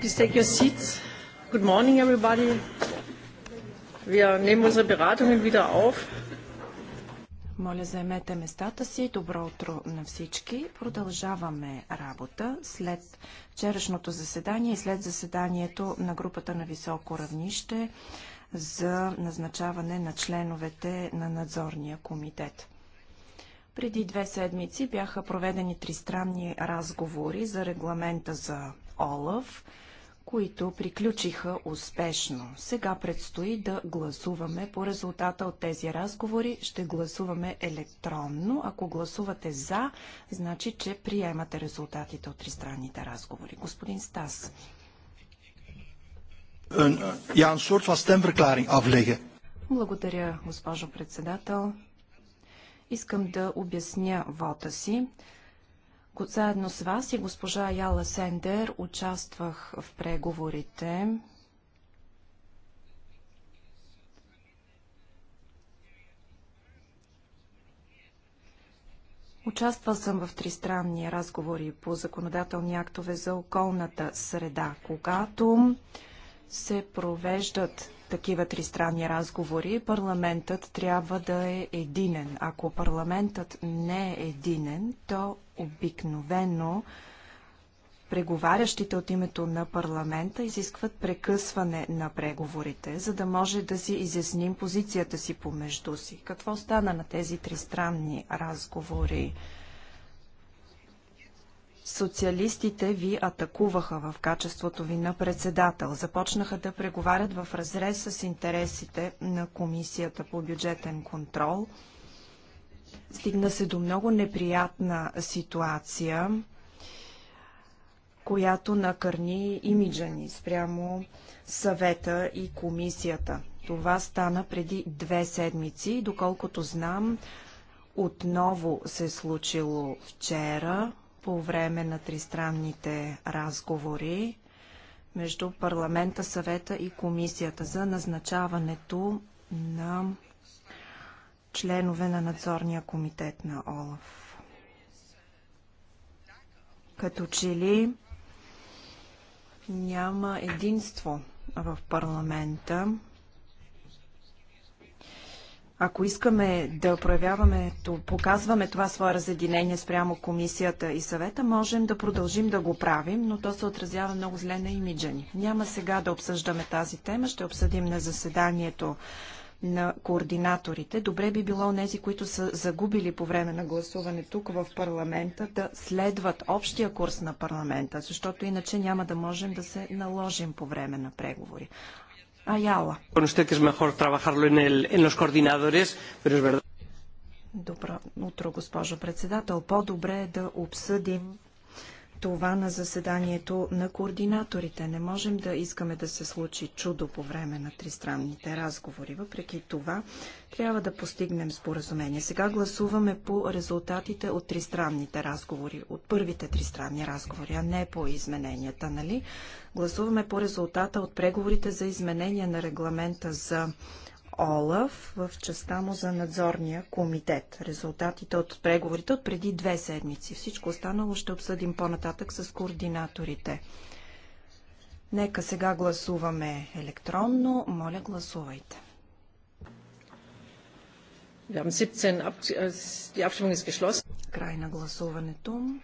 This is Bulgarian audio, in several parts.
Please take your seats. Good morning, everybody. Wir nehmen unsere Beratungen wieder auf. Моля, заемете местата си. Добро утро на всички. Продължаваме работа след вчерашното заседание и след заседанието на групата на високо равнище за назначаване на членовете на надзорния комитет. Преди две седмици бяха проведени тристранни разговори за регламента за ОЛАВ – които приключиха успешно. Сега предстои да гласуваме по резултата от тези разговори. Ще гласуваме електронно. Ако гласувате за, значи, че приемате резултатите от тристранните разговори. Господин Стас. Eh, Благодаря, госпожо председател. Искам да обясня вота си. Заедно с вас и госпожа Яла Сендер участвах в преговорите. Участвал съм в тристранни разговори по законодателни актове за околната среда. Когато се провеждат такива тристранни разговори, парламентът трябва да е единен. Ако парламентът не е единен, то Обикновено преговарящите от името на парламента изискват прекъсване на преговорите, за да може да си изясним позицията си помежду си. Какво стана на тези тристранни разговори? Социалистите ви атакуваха в качеството ви на председател. Започнаха да преговарят в разрез с интересите на Комисията по бюджетен контрол – Стигна се до много неприятна ситуация, която накърни имиджа ни спрямо съвета и комисията. Това стана преди две седмици. Доколкото знам, отново се е случило вчера по време на тристранните разговори между парламента, съвета и комисията за назначаването на членове на надзорния комитет на ОЛАФ. Като че ли няма единство в парламента. Ако искаме да проявяваме, то показваме това свое разединение спрямо комисията и съвета, можем да продължим да го правим, но то се отразява много зле на имиджа ни. Няма сега да обсъждаме тази тема, ще обсъдим на заседанието на координаторите. Добре би било нези, които са загубили по време на гласуване тук в парламента, да следват общия курс на парламента, защото иначе няма да можем да се наложим по време на преговори. Аяла. Добро утро, госпожо председател. По-добре е да обсъдим това на заседанието на координаторите. Не можем да искаме да се случи чудо по време на тристранните разговори. Въпреки това, трябва да постигнем споразумение. Сега гласуваме по резултатите от тристранните разговори, от първите тристранни разговори, а не по измененията, нали? Гласуваме по резултата от преговорите за изменение на регламента за ОЛАФ в частта му за надзорния комитет. Резултатите от преговорите от преди две седмици. Всичко останало ще обсъдим по-нататък с координаторите. Нека сега гласуваме електронно. Моля, гласувайте. Äh, Край на гласуването.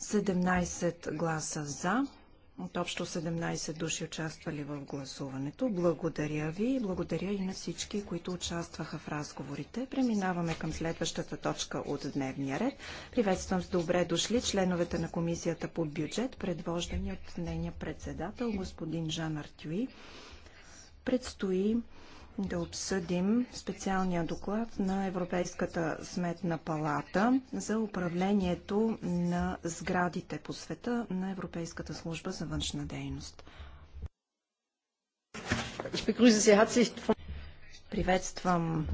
17 гласа за, от общо 17 души участвали в гласуването. Благодаря ви и благодаря и на всички, които участваха в разговорите. Преминаваме към следващата точка от дневния ред. Приветствам с добре дошли членовете на Комисията по бюджет, предвождани от нейния председател господин Жан Артюи. Предстои да обсъдим специалния доклад на Европейската сметна палата за управлението на сградите по света на Европейската служба за външна дейност. Приветствам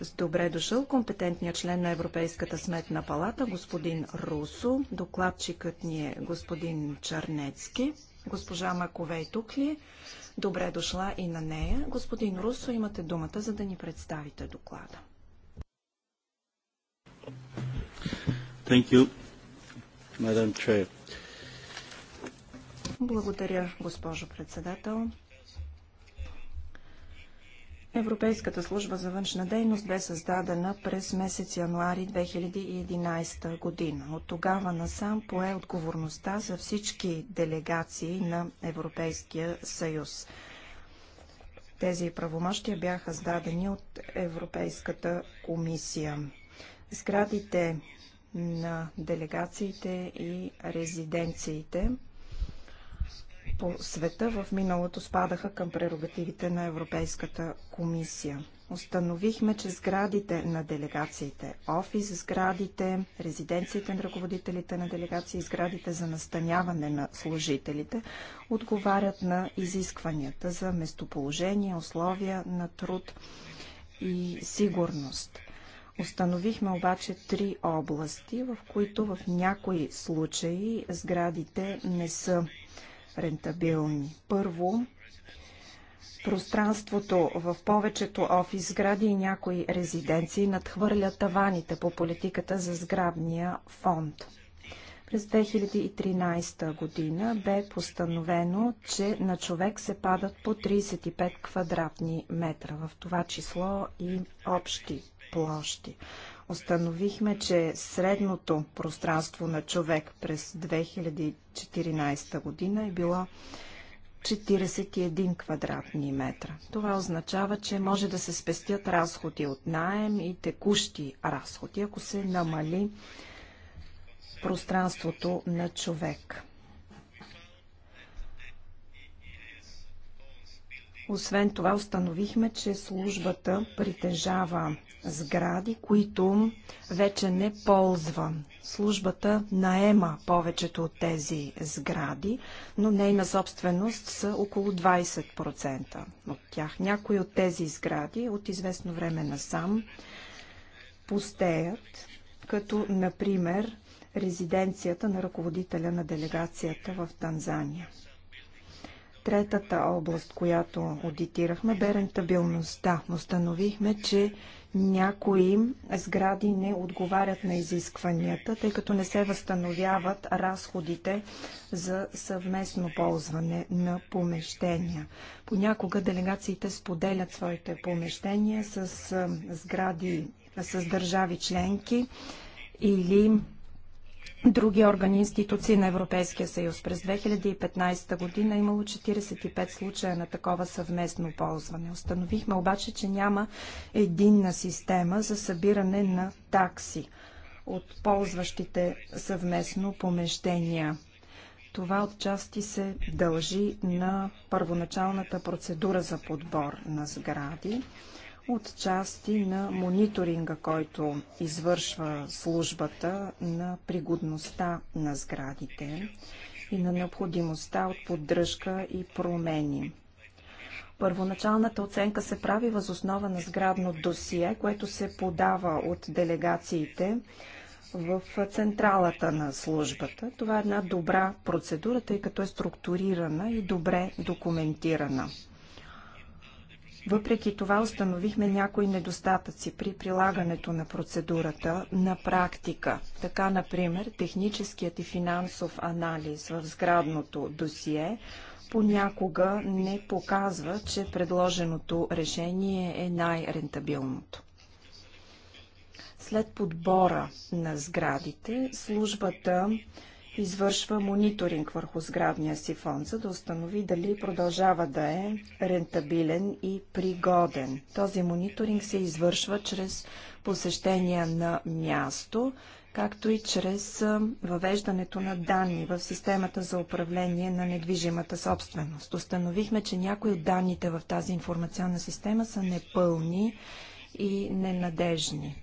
с добре дошъл компетентният член на Европейската сметна палата, господин Русо. Докладчикът ни е господин Чарнецки. Госпожа Маковей тук ли? Е? Добре дошла и на нея. Господин Русо, имате думата, за да ни представите доклада. Thank you, Madam Chair. Благодаря, госпожо председател. Европейската служба за външна дейност бе създадена през месец януари 2011 година. От тогава насам пое отговорността за всички делегации на Европейския съюз. Тези правомощия бяха сдадени от Европейската комисия. Сградите на делегациите и резиденциите – по света в миналото спадаха към прерогативите на Европейската комисия. Установихме, че сградите на делегациите, офис сградите, резиденциите на ръководителите на делегации, сградите за настаняване на служителите отговарят на изискванията за местоположение, условия на труд и сигурност. Установихме обаче три области, в които в някои случаи сградите не са рентабилни. Първо, пространството в повечето офис сгради и някои резиденции надхвърля таваните по политиката за сграбния фонд. През 2013 година бе постановено, че на човек се падат по 35 квадратни метра, в това число и общи площи. Установихме, че средното пространство на човек през 2014 година е било 41 квадратни метра. Това означава, че може да се спестят разходи от найем и текущи разходи, ако се намали пространството на човек. Освен това установихме, че службата притежава сгради, които вече не ползва. Службата наема повечето от тези сгради, но нейна собственост са около 20% от тях. Някои от тези сгради от известно време насам пустеят, като например резиденцията на ръководителя на делегацията в Танзания. Третата област, която аудитирахме, бе рентабилността. Установихме, че някои сгради не отговарят на изискванията, тъй като не се възстановяват разходите за съвместно ползване на помещения. Понякога делегациите споделят своите помещения с сгради, с държави членки или други органи и институции на Европейския съюз. През 2015 година е имало 45 случая на такова съвместно ползване. Установихме обаче, че няма единна система за събиране на такси от ползващите съвместно помещения. Това отчасти се дължи на първоначалната процедура за подбор на сгради. От части на мониторинга, който извършва службата на пригодността на сградите и на необходимостта от поддръжка и промени. Първоначалната оценка се прави възоснова на сградно досие, което се подава от делегациите в централата на службата. Това е една добра процедура, тъй като е структурирана и добре документирана. Въпреки това установихме някои недостатъци при прилагането на процедурата на практика. Така, например, техническият и финансов анализ в сградното досие понякога не показва, че предложеното решение е най-рентабилното. След подбора на сградите, службата извършва мониторинг върху сградния си фонд, за да установи дали продължава да е рентабилен и пригоден. Този мониторинг се извършва чрез посещения на място, както и чрез въвеждането на данни в системата за управление на недвижимата собственост. Установихме, че някои от данните в тази информационна система са непълни и ненадежни.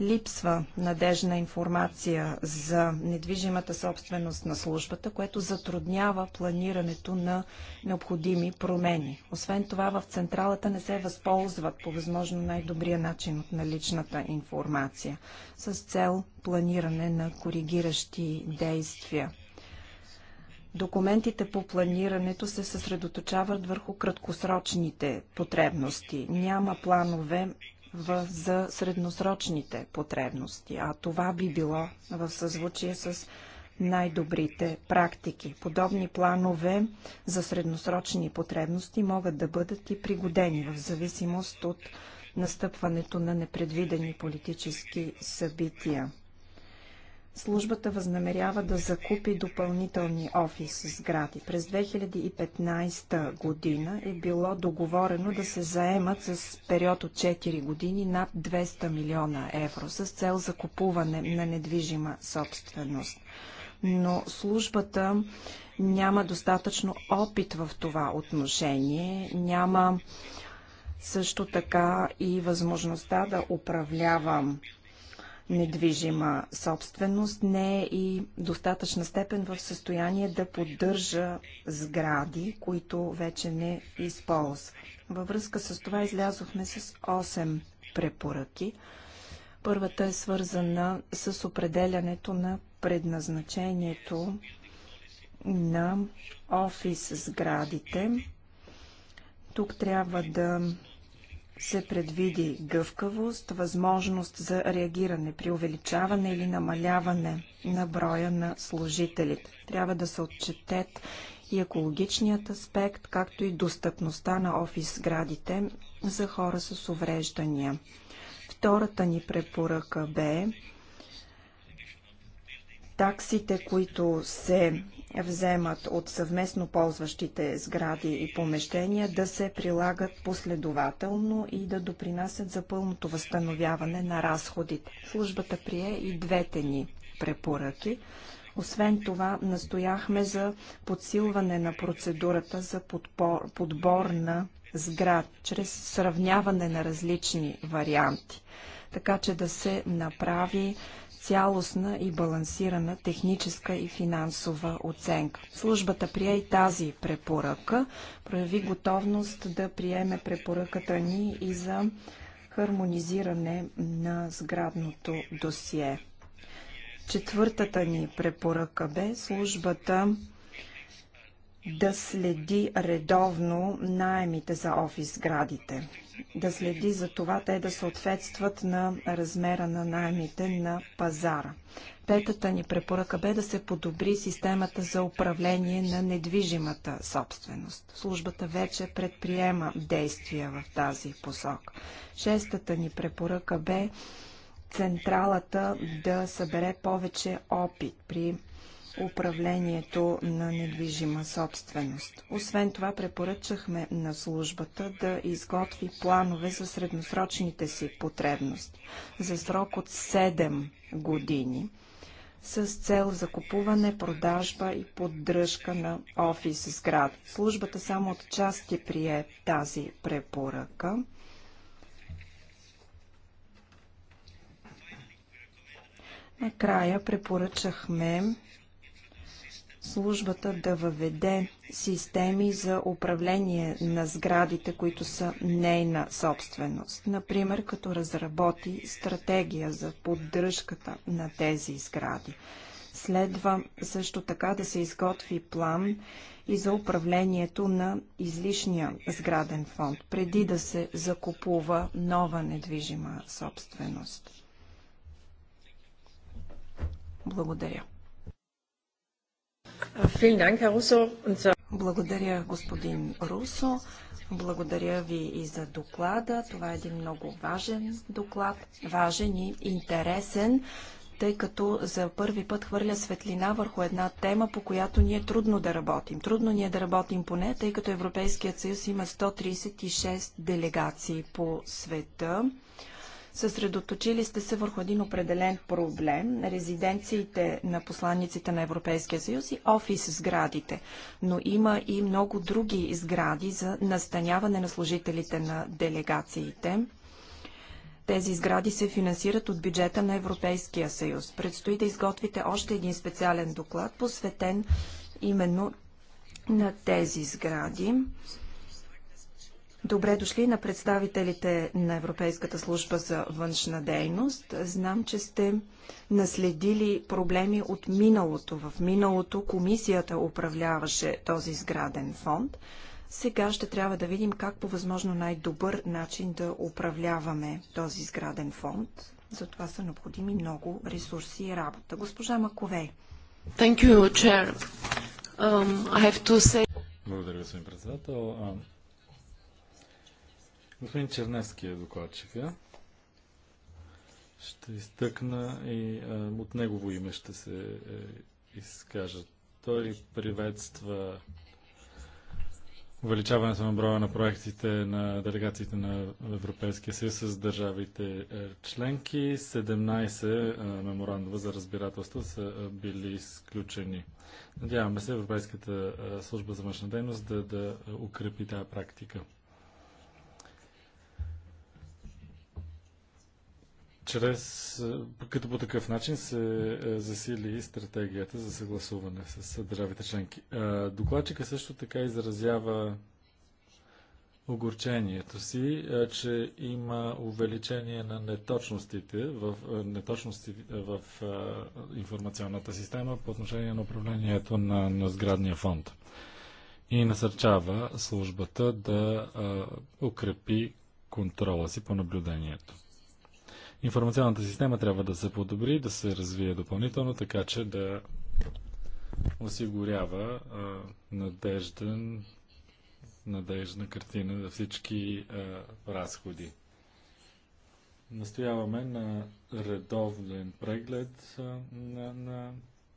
Липсва надежна информация за недвижимата собственост на службата, което затруднява планирането на необходими промени. Освен това, в централата не се възползват по възможно най-добрия начин от наличната информация с цел планиране на коригиращи действия. Документите по планирането се съсредоточават върху краткосрочните потребности. Няма планове в, за средносрочните потребности, а това би било в съзвучие с най-добрите практики. Подобни планове за средносрочни потребности могат да бъдат и пригодени в зависимост от настъпването на непредвидени политически събития службата възнамерява да закупи допълнителни офис сгради. През 2015 година е било договорено да се заемат с период от 4 години над 200 милиона евро с цел закупуване на недвижима собственост. Но службата няма достатъчно опит в това отношение, няма също така и възможността да управлява недвижима собственост не е и достатъчна степен в състояние да поддържа сгради, които вече не използва. Във връзка с това излязохме с 8 препоръки. Първата е свързана с определянето на предназначението на офис сградите. Тук трябва да се предвиди гъвкавост, възможност за реагиране при увеличаване или намаляване на броя на служителите. Трябва да се отчетет и екологичният аспект, както и достъпността на офис сградите за хора с увреждания. Втората ни препоръка бе таксите, които се вземат от съвместно ползващите сгради и помещения, да се прилагат последователно и да допринасят за пълното възстановяване на разходите. Службата прие и двете ни препоръки. Освен това, настояхме за подсилване на процедурата за подбор, подбор на сград, чрез сравняване на различни варианти, така че да се направи цялостна и балансирана техническа и финансова оценка. Службата прие и тази препоръка, прояви готовност да приеме препоръката ни и за хармонизиране на сградното досие. Четвъртата ни препоръка бе службата да следи редовно найемите за офис сградите да следи за това те да съответстват на размера на найемите на пазара. Петата ни препоръка бе да се подобри системата за управление на недвижимата собственост. Службата вече предприема действия в тази посок. Шестата ни препоръка бе централата да събере повече опит при управлението на недвижима собственост. Освен това, препоръчахме на службата да изготви планове за средносрочните си потребности за срок от 7 години с цел закупуване, продажба и поддръжка на офис сград. Службата само от части прие тази препоръка. Накрая препоръчахме службата да въведе системи за управление на сградите, които са нейна собственост. Например, като разработи стратегия за поддръжката на тези сгради. Следва също така да се изготви план и за управлението на излишния сграден фонд, преди да се закупува нова недвижима собственост. Благодаря. Благодаря, господин Русо. Благодаря ви и за доклада. Това е един много важен доклад, важен и интересен, тъй като за първи път хвърля светлина върху една тема, по която ни е трудно да работим. Трудно ни е да работим поне, тъй като Европейският съюз има 136 делегации по света. Съсредоточили сте се върху един определен проблем – резиденциите на посланниците на Европейския съюз и офис сградите. Но има и много други сгради за настаняване на служителите на делегациите. Тези сгради се финансират от бюджета на Европейския съюз. Предстои да изготвите още един специален доклад, посветен именно на тези сгради. Добре дошли на представителите на Европейската служба за външна дейност. Знам, че сте наследили проблеми от миналото. В миналото комисията управляваше този сграден фонд. Сега ще трябва да видим как по възможно най-добър начин да управляваме този сграден фонд. За това са необходими много ресурси и работа. Госпожа Маковей. Thank you, chair. Um, I have to say... Благодаря, господин председател. Господин Черневски е докладчика. Ще изтъкна и а, от негово име ще се е, изкажа. Той приветства увеличаването на броя на проектите на делегациите на Европейския съюз с държавите е, членки. 17 е, меморандума за разбирателство са е, били изключени. Надяваме се Европейската служба за външна дейност да, да укрепи тази практика. чрез, е, като по такъв начин се е, засили стратегията за съгласуване с държавите членки. Е, докладчика също така изразява огорчението си, че има увеличение на неточностите в, неточности в информационната система по отношение на управлението на, на сградния фонд и насърчава службата да укрепи контрола си по наблюдението. Информационната система трябва да се подобри, да се развие допълнително, така че да осигурява а, надежден, надежна картина за всички а, разходи. Настояваме на редовен преглед а, на, на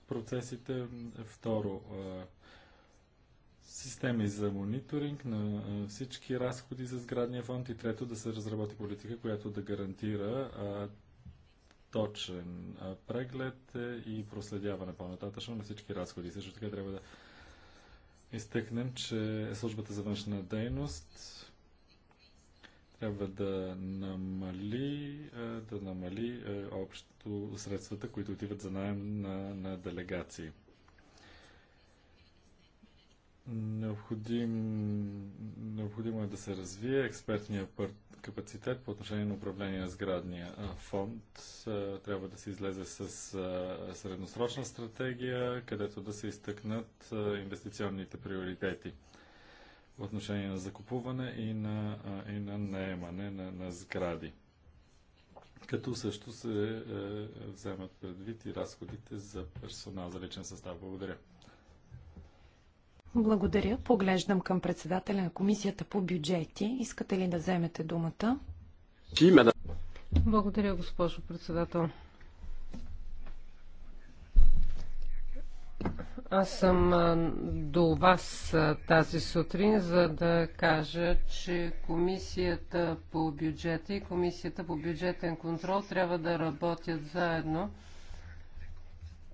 процесите. Второ, а, системи за мониторинг на всички разходи за сградния фонд и трето да се разработи политика, която да гарантира точен преглед е, и проследяване по-нататъчно на всички разходи. Също така трябва да изтъкнем, че службата за външна дейност трябва да намали, да намали общо средствата, които отиват за найем на, на делегации. Необходим, необходимо е да се развие експертния капацитет по отношение на управление на сградния фонд. Трябва да се излезе с средносрочна стратегия, където да се изтъкнат инвестиционните приоритети по отношение на закупуване и на, и на наемане на, на сгради. Като също се е, вземат предвид и разходите за персонал, за личен състав. Благодаря. Благодаря. Поглеждам към председателя на комисията по бюджети. Искате ли да вземете думата? Благодаря, госпожо председател. Аз съм до вас тази сутрин, за да кажа, че Комисията по бюджет и Комисията по бюджетен контрол трябва да работят заедно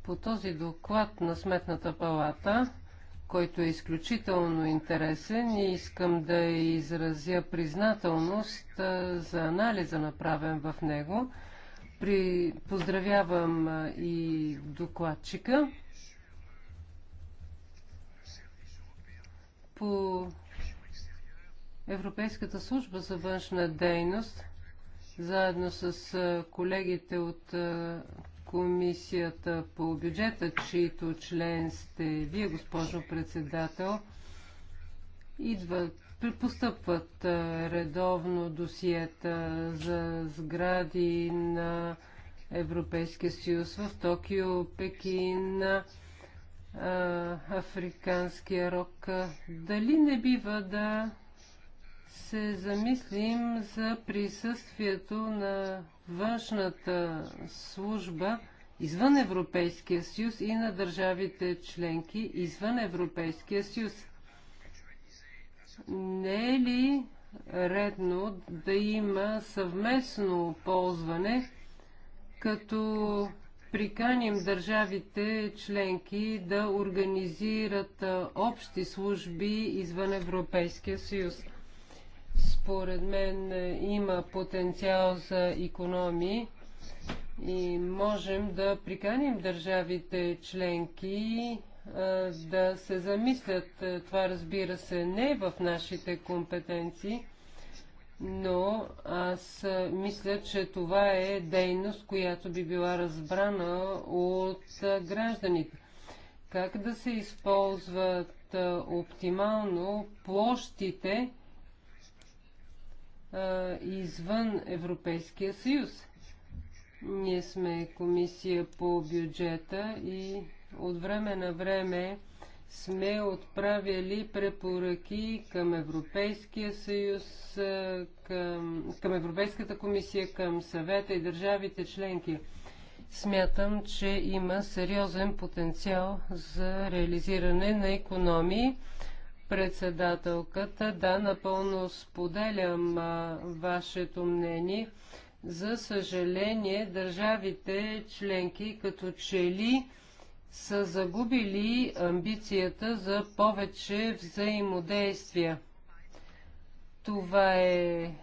по този доклад на Сметната палата който е изключително интересен и искам да изразя признателност за анализа направен в него. При... Поздравявам и докладчика. По Европейската служба за външна дейност, заедно с колегите от комисията по бюджета, чийто член сте вие, госпожо председател, идват, постъпват редовно досиета за сгради на Европейския съюз в Токио, Пекин, Африканския рок. Дали не бива да се замислим за присъствието на външната служба извън Европейския съюз и на държавите членки извън Европейския съюз. Не е ли редно да има съвместно ползване, като приканим държавите членки да организират общи служби извън Европейския съюз? според мен е, има потенциал за економии и можем да приканим държавите членки е, да се замислят. Е, това разбира се не в нашите компетенции, но аз мисля, че това е дейност, която би била разбрана от гражданите. Как да се използват оптимално площите, извън Европейския съюз. Ние сме комисия по бюджета и от време на време сме отправили препоръки към Европейския съюз, към, към Европейската комисия, към съвета и държавите членки. Смятам, че има сериозен потенциал за реализиране на економии председателката. Да, напълно споделям а, вашето мнение. За съжаление, държавите членки като че ли са загубили амбицията за повече взаимодействия. Това е, е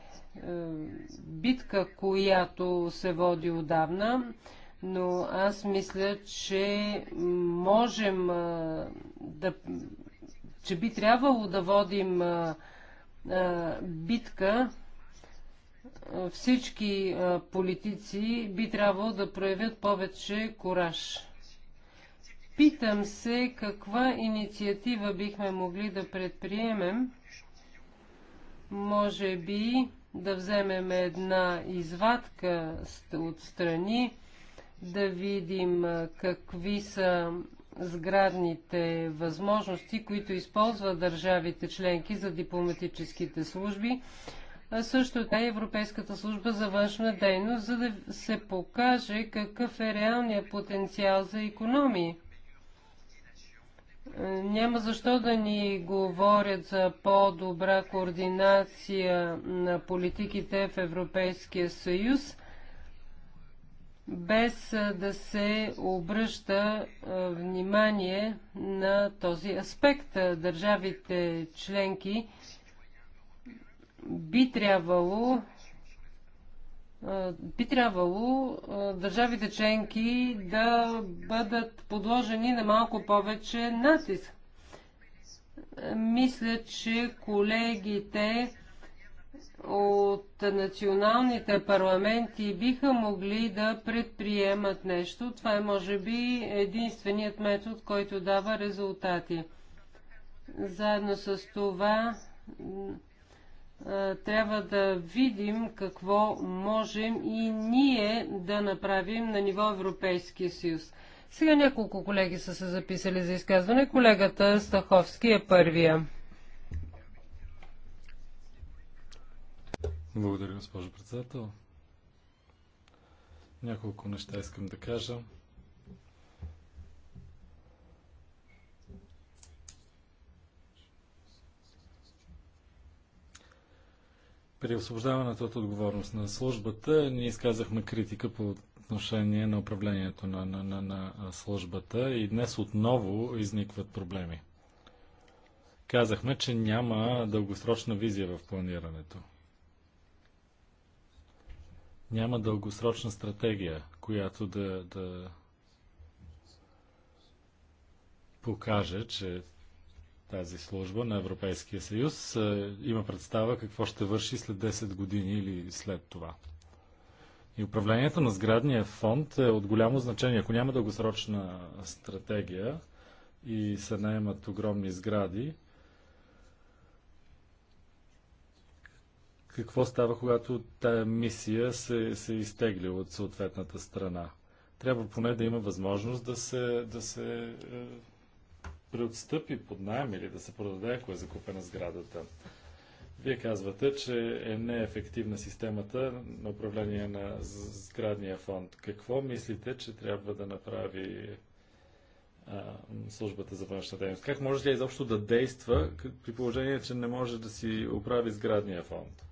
битка, която се води отдавна, но аз мисля, че можем да че би трябвало да водим а, а, битка, всички а, политици би трябвало да проявят повече кораж. Питам се каква инициатива бихме могли да предприемем. Може би да вземем една извадка отстрани, да видим какви са сградните възможности, които използват държавите членки за дипломатическите служби, а също така Европейската служба за външна дейност, за да се покаже какъв е реалният потенциал за економии. Е, няма защо да ни говорят за по-добра координация на политиките в Европейския съюз без да се обръща внимание на този аспект. Държавите членки би трябвало би трябвало държавите членки да бъдат подложени на малко повече натиск. Мисля, че колегите от националните парламенти биха могли да предприемат нещо. Това е, може би, единственият метод, който дава резултати. Заедно с това трябва да видим какво можем и ние да направим на ниво Европейския съюз. Сега няколко колеги са се записали за изказване. Колегата Стаховски е първия. Благодаря, госпожо председател. Няколко неща искам да кажа. При освобождаването от отговорност на службата ние изказахме критика по отношение на управлението на, на, на, на службата и днес отново изникват проблеми. Казахме, че няма дългосрочна визия в планирането. Няма дългосрочна стратегия, която да, да покаже, че тази служба на Европейския съюз е, има представа какво ще върши след 10 години или след това. И управлението на сградния фонд е от голямо значение. Ако няма дългосрочна стратегия и се наемат огромни сгради, какво става, когато тая мисия се, се изтегли от съответната страна. Трябва поне да има възможност да се, да се е, преотстъпи под найем или да се продаде, ако е закупена сградата. Вие казвате, че е неефективна системата на управление на сградния фонд. Какво мислите, че трябва да направи а, службата за външна дейност? Как може ли изобщо да действа при положение, че не може да си оправи сградния фонд?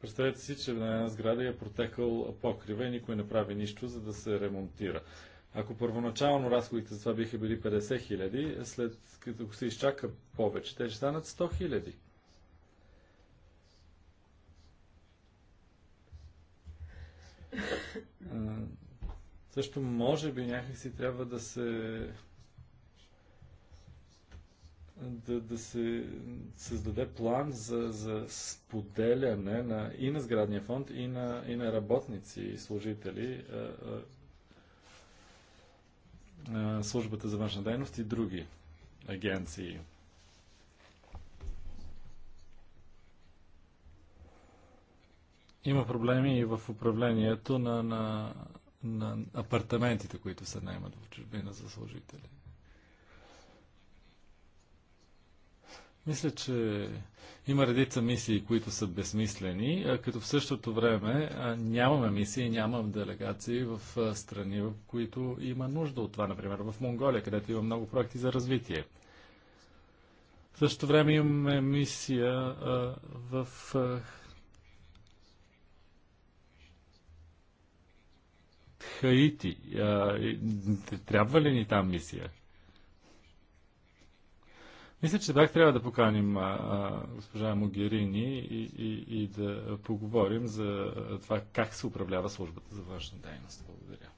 Представете си, че на една сграда е протекал покрива и никой не прави нищо, за да се ремонтира. Ако първоначално разходите за това биха били 50 хиляди, след като се изчака повече, те ще станат 100 хиляди. Също може би някакси трябва да се да, да се създаде план за, за споделяне на, и на сградния фонд, и на, и на работници и служители, а, а, службата за външна дейност и други агенции. Има проблеми и в управлението на, на, на апартаментите, които се наймат в чужбина за служители. Мисля, че има редица мисии, които са безсмислени, като в същото време нямаме мисии, нямам делегации в страни, в които има нужда от това. Например, в Монголия, където има много проекти за развитие. В същото време имаме мисия в Хаити. трябва ли ни там мисия? Мисля, че бях трябва да поканим а, а, госпожа Могерини и, и, и да поговорим за това как се управлява службата за външна дейност. Благодаря.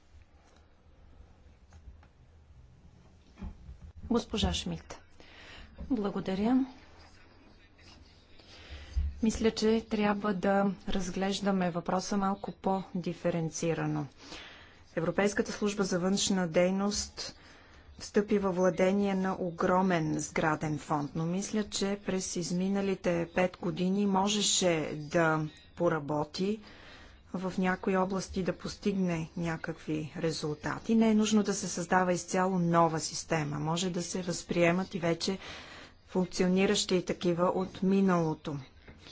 Госпожа Шмидт. Благодаря. Мисля, че трябва да разглеждаме въпроса малко по-диференцирано. Европейската служба за външна дейност встъпи във владение на огромен сграден фонд, но мисля, че през изминалите пет години можеше да поработи в някои области да постигне някакви резултати. Не е нужно да се създава изцяло нова система. Може да се възприемат и вече функциониращи и такива от миналото.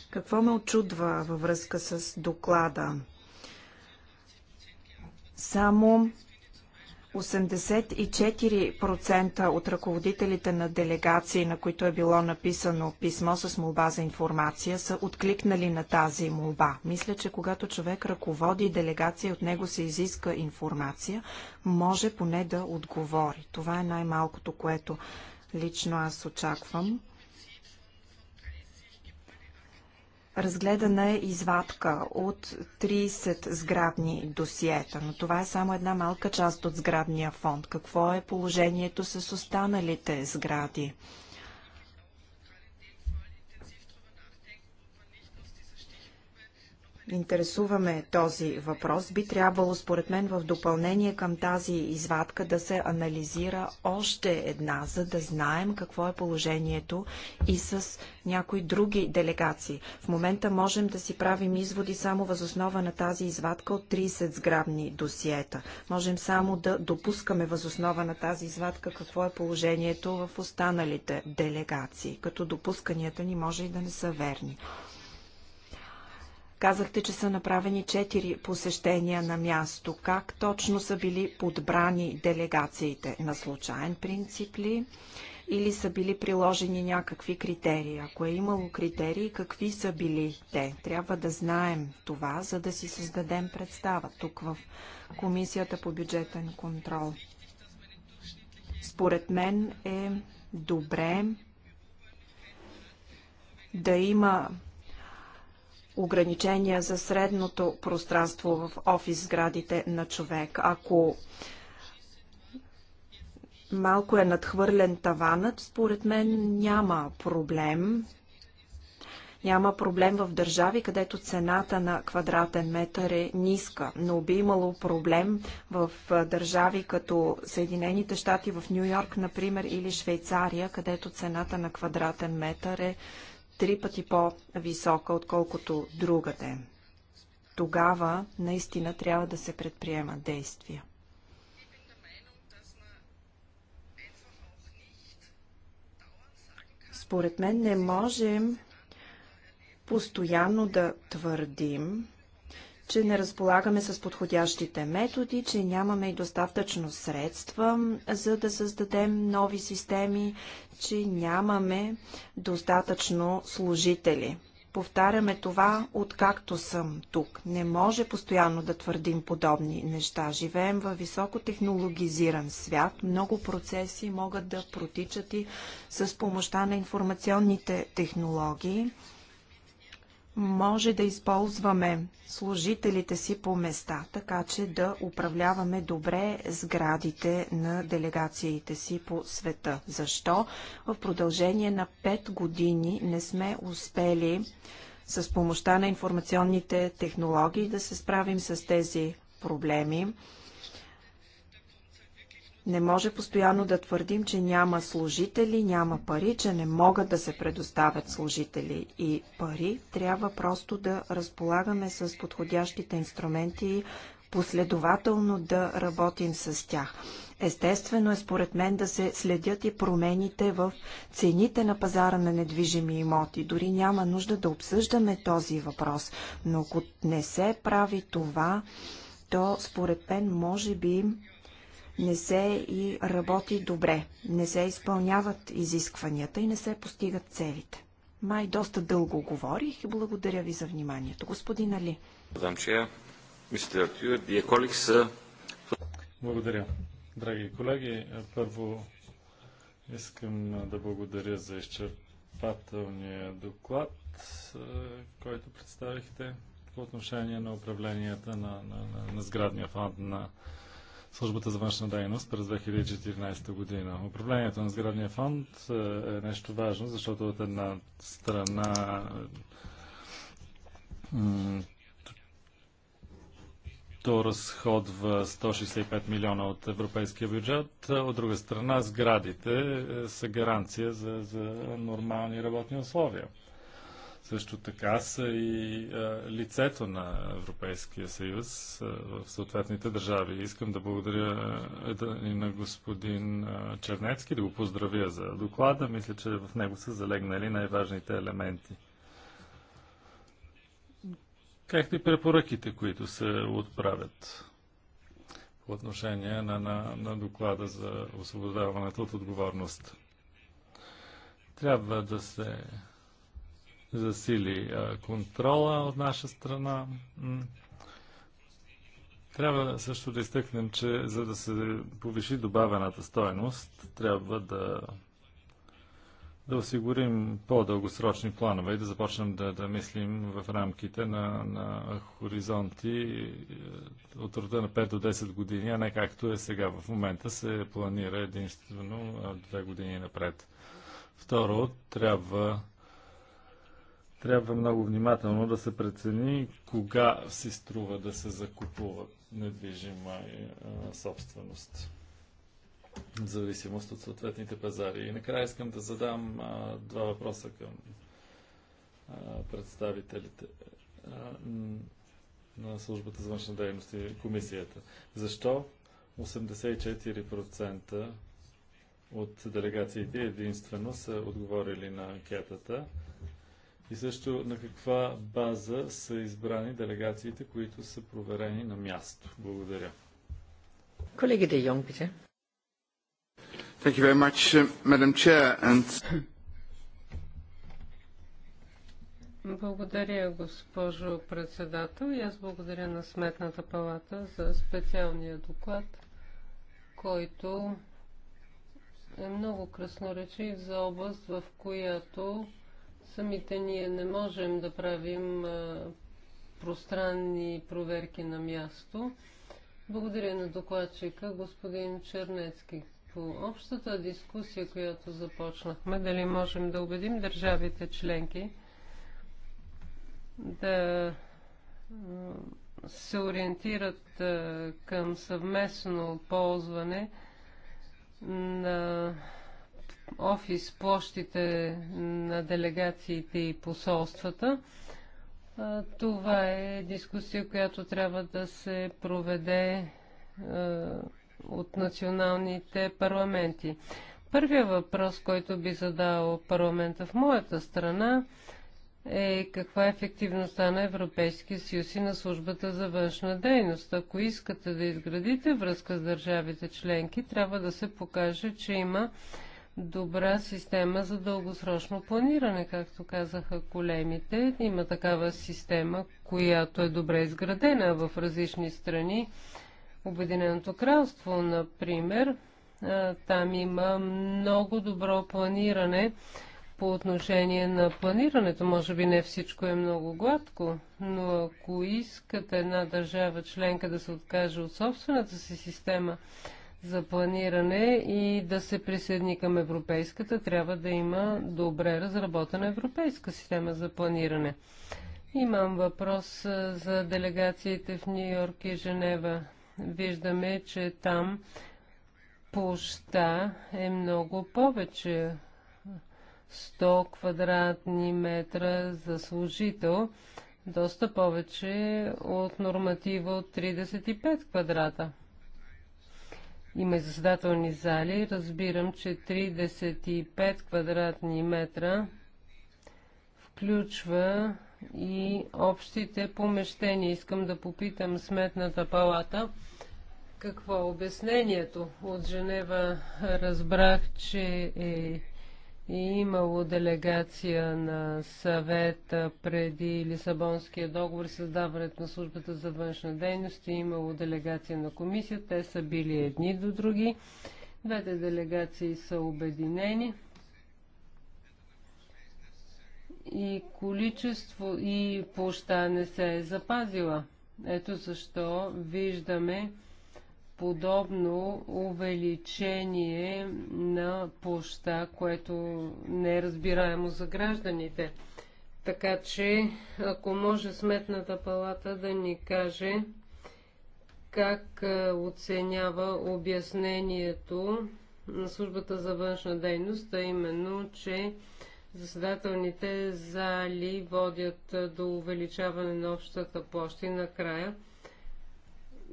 Какво ме очудва във връзка с доклада? Само 84% от ръководителите на делегации, на които е било написано писмо с молба за информация, са откликнали на тази молба. Мисля, че когато човек ръководи делегация, от него се изиска информация, може поне да отговори. Това е най-малкото, което лично аз очаквам. Разгледана е извадка от 30 сградни досиета, но това е само една малка част от сградния фонд. Какво е положението с останалите сгради? интересуваме този въпрос. Би трябвало, според мен, в допълнение към тази извадка да се анализира още една, за да знаем какво е положението и с някои други делегации. В момента можем да си правим изводи само възоснова на тази извадка от 30 сграбни досиета. Можем само да допускаме възоснова на тази извадка какво е положението в останалите делегации, като допусканията ни може и да не са верни. Казахте, че са направени четири посещения на място. Как точно са били подбрани делегациите? На случайен принцип ли? Или са били приложени някакви критерии? Ако е имало критерии, какви са били те? Трябва да знаем това, за да си създадем представа тук в Комисията по бюджетен контрол. Според мен е добре да има ограничения за средното пространство в офис сградите на човек. Ако малко е надхвърлен таванът, според мен няма проблем. Няма проблем в държави, където цената на квадратен метър е ниска, но би имало проблем в държави като Съединените щати в Нью Йорк, например, или Швейцария, където цената на квадратен метър е три пъти по-висока, отколкото другаде. Тогава наистина трябва да се предприемат действия. Според мен не можем постоянно да твърдим, че не разполагаме с подходящите методи, че нямаме и достатъчно средства, за да създадем нови системи, че нямаме достатъчно служители. Повтаряме това, откакто съм тук. Не може постоянно да твърдим подобни неща. Живеем във високотехнологизиран свят. Много процеси могат да протичат и с помощта на информационните технологии може да използваме служителите си по места, така че да управляваме добре сградите на делегациите си по света. Защо? В продължение на 5 години не сме успели с помощта на информационните технологии да се справим с тези проблеми. Не може постоянно да твърдим, че няма служители, няма пари, че не могат да се предоставят служители и пари. Трябва просто да разполагаме с подходящите инструменти и последователно да работим с тях. Естествено е според мен да се следят и промените в цените на пазара на недвижими имоти. Дори няма нужда да обсъждаме този въпрос. Но ако не се прави това, то според мен може би не се и работи добре, не се изпълняват изискванията и не се постигат целите. Май доста дълго говорих и благодаря ви за вниманието. Господин Али. Uh, благодаря. Драги колеги, първо искам да благодаря за изчерпателния доклад, който представихте по отношение на управленията на, на, на, на сградния фонд на службата за външна дейност през 2014 година. Управлението на сградния фонд е, е нещо важно, защото от една страна е, то разходва 165 милиона от европейския бюджет. От друга страна, сградите е, са гаранция за, за нормални работни условия. Също така са и лицето на Европейския съюз в съответните държави. Искам да благодаря и на господин Чернецки, да го поздравя за доклада. Мисля, че в него са залегнали най-важните елементи. Както и препоръките, които се отправят по отношение на, на, на доклада за освобождаването от отговорност. Трябва да се засили контрола от наша страна. Трябва също да изтъкнем, че за да се повиши добавената стоеност, трябва да, да осигурим по-дългосрочни планове и да започнем да, да мислим в рамките на, на хоризонти е, от рода на 5 до 10 години, а не както е сега. В момента се планира единствено две години напред. Второ, трябва трябва много внимателно да се прецени кога си струва да се закупува недвижима е, собственост в зависимост от съответните пазари. И накрая искам да задам а, два въпроса към а, представителите а, на службата за външна дейност и комисията. Защо 84% от делегациите единствено са отговорили на анкетата, и също на каква база са избрани делегациите, които са проверени на място? Благодаря. Колегите Йонг, пите. Thank you very much, uh, Madam Chair. And... Благодаря, госпожо председател. И аз благодаря на Сметната палата за специалния доклад, който е много красноречив за област, в която Самите ние не можем да правим пространни проверки на място. Благодаря на докладчика, господин Чернецки. По общата дискусия, която започнахме, дали можем да убедим държавите членки да се ориентират към съвместно ползване на офис площите на делегациите и посолствата. Това е дискусия, която трябва да се проведе от националните парламенти. Първият въпрос, който би задал парламента в моята страна, е каква е ефективността на Европейския съюз и на службата за външна дейност. Ако искате да изградите връзка с държавите членки, трябва да се покаже, че има добра система за дългосрочно планиране, както казаха големите. Има такава система, която е добре изградена в различни страни. Обединеното кралство, например, там има много добро планиране по отношение на планирането. Може би не всичко е много гладко, но ако искате една държава членка да се откаже от собствената си система, за планиране и да се присъедини към европейската, трябва да има добре разработена европейска система за планиране. Имам въпрос за делегациите в Нью Йорк и Женева. Виждаме, че там площа е много повече 100 квадратни метра за служител, доста повече от норматива от 35 квадрата. Има и заседателни зали. Разбирам, че 35 квадратни метра включва и общите помещения. Искам да попитам сметната палата. Какво е обяснението? От Женева разбрах, че е и имало делегация на съвета преди Лисабонския договор и създаването на службата за външна дейност. И имало делегация на комисия. Те са били едни до други. Двете делегации са обединени. И количество и площа не се е запазила. Ето защо виждаме подобно увеличение на площа, което не е разбираемо за гражданите. Така че, ако може Сметната палата да ни каже как е, оценява обяснението на службата за външна дейност, а именно, че заседателните зали водят до увеличаване на общата площа и накрая –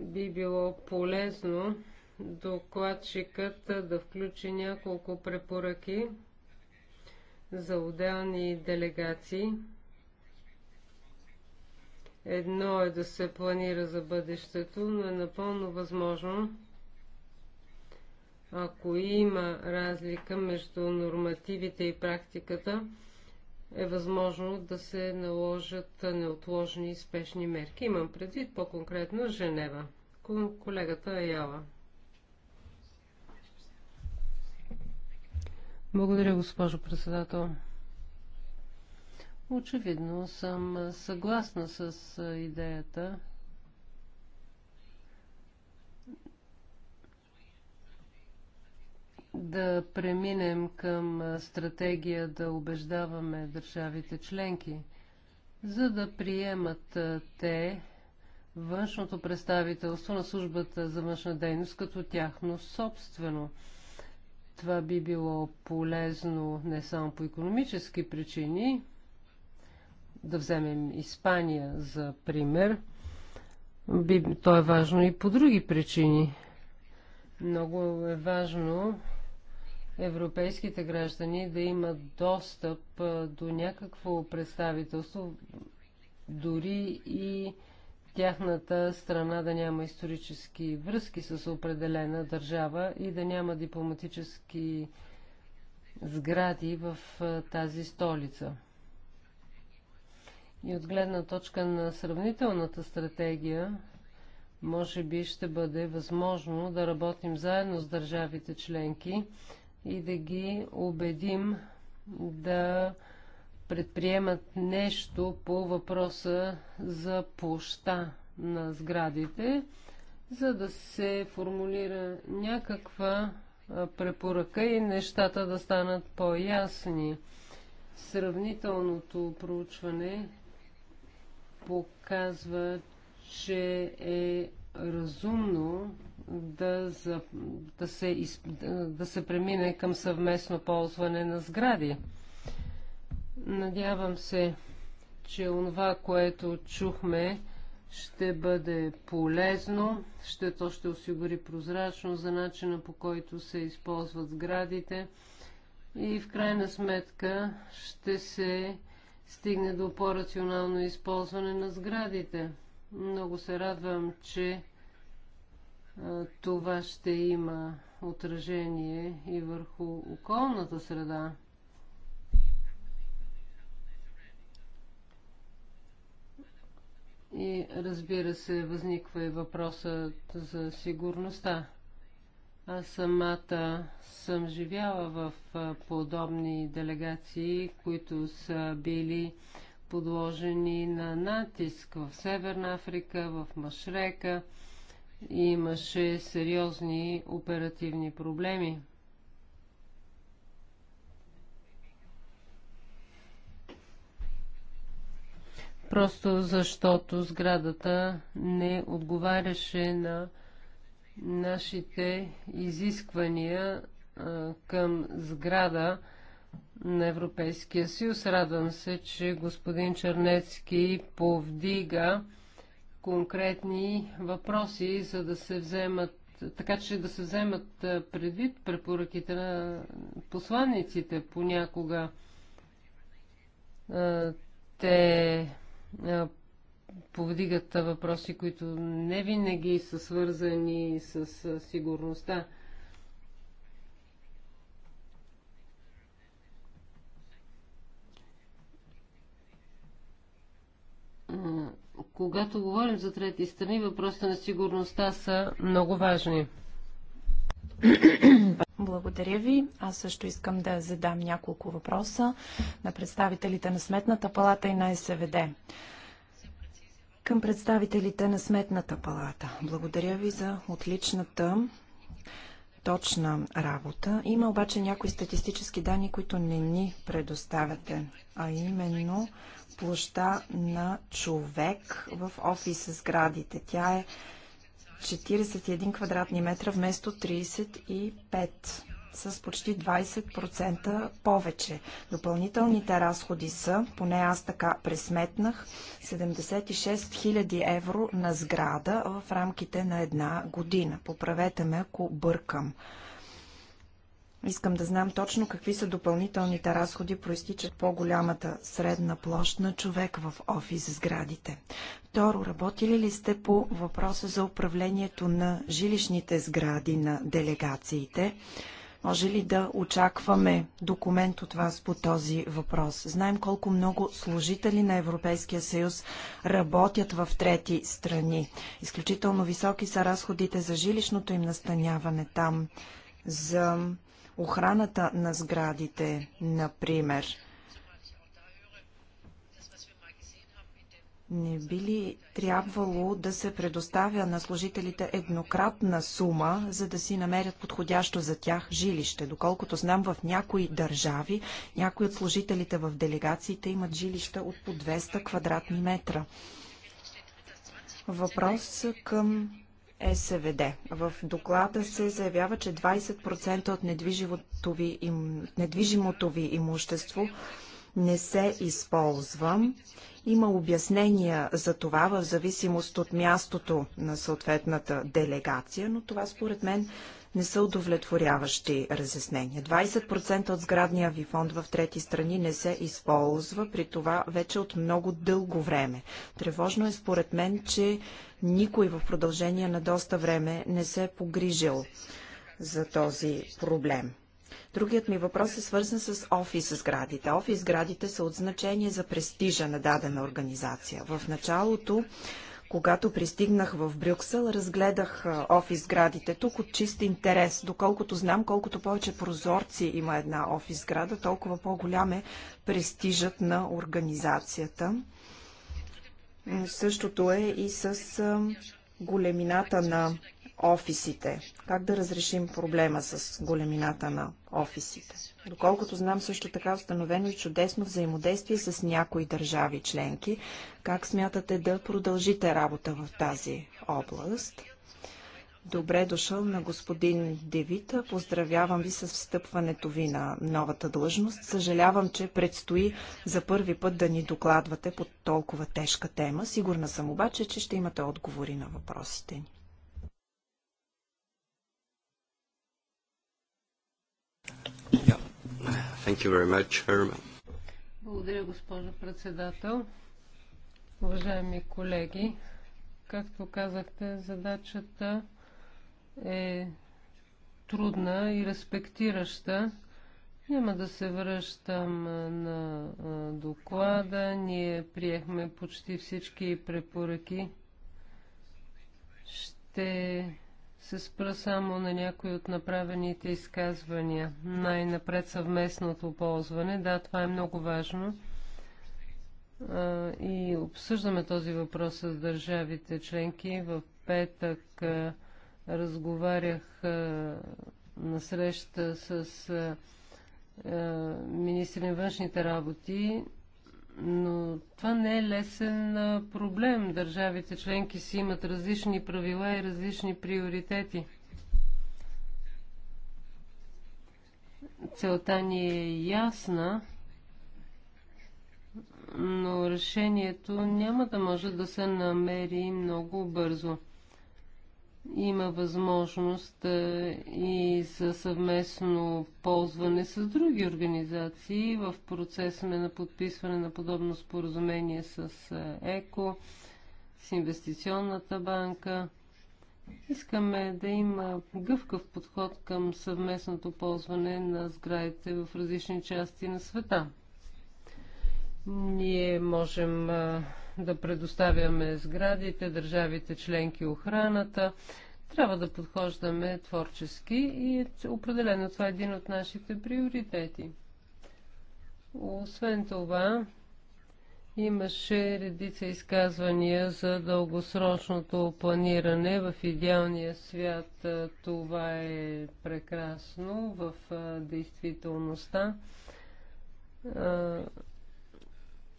би било полезно докладчикът да включи няколко препоръки за отделни делегации. Едно е да се планира за бъдещето, но е напълно възможно, ако има разлика между нормативите и практиката, е възможно да се наложат неотложни и спешни мерки. Имам предвид по-конкретно Женева. Колегата Аяла. Благодаря, госпожо председател. Очевидно съм съгласна с идеята, да преминем към стратегия да убеждаваме държавите членки, за да приемат те външното представителство на службата за външна дейност като тяхно собствено. Това би било полезно не само по економически причини, да вземем Испания за пример, би, то е важно и по други причини. Много е важно европейските граждани да имат достъп до някакво представителство, дори и тяхната страна да няма исторически връзки с определена държава и да няма дипломатически сгради в тази столица. И от гледна точка на сравнителната стратегия, може би ще бъде възможно да работим заедно с държавите членки, и да ги убедим да предприемат нещо по въпроса за площа на сградите, за да се формулира някаква препоръка и нещата да станат по-ясни. Сравнителното проучване показва, че е разумно да, за, да, се, да се премине към съвместно ползване на сгради. Надявам се, че онова, което чухме, ще бъде полезно, ще, то ще осигури прозрачност за начина по който се използват сградите и в крайна сметка ще се стигне до по-рационално използване на сградите. Много се радвам, че това ще има отражение и върху околната среда. И разбира се, възниква и въпросът за сигурността. Аз самата съм живяла в подобни делегации, които са били подложени на натиск в Северна Африка, в Машрека. Имаше сериозни оперативни проблеми. Просто защото сградата не отговаряше на нашите изисквания а, към сграда, на Европейския съюз. Радвам се, че господин Чернецки повдига конкретни въпроси, за да се вземат така че да се вземат предвид препоръките на посланниците понякога. Те повдигат въпроси, които не винаги са свързани с сигурността. Когато говорим за трети страни, въпросите на сигурността са много важни. Благодаря ви. Аз също искам да задам няколко въпроса на представителите на Сметната палата и на СВД. Към представителите на Сметната палата. Благодаря ви за отличната точна работа. Има обаче някои статистически данни, които не ни предоставяте, а именно площа на човек в офис сградите. Тя е 41 квадратни метра вместо 35 с почти 20% повече. Допълнителните разходи са, поне аз така пресметнах, 76 000 евро на сграда в рамките на една година. Поправете ме, ако бъркам. Искам да знам точно какви са допълнителните разходи, проистичат по-голямата средна площ на човек в офис сградите. Второ, работили ли сте по въпроса за управлението на жилищните сгради на делегациите? Може ли да очакваме документ от вас по този въпрос? Знаем колко много служители на Европейския съюз работят в трети страни. Изключително високи са разходите за жилищното им настаняване там, за охраната на сградите, например. Не би ли трябвало да се предоставя на служителите еднократна сума, за да си намерят подходящо за тях жилище? Доколкото знам, в някои държави, някои от служителите в делегациите имат жилища от по 200 квадратни метра. Въпрос към СВД. В доклада се заявява, че 20% от недвижимото ви, им, недвижимото ви имущество не се използва. Има обяснения за това в зависимост от мястото на съответната делегация, но това според мен не са удовлетворяващи разяснения. 20% от сградния ви фонд в трети страни не се използва, при това вече от много дълго време. Тревожно е според мен, че никой в продължение на доста време не се е погрижил за този проблем. Другият ми въпрос е свързан с офис сградите. Офис сградите са от значение за престижа на дадена организация. В началото когато пристигнах в Брюксел, разгледах офис градите тук от чист интерес. Доколкото знам, колкото повече прозорци има една офис града, толкова по-голям е престижът на организацията. Същото е и с големината на офисите. Как да разрешим проблема с големината на офисите? Доколкото знам също така е установено и чудесно взаимодействие с някои държави членки. Как смятате да продължите работа в тази област? Добре дошъл на господин Девита. Поздравявам ви с встъпването ви на новата длъжност. Съжалявам, че предстои за първи път да ни докладвате по толкова тежка тема. Сигурна съм обаче, че ще имате отговори на въпросите ни. Thank you very much, Herman. Благодаря, госпожо председател. Уважаеми колеги, както казахте, задачата е трудна и респектираща. Няма да се връщам на доклада. Ние приехме почти всички препоръки. Ще се спра само на някои от направените изказвания. Най-напред съвместното ползване. Да, това е много важно. И обсъждаме този въпрос с държавите членки. В петък разговарях на среща с министри на външните работи но това не е лесен проблем. Държавите членки си имат различни правила и различни приоритети. Целта ни е ясна, но решението няма да може да се намери много бързо има възможност и за съвместно ползване с други организации. В процес сме на подписване на подобно споразумение с ЕКО, с Инвестиционната банка. Искаме да има гъвкав подход към съвместното ползване на сградите в различни части на света. Ние можем да предоставяме сградите, държавите членки, охраната. Трябва да подхождаме творчески и определено това е един от нашите приоритети. Освен това, имаше редица изказвания за дългосрочното планиране. В идеалния свят това е прекрасно в действителността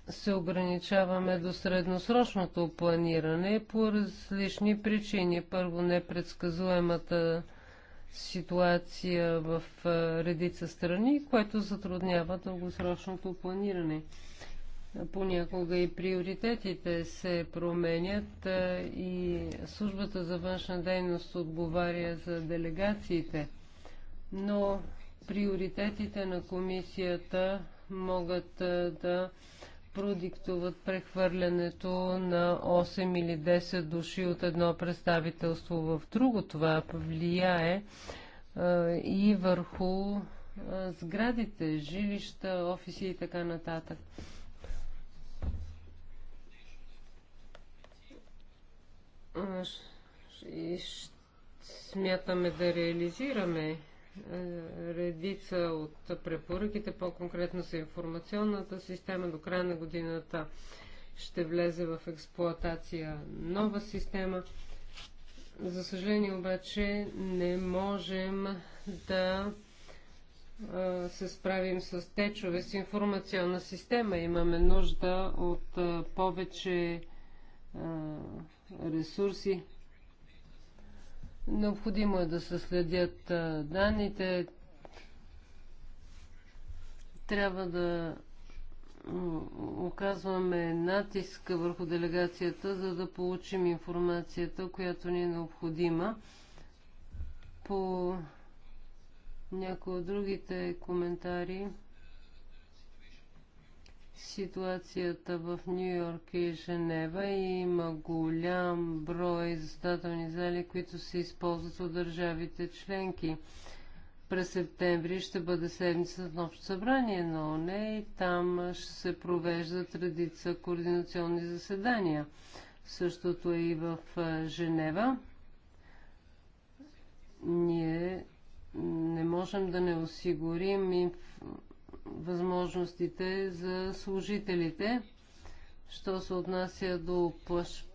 се ограничаваме до средносрочното планиране по различни причини. Първо, непредсказуемата ситуация в редица страни, което затруднява дългосрочното планиране. Понякога и приоритетите се променят и службата за външна дейност отговаря за делегациите, но приоритетите на комисията могат да продиктуват прехвърлянето на 8 или 10 души от едно представителство в друго. Това влияе и върху сградите, жилища, офиси и така нататък. Смятаме да реализираме е, редица от препоръките, по-конкретно са информационната система до края на годината ще влезе в експлоатация нова система. За съжаление обаче не можем да е, се справим с течове с информационна система. Имаме нужда от е, повече ресурси, Необходимо е да се следят данните. Трябва да оказваме натиск върху делегацията, за да получим информацията, която ни е необходима. По някои от другите коментари ситуацията в Нью Йорк и Женева и има голям брой заседателни зали, които се използват от държавите членки. През септември ще бъде седмица на общо събрание на ОНЕ и там ще се провеждат традица координационни заседания. Същото е и в Женева. Ние не можем да не осигурим информация възможностите за служителите. Що се отнася до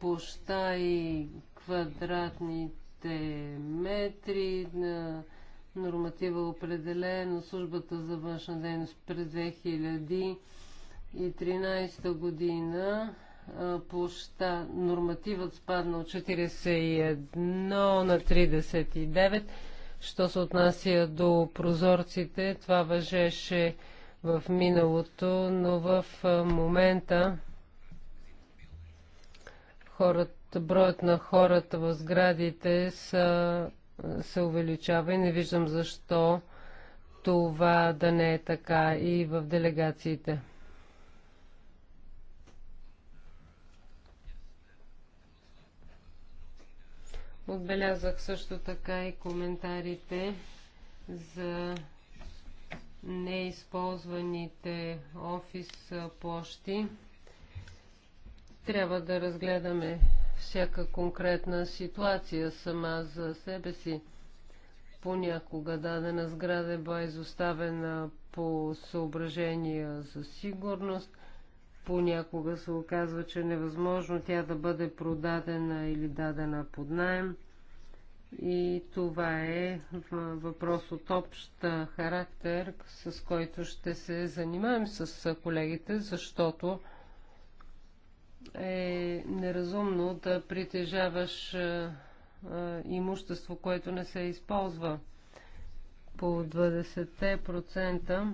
площа и квадратните метри на норматива определено службата за външна дейност през 2013 година площа, нормативът спадна от 41 на 39. Що се отнася до прозорците, това въжеше в миналото, но в момента хората, броят на хората в сградите са, се увеличава и не виждам защо това да не е така и в делегациите. Отбелязах също така и коментарите за неизползваните офис площи. Трябва да разгледаме всяка конкретна ситуация сама за себе си. Понякога дадена сграда е била изоставена по съображения за сигурност. Понякога се оказва, че е невъзможно тя да бъде продадена или дадена под найем – и това е въпрос от общ характер, с който ще се занимаем с колегите, защото е неразумно да притежаваш имущество, което не се използва по 20%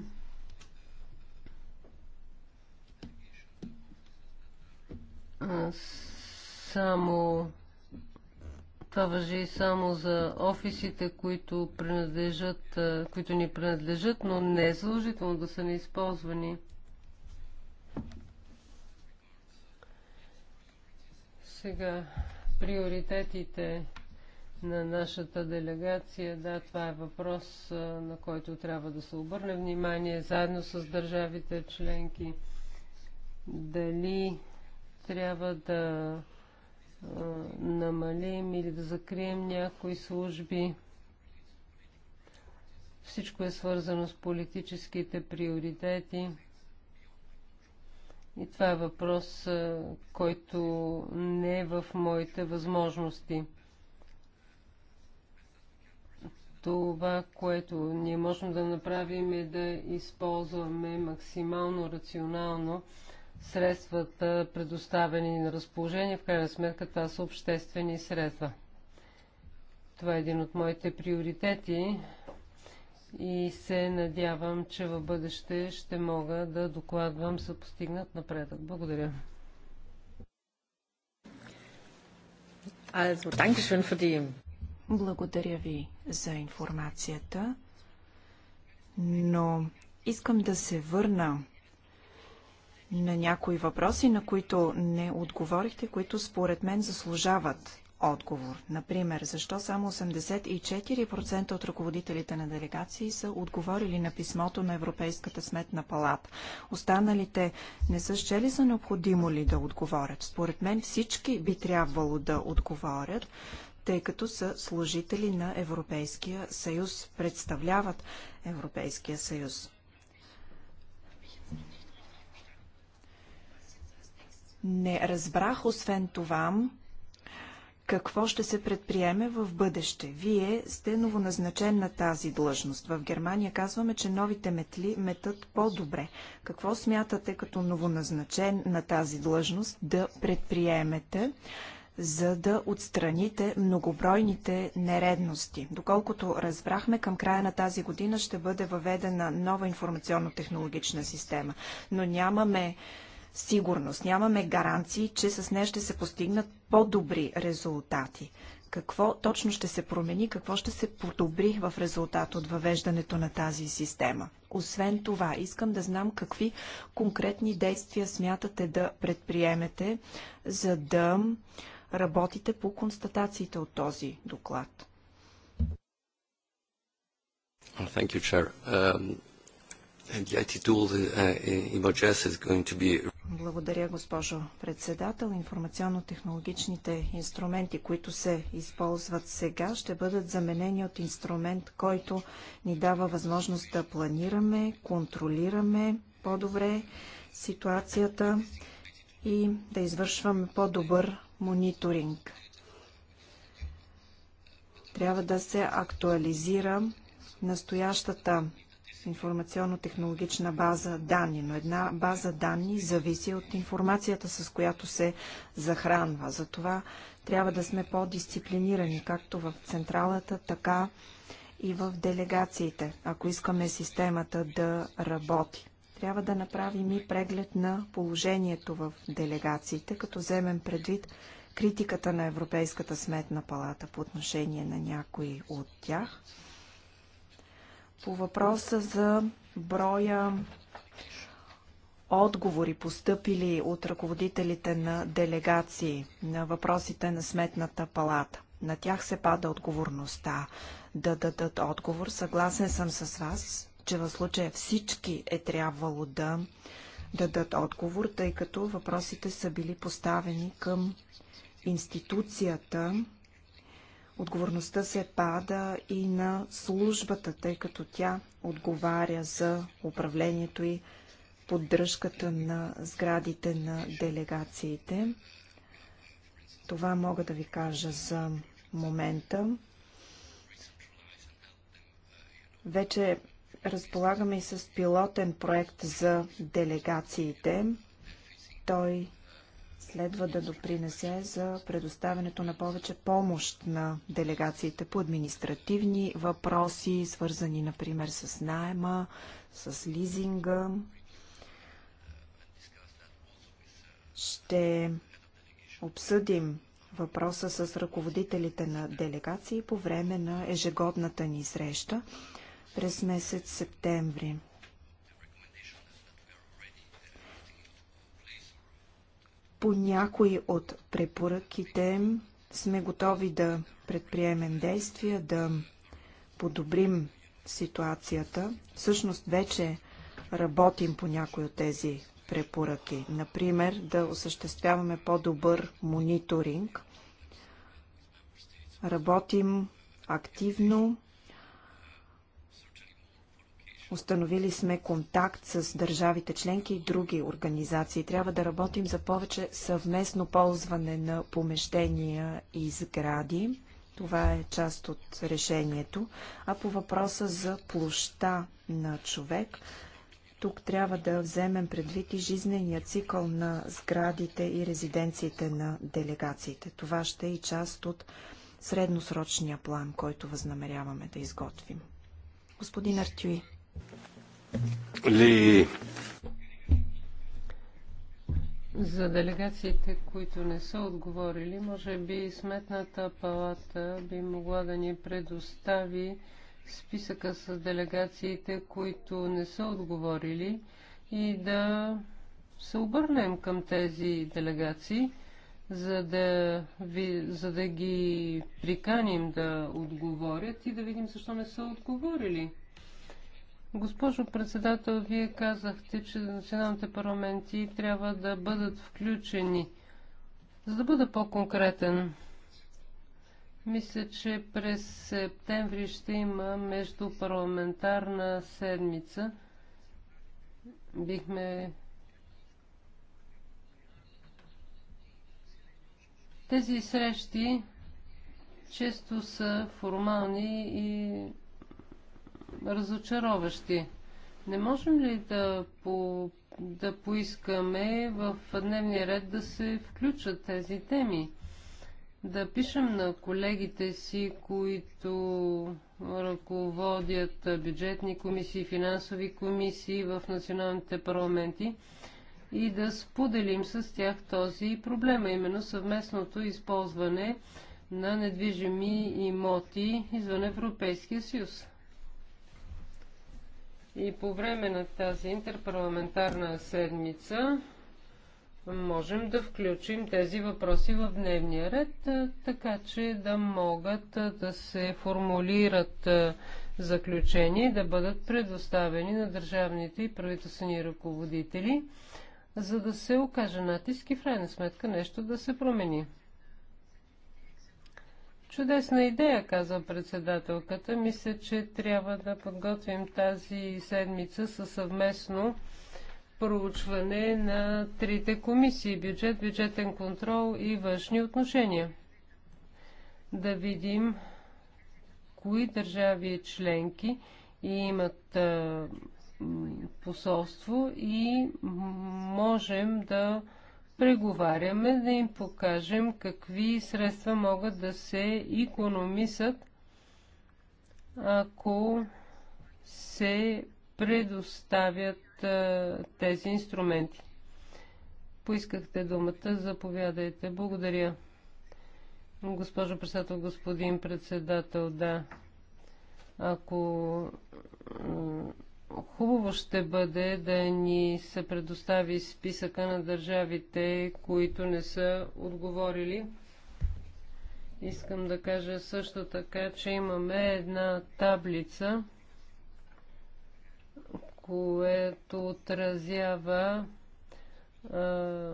само това въжи само за офисите, които, принадлежат, които ни принадлежат, но не е задължително да са неизползвани. Сега приоритетите на нашата делегация. Да, това е въпрос, на който трябва да се обърне внимание заедно с държавите членки. Дали трябва да намалим или да закрием някои служби. Всичко е свързано с политическите приоритети. И това е въпрос, който не е в моите възможности. Това, което ние можем да направим е да използваме максимално рационално средствата, предоставени на разположение. В крайна сметка това са обществени средства. Това е един от моите приоритети и се надявам, че в бъдеще ще мога да докладвам за постигнат напредък. Благодаря. Благодаря ви за информацията, но искам да се върна на някои въпроси, на които не отговорихте, които според мен заслужават отговор. Например, защо само 84% от ръководителите на делегации са отговорили на писмото на Европейската сметна палата? Останалите не са щели за необходимо ли да отговорят? Според мен всички би трябвало да отговорят, тъй като са служители на Европейския съюз, представляват Европейския съюз. Не разбрах освен това какво ще се предприеме в бъдеще. Вие сте новоназначен на тази длъжност. В Германия казваме, че новите метли метат по-добре. Какво смятате като новоназначен на тази длъжност да предприемете? за да отстраните многобройните нередности. Доколкото разбрахме, към края на тази година ще бъде въведена нова информационно-технологична система, но нямаме сигурност, нямаме гаранции, че с нея ще се постигнат по-добри резултати. Какво точно ще се промени, какво ще се подобри в резултат от въвеждането на тази система? Освен това, искам да знам какви конкретни действия смятате да предприемете, за да работите по констатациите от този доклад. Thank you, Chair. Um, Uh, Благодаря, госпожо председател. Информационно-технологичните инструменти, които се използват сега, ще бъдат заменени от инструмент, който ни дава възможност да планираме, контролираме по-добре ситуацията и да извършваме по-добър мониторинг. Трябва да се актуализира настоящата информационно-технологична база данни, но една база данни зависи от информацията, с която се захранва. Затова трябва да сме по-дисциплинирани, както в централата, така и в делегациите, ако искаме системата да работи. Трябва да направим и преглед на положението в делегациите, като вземем предвид критиката на Европейската сметна палата по отношение на някои от тях – по въпроса за броя отговори, постъпили от ръководителите на делегации на въпросите на Сметната палата. На тях се пада отговорността да дадат отговор. Съгласен съм с вас, че в случая всички е трябвало да дадат отговор, тъй като въпросите са били поставени към институцията, Отговорността се пада и на службата, тъй като тя отговаря за управлението и поддръжката на сградите на делегациите. Това мога да ви кажа за момента. Вече разполагаме и с пилотен проект за делегациите. Той следва да допринесе за предоставянето на повече помощ на делегациите по административни въпроси, свързани, например, с найема, с лизинга. Ще обсъдим въпроса с ръководителите на делегации по време на ежегодната ни среща през месец септември. По някои от препоръките сме готови да предприемем действия, да подобрим ситуацията. Всъщност вече работим по някои от тези препоръки. Например, да осъществяваме по-добър мониторинг. Работим активно Установили сме контакт с държавите членки и други организации. Трябва да работим за повече съвместно ползване на помещения и сгради. Това е част от решението. А по въпроса за площа на човек, тук трябва да вземем предвид и жизнения цикъл на сградите и резиденциите на делегациите. Това ще е и част от средносрочния план, който възнамеряваме да изготвим. Господин Артюи. Ли... За делегациите, които не са отговорили, може би Сметната палата би могла да ни предостави списъка с делегациите, които не са отговорили и да се обърнем към тези делегации, за да, ви, за да ги приканим да отговорят и да видим защо не са отговорили. Госпожо председател, вие казахте, че националните парламенти трябва да бъдат включени. За да бъда по-конкретен, мисля, че през септември ще има междупарламентарна седмица. Бихме Тези срещи често са формални и разочароващи. Не можем ли да, по, да поискаме в дневния ред да се включат тези теми? Да пишем на колегите си, които ръководят бюджетни комисии, финансови комисии в националните парламенти и да споделим с тях този проблем, а именно съвместното използване на недвижими имоти извън Европейския съюз. И по време на тази интерпарламентарна седмица можем да включим тези въпроси в дневния ред, така че да могат да се формулират заключения и да бъдат предоставени на държавните и правителствени ръководители, за да се окаже натиск и в крайна сметка нещо да се промени. Чудесна идея, казва председателката. Мисля, че трябва да подготвим тази седмица със съвместно проучване на трите комисии бюджет, бюджетен контрол и външни отношения. Да видим кои държави членки имат посолство и можем да преговаряме да им покажем какви средства могат да се економисат, ако се предоставят а, тези инструменти. Поискахте думата, заповядайте. Благодаря. Госпожо председател, господин председател, да. Ако Хубаво ще бъде да ни се предостави списъка на държавите, които не са отговорили. Искам да кажа също така, че имаме една таблица, което отразява а,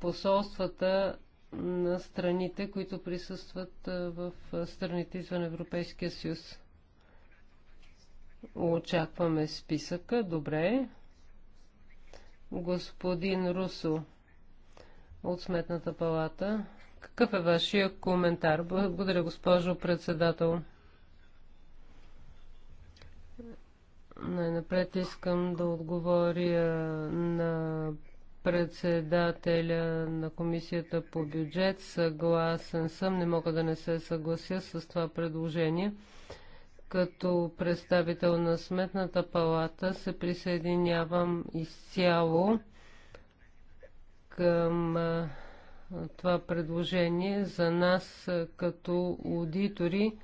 посолствата на страните, които присъстват а, в страните извън Европейския съюз. Очакваме списъка. Добре. Господин Русо от Сметната палата. Какъв е вашия коментар? Благодаря, госпожо председател. Най-напред искам да отговоря на председателя на комисията по бюджет. Съгласен съм, не мога да не се съглася с това предложение като представител на Сметната палата се присъединявам изцяло към това предложение за нас като аудитори.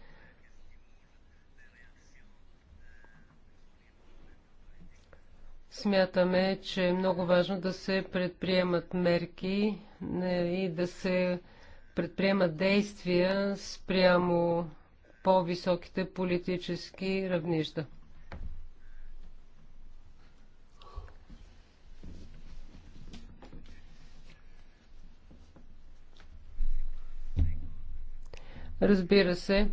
Смятаме, че е много важно да се предприемат мерки е, и да се предприемат действия спрямо по-високите политически равнища. Разбира се,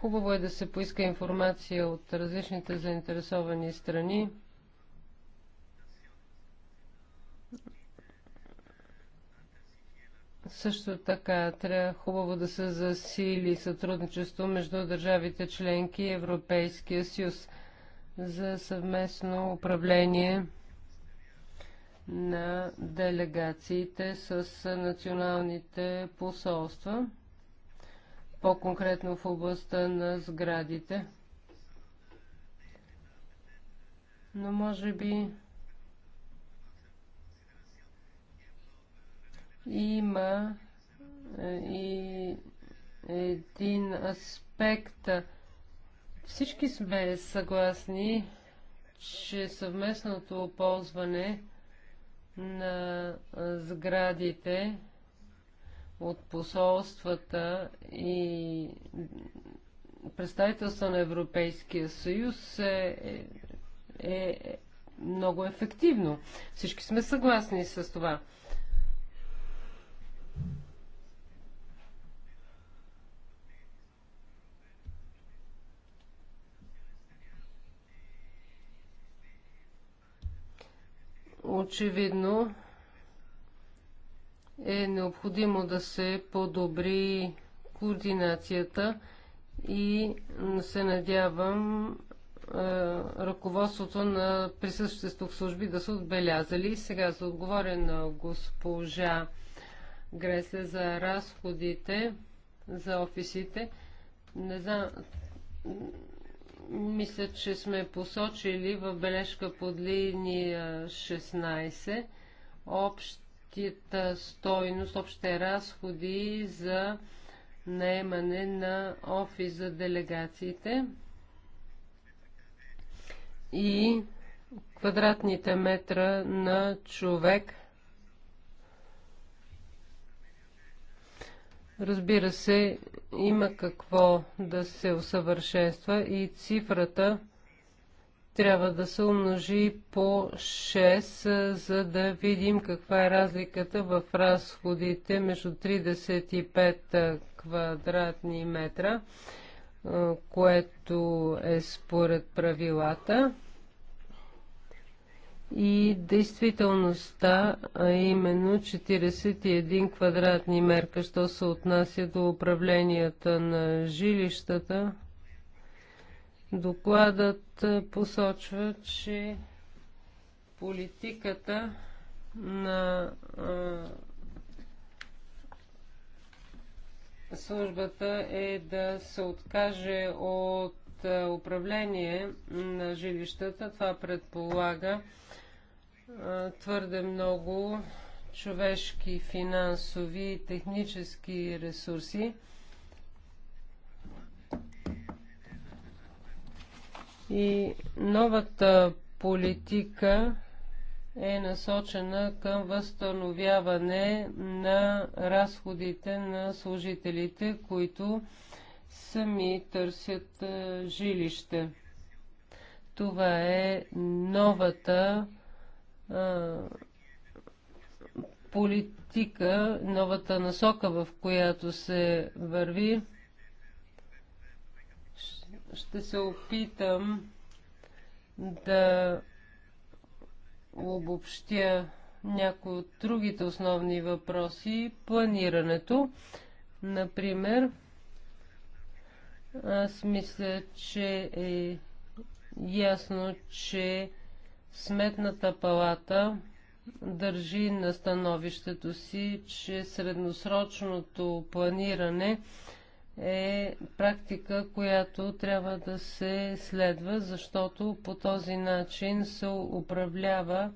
хубаво е да се поиска информация от различните заинтересовани страни. Също така трябва хубаво да се засили сътрудничество между държавите членки и Европейския съюз за съвместно управление на делегациите с националните посолства, по-конкретно в областта на сградите. Но може би Има е, и един аспект. Всички сме съгласни, че съвместното ползване на сградите от посолствата и представителства на Европейския съюз е, е, е много ефективно. Всички сме съгласни с това. Очевидно е необходимо да се подобри координацията и се надявам е, ръководството на присъстващите в служби да са отбелязали. Сега за отговоря на госпожа Гресле за разходите за офисите. Не знам, мисля, че сме посочили в бележка под линия 16 общата стойност, общите разходи за наемане на офис за делегациите и квадратните метра на човек – Разбира се, има какво да се усъвършенства и цифрата трябва да се умножи по 6, за да видим каква е разликата в разходите между 35 квадратни метра, което е според правилата и действителността, а именно 41 квадратни мерка, що се отнася до управленията на жилищата. Докладът посочва, че политиката на службата е да се откаже от управление на жилищата. Това предполага твърде много човешки, финансови и технически ресурси. И новата политика е насочена към възстановяване на разходите на служителите, които сами търсят жилище. Това е новата политика политика, новата насока, в която се върви. Ще се опитам да обобщя някои от другите основни въпроси. Планирането, например, аз мисля, че е ясно, че Сметната палата държи на становището си, че средносрочното планиране е практика, която трябва да се следва, защото по този начин се управлява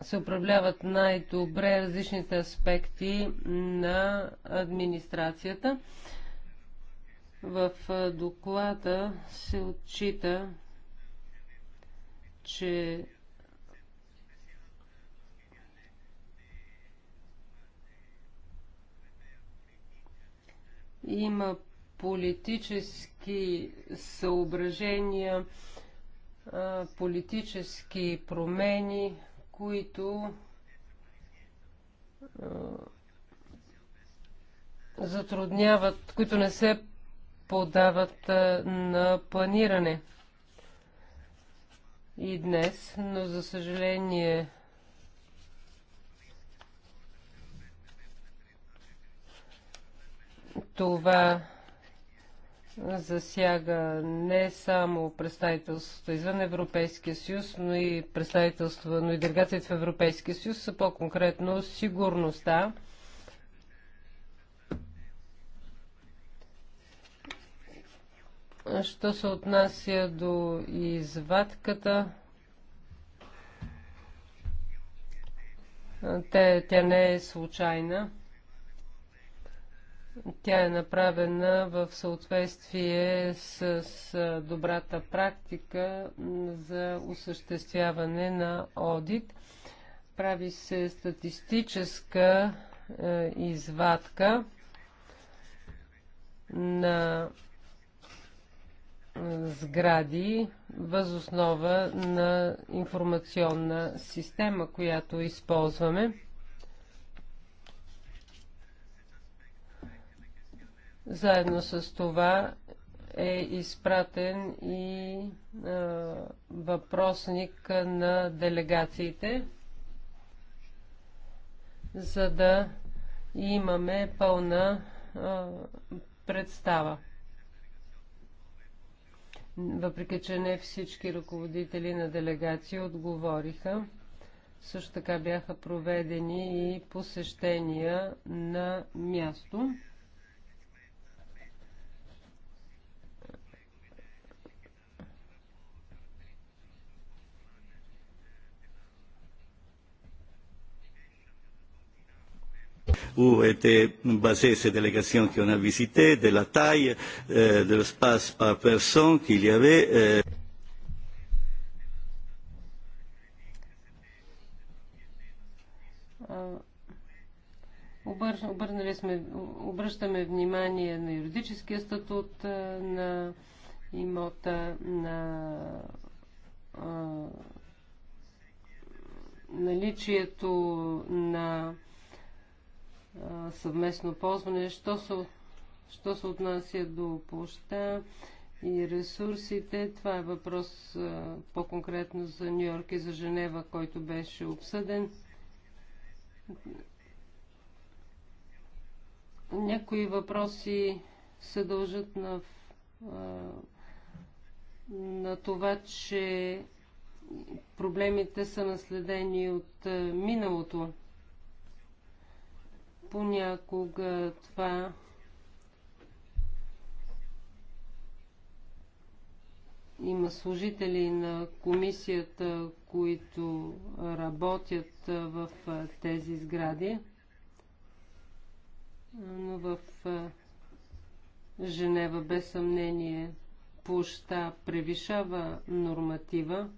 се управляват най-добре различните аспекти на администрацията. В доклада се отчита, че има политически съображения, политически промени, които затрудняват, които не се подават на планиране и днес, но за съжаление това засяга не само представителството извън Европейския съюз, но и представителство, но и делегацията в Европейския съюз, са по-конкретно сигурността. Да? Що се отнася до извадката, Те, тя не е случайна. Тя е направена в съответствие с, с добрата практика за осъществяване на одит. Прави се статистическа е, извадка на сгради възоснова на информационна система, която използваме. Заедно с това е изпратен и а, въпросник на делегациите, за да имаме пълна а, представа въпреки че не всички ръководители на делегации отговориха. Също така бяха проведени и посещения на място. où étaient basées ces délégations qu'on a visitées, de la taille euh, de l'espace par personne qu'il y avait. Euh, Обърнали сме, обръщаме внимание на юридическия статут на имота, на наличието на съвместно ползване. Що се, що се отнася до площа и ресурсите, това е въпрос по-конкретно за Нью Йорк и за Женева, който беше обсъден. Някои въпроси се дължат на, на това, че проблемите са наследени от миналото. Понякога това има служители на комисията, които работят в тези сгради, но в Женева без съмнение площа превишава норматива.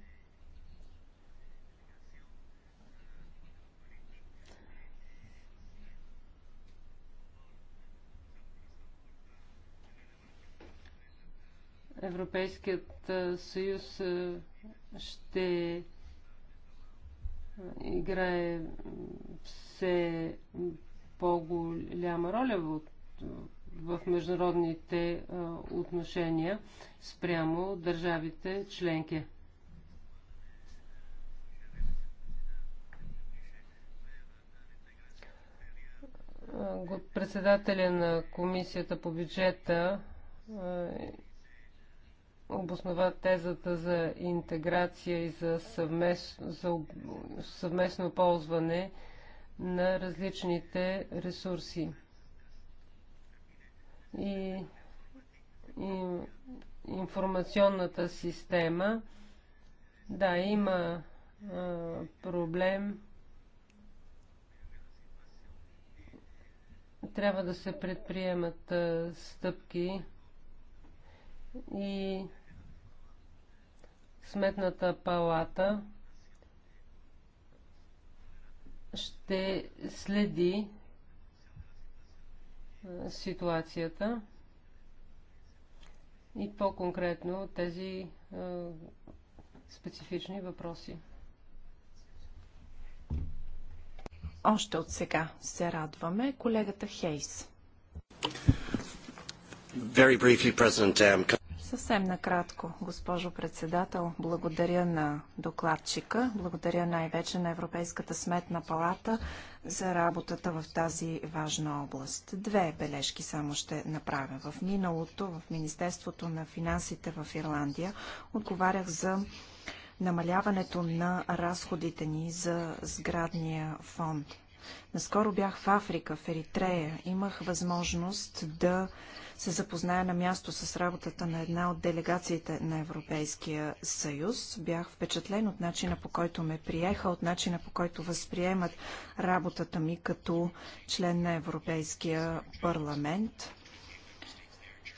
Европейският съюз ще играе все по-голяма роля в, в международните отношения спрямо държавите членки. Председателя на комисията по бюджета обоснова тезата за интеграция и за съвместно, за съвместно ползване на различните ресурси. И, и информационната система, да, има а, проблем. Трябва да се предприемат а, стъпки и Сметната палата ще следи ситуацията и по-конкретно тези специфични въпроси. Още от сега се радваме колегата Хейс. Very briefly, President, um... Съвсем накратко, госпожо председател, благодаря на докладчика, благодаря най-вече на Европейската сметна палата за работата в тази важна област. Две бележки само ще направя. В миналото, в Министерството на финансите в Ирландия, отговарях за намаляването на разходите ни за сградния фонд. Наскоро бях в Африка, в Еритрея. Имах възможност да се запозная на място с работата на една от делегациите на Европейския съюз. Бях впечатлен от начина по който ме приеха, от начина по който възприемат работата ми като член на Европейския парламент.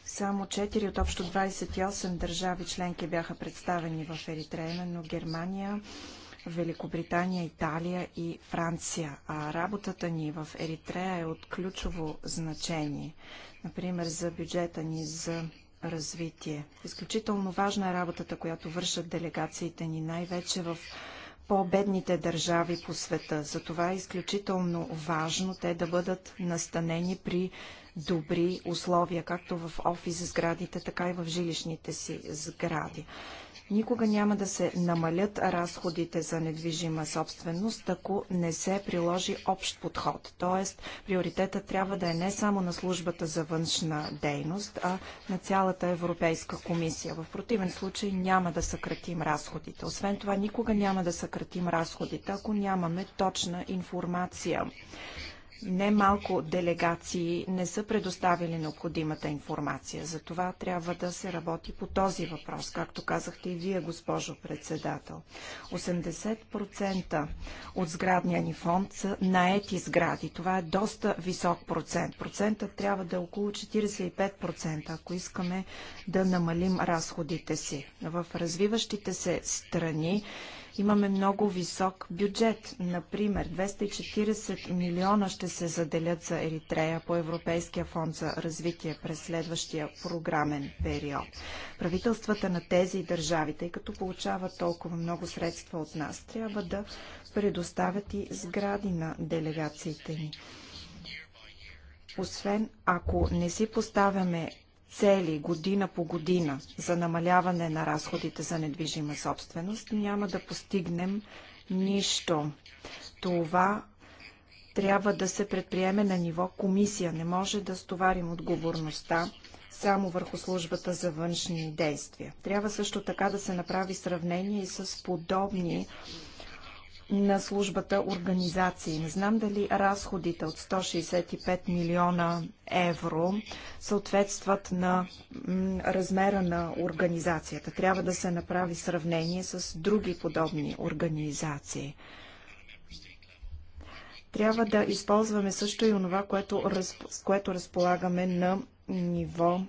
Само 4 от общо 28 държави членки бяха представени в Еритрея, но Германия, Великобритания, Италия и Франция, а работата ни в Еритрея е от ключово значение, например за бюджета ни за развитие. Изключително важна е работата, която вършат делегациите ни, най-вече в по-бедните държави по света. Затова е изключително важно те да бъдат настанени при добри условия, както в офис сградите, така и в жилищните си сгради. Никога няма да се намалят разходите за недвижима собственост, ако не се приложи общ подход. Тоест, приоритета трябва да е не само на службата за външна дейност, а на цялата Европейска комисия. В противен случай няма да съкратим разходите. Освен това, никога няма да съкратим разходите, ако нямаме точна информация Немалко делегации не са предоставили необходимата информация. За това трябва да се работи по този въпрос, както казахте и вие, госпожо председател. 80% от сградния ни фонд са наети сгради. Това е доста висок процент. Процентът трябва да е около 45%, ако искаме да намалим разходите си. В развиващите се страни Имаме много висок бюджет. Например, 240 милиона ще се заделят за Еритрея по Европейския фонд за развитие през следващия програмен период. Правителствата на тези държави, тъй като получават толкова много средства от нас, трябва да предоставят и сгради на делегациите ни. Освен ако не си поставяме цели година по година за намаляване на разходите за недвижима собственост, няма да постигнем нищо. Това трябва да се предприеме на ниво комисия. Не може да стоварим отговорността само върху службата за външни действия. Трябва също така да се направи сравнение и с подобни на службата организации. Не знам дали разходите от 165 милиона евро съответстват на размера на организацията. Трябва да се направи сравнение с други подобни организации. Трябва да използваме също и онова, което, с което разполагаме на ниво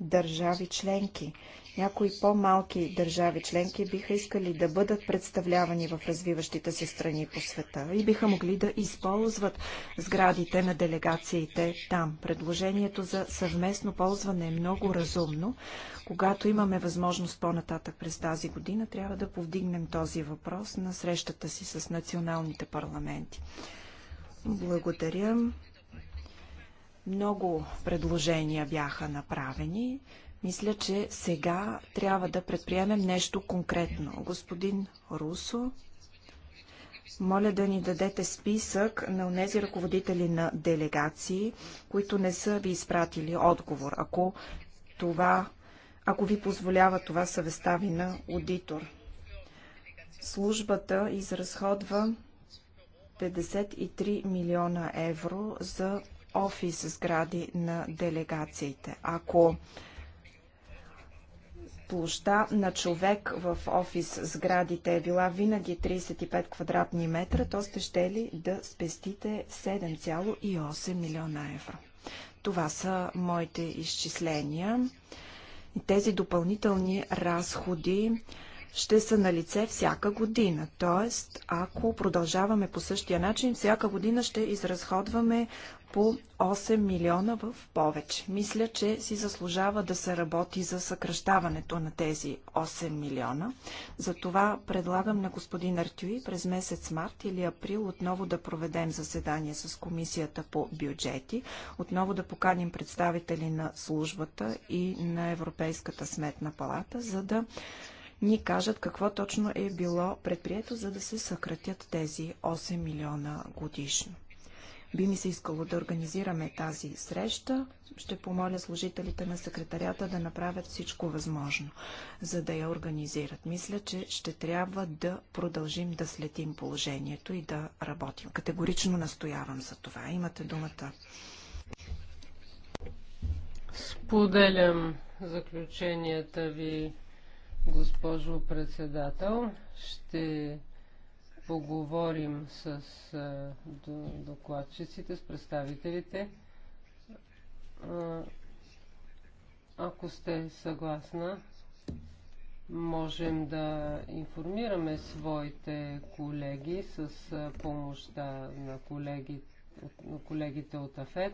държави членки. Някои по-малки държави членки биха искали да бъдат представлявани в развиващите се страни по света и биха могли да използват сградите на делегациите там. Предложението за съвместно ползване е много разумно. Когато имаме възможност по-нататък през тази година, трябва да повдигнем този въпрос на срещата си с националните парламенти. Благодаря. Много предложения бяха направени. Мисля, че сега трябва да предприемем нещо конкретно. Господин Русо, моля да ни дадете списък на тези ръководители на делегации, които не са ви изпратили отговор. Ако това, ако ви позволява това съвестта ви на аудитор. Службата изразходва 53 милиона евро за офис сгради на делегациите. Ако площа на човек в офис сградите е била винаги 35 квадратни метра, то сте ще ли да спестите 7,8 милиона евро. Това са моите изчисления. Тези допълнителни разходи ще са на лице всяка година. Тоест, ако продължаваме по същия начин, всяка година ще изразходваме по 8 милиона в повече. Мисля, че си заслужава да се работи за съкръщаването на тези 8 милиона. Затова предлагам на господин Артюи през месец март или април отново да проведем заседание с комисията по бюджети, отново да поканим представители на службата и на Европейската сметна палата, за да ни кажат какво точно е било предприето, за да се съкратят тези 8 милиона годишно. Би ми се искало да организираме тази среща. Ще помоля служителите на секретарията да направят всичко възможно, за да я организират. Мисля, че ще трябва да продължим да следим положението и да работим. Категорично настоявам за това. Имате думата. Споделям заключенията ви, госпожо председател. Ще поговорим с докладчиците, с представителите. Ако сте съгласна, можем да информираме своите колеги с помощта на колегите, на колегите от АФЕД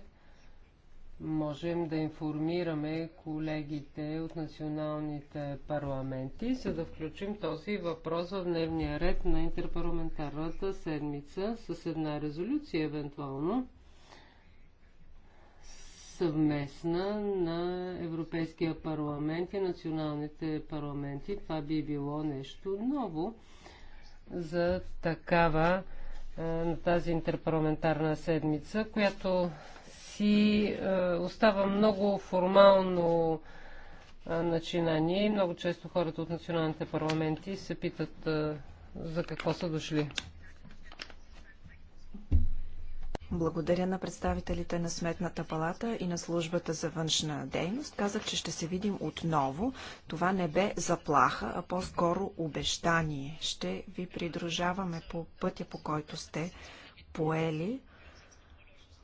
можем да информираме колегите от националните парламенти, за да включим този въпрос в дневния ред на интерпарламентарната седмица с една резолюция, евентуално съвместна на Европейския парламент и националните парламенти. Това би било нещо ново за такава на тази интерпарламентарна седмица, която си е, остава много формално е, начинание и много често хората от националните парламенти се питат е, за какво са дошли. Благодаря на представителите на Сметната палата и на службата за външна дейност. Казах, че ще се видим отново. Това не бе заплаха, а по-скоро обещание. Ще ви придружаваме по пътя, по който сте поели.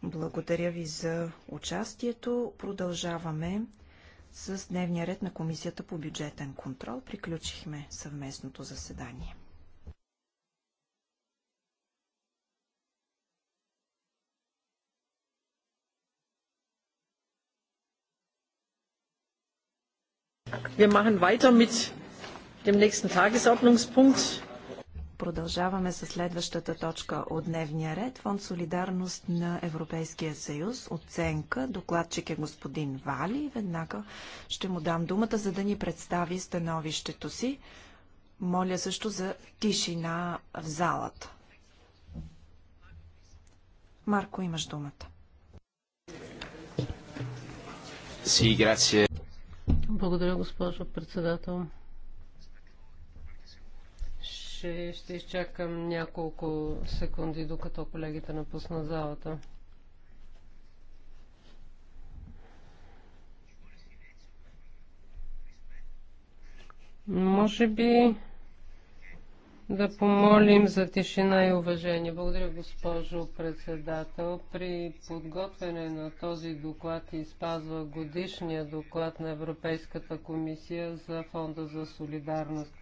Благодаря ви за участието. Продължаваме с дневния ред на Комисията по бюджетен контрол. Приключихме съвместното заседание. Wir machen weiter mit dem nächsten Tagesordnungspunkt. Продължаваме с следващата точка от дневния ред. Фонд Солидарност на Европейския съюз. Оценка. Докладчик е господин Вали. Веднага ще му дам думата, за да ни представи становището си. Моля също за тишина в залата. Марко, имаш думата. Благодаря, госпожо председател че ще изчакам няколко секунди, докато колегите напуснат залата. Може би да помолим за тишина и уважение. Благодаря, госпожо председател. При подготвяне на този доклад изпазва годишния доклад на Европейската комисия за Фонда за солидарност.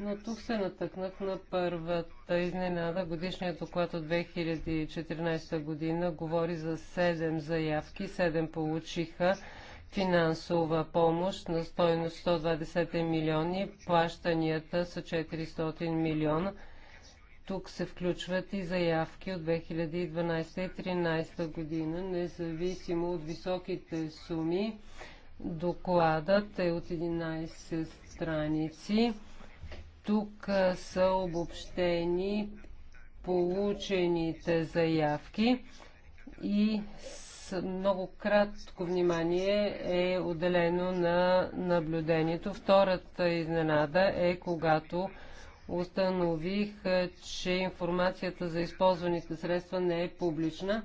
Но тук се натъкнах на първата изненада. Годишният доклад от 2014 година говори за 7 заявки. 7 получиха финансова помощ на стойност 120 милиони. Плащанията са 400 милиона. Тук се включват и заявки от 2012-2013 година, независимо от високите суми. Докладът е от 11 страници. Тук са обобщени получените заявки и с много кратко внимание е отделено на наблюдението. Втората изненада е когато установих, че информацията за използваните средства не е публична.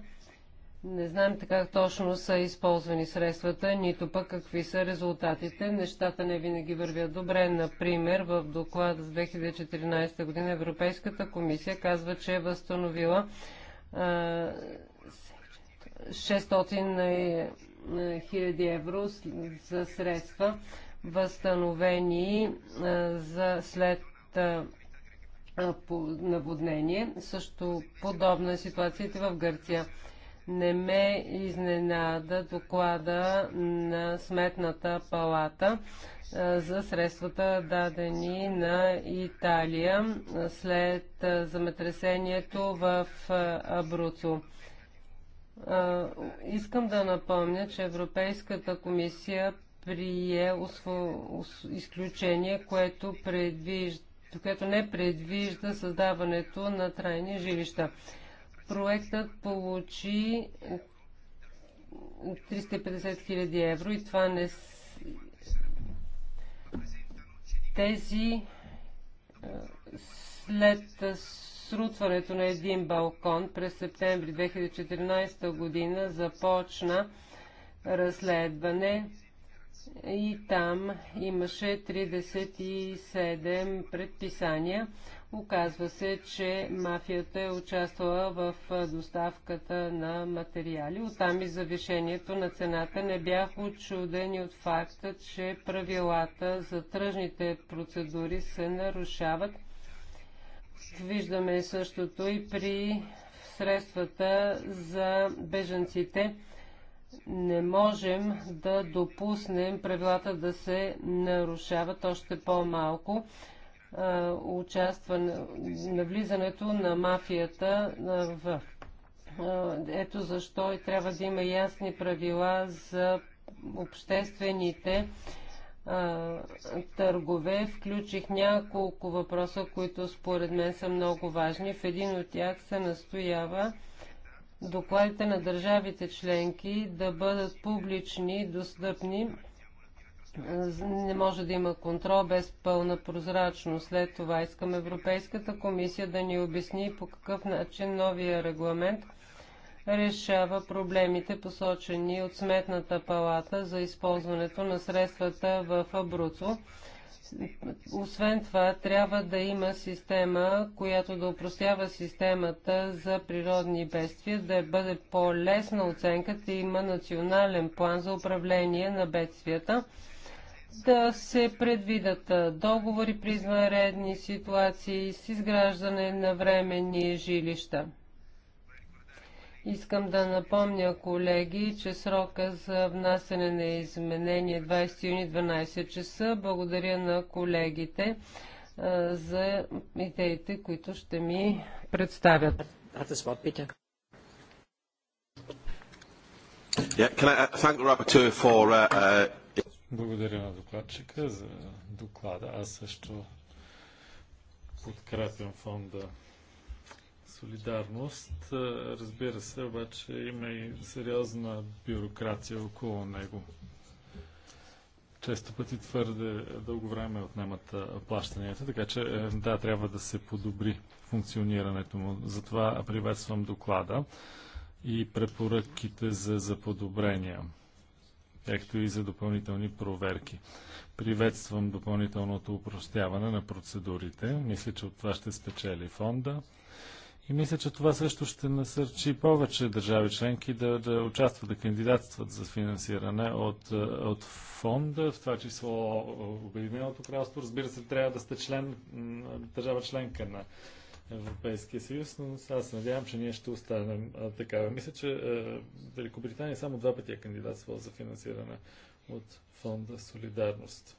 Не знаем така точно са използвани средствата, нито пък какви са резултатите. Нещата не винаги вървят добре. Например, в доклад с 2014 година Европейската комисия казва, че е възстановила 600 хиляди евро за средства, възстановени за след наводнение. Също подобна е ситуацията в Гърция. Не ме изненада доклада на Сметната палата за средствата дадени на Италия след земетресението в Абруцо. Искам да напомня, че Европейската комисия прие изключение, което, предвижда, което не предвижда създаването на трайни жилища. Проектът получи 350 000 евро и това не тези е, след срутването на един балкон през септември 2014 година започна разследване и там имаше 37 предписания. Оказва се, че мафията е участвала в доставката на материали. Оттам и завишението на цената не бях очуден и от факта, че правилата за тръжните процедури се нарушават. Виждаме същото и при средствата за беженците. Не можем да допуснем правилата да се нарушават още по-малко участване, навлизането на мафията в. Ето защо и трябва да има ясни правила за обществените търгове. Включих няколко въпроса, които според мен са много важни. В един от тях се настоява докладите на държавите членки да бъдат публични, достъпни не може да има контрол без пълна прозрачност. След това искам Европейската комисия да ни обясни по какъв начин новия регламент решава проблемите, посочени от Сметната палата за използването на средствата в Абруцо. Освен това, трябва да има система, която да упростява системата за природни бедствия, да бъде по-лесна оценката и има национален план за управление на бедствията да се предвидат договори при извънредни ситуации с изграждане на временни жилища. Искам да напомня, колеги, че срока за внасене на изменение 20 е юни 12 часа. Благодаря на колегите а, за идеите, които ще ми представят. Yeah, can I uh, thank the rapporteur for uh, uh... Благодаря на докладчика за доклада. Аз също подкрепям фонда Солидарност. Разбира се, обаче има и сериозна бюрокрация около него. Често пъти твърде дълго време отнемат плащанията, така че е, да, трябва да се подобри функционирането му. Затова приветствам доклада и препоръките за, за подобрения както и за допълнителни проверки. Приветствам допълнителното упростяване на процедурите. Мисля, че от това ще спечели фонда. И мисля, че това също ще насърчи повече държави членки да, да участват, да кандидатстват за финансиране от, е, от фонда, в това число е, Обединеното кралство. Разбира се, трябва да сте член, държава членка на Европейския съюз, но аз се надявам, че ние ще останем такава. Мисля, че Великобритания само два пъти е кандидатствала за финансиране от фонда Солидарност.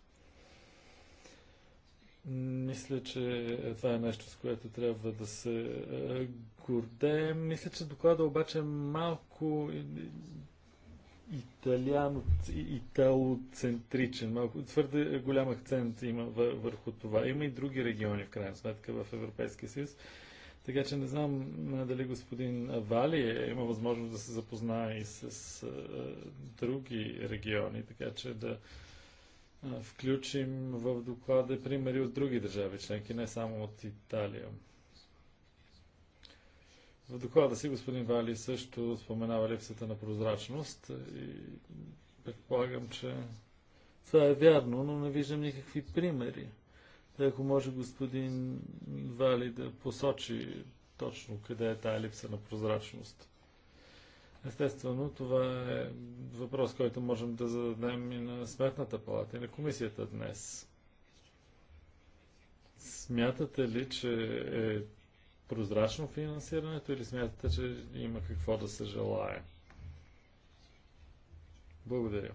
Мисля, че това е нещо, с което трябва да се гордеем. Мисля, че доклада обаче е малко италиано, италоцентричен. Малко, твърде голям акцент има върху това. Има и други региони, в крайна сметка, в Европейския съюз. Така че не знам дали господин Вали е, има възможност да се запознае и с, с други региони, така че да включим в доклада примери от други държави членки, не само от Италия. В доклада си господин Вали също споменава липсата на прозрачност и предполагам, че това е вярно, но не виждам никакви примери. ако може господин Вали да посочи точно къде е тая липса на прозрачност. Естествено, това е въпрос, който можем да зададем и на Сметната палата и на комисията днес. Смятате ли, че е прозрачно финансирането или смятате, че има какво да се желая. Благодаря.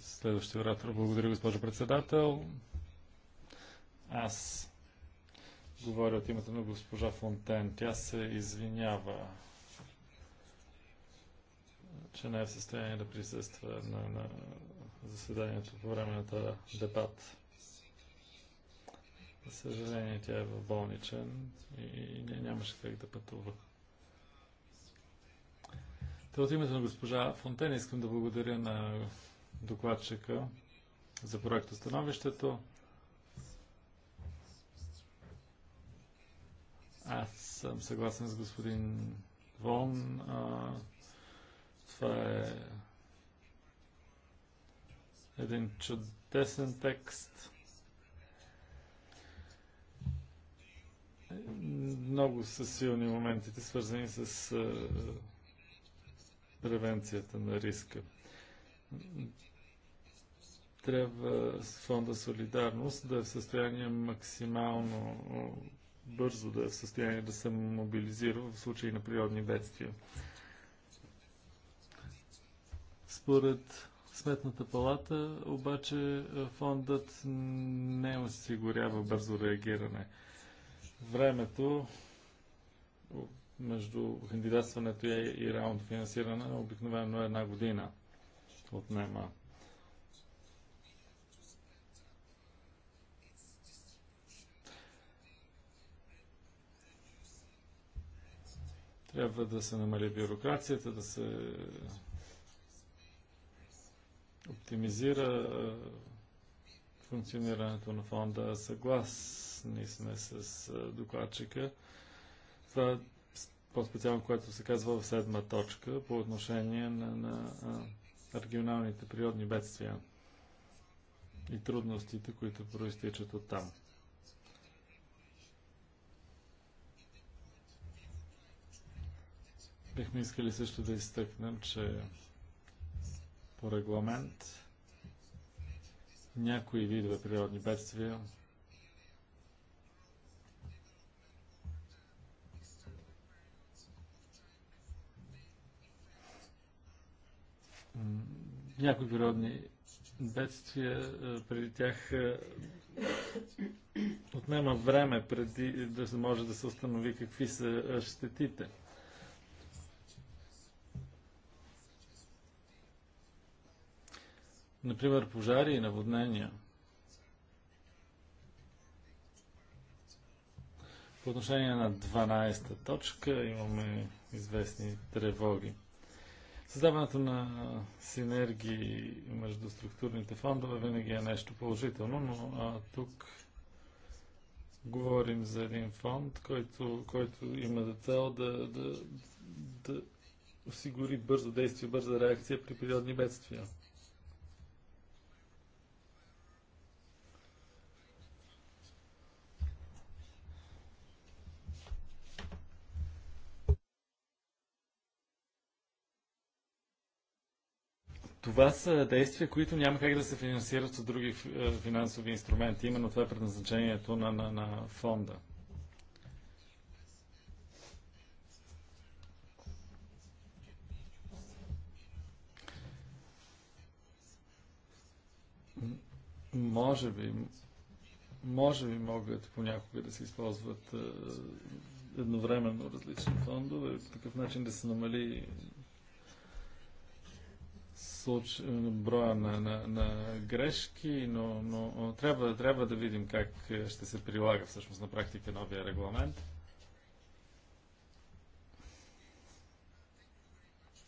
Следващия оратор. Благодаря, госпожо председател. Аз говоря от името на госпожа Фонтен. Тя се извинява, че не е в състояние да присъства на, на заседанието по време на този дебат. За съжаление, тя е в болничен и нямаше как да пътува. Та от името на госпожа Фонтен искам да благодаря на докладчика за проекта становището. Аз съм съгласен с господин Вон. А, това е един чудесен текст. Много са силни моментите, свързани с превенцията на риска. Трябва с фонда Солидарност да е в състояние максимално бързо да е в състояние да се мобилизира в случай на природни бедствия. Според Сметната палата, обаче е, фондът не осигурява бързо реагиране. Времето между кандидатстването и реалното финансиране обикновено е една година отнема. Трябва да се намали бюрокрацията, да се оптимизира е, функционирането на фонда. Съгласни сме с е, докладчика. Това е по-специално, което се казва в седма точка по отношение на, на е, регионалните природни бедствия и трудностите, които проистичат от там. Бихме искали също да изтъкнем, че по регламент някои видове природни бедствия някои природни бедствия, е, преди тях е, отнема време преди да може да се установи какви са е, щетите. Например, пожари и наводнения. По отношение на 12-та точка имаме известни тревоги. Създаването на синергии между структурните фондове винаги е нещо положително, но а, тук говорим за един фонд, който, който има за цел да, да, да осигури бързо действие, бърза реакция при природни бедствия. Това са действия, които няма как да се финансират от други е, финансови инструменти. Именно това е предназначението на, на, на фонда. Може би, може би могат понякога да се използват е, едновременно различни фондове, по такъв начин да се намали случ... броя на, на, на грешки, но, но трябва, трябва да видим как е, ще се прилага всъщност на практика новия регламент.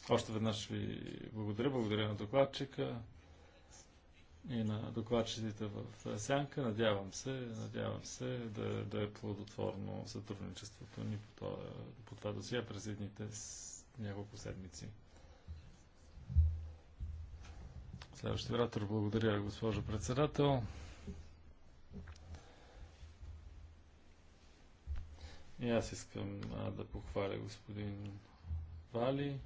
Още веднъж ви благодаря. Благодаря на докладчика и на докладчиците в Сянка. Надявам се, надявам се да, да е плодотворно сътрудничеството ни по това, по това досия през едните няколко седмици. Следващия оратор. Благодаря, госпожо председател. И аз искам а, да похваля господин Вали.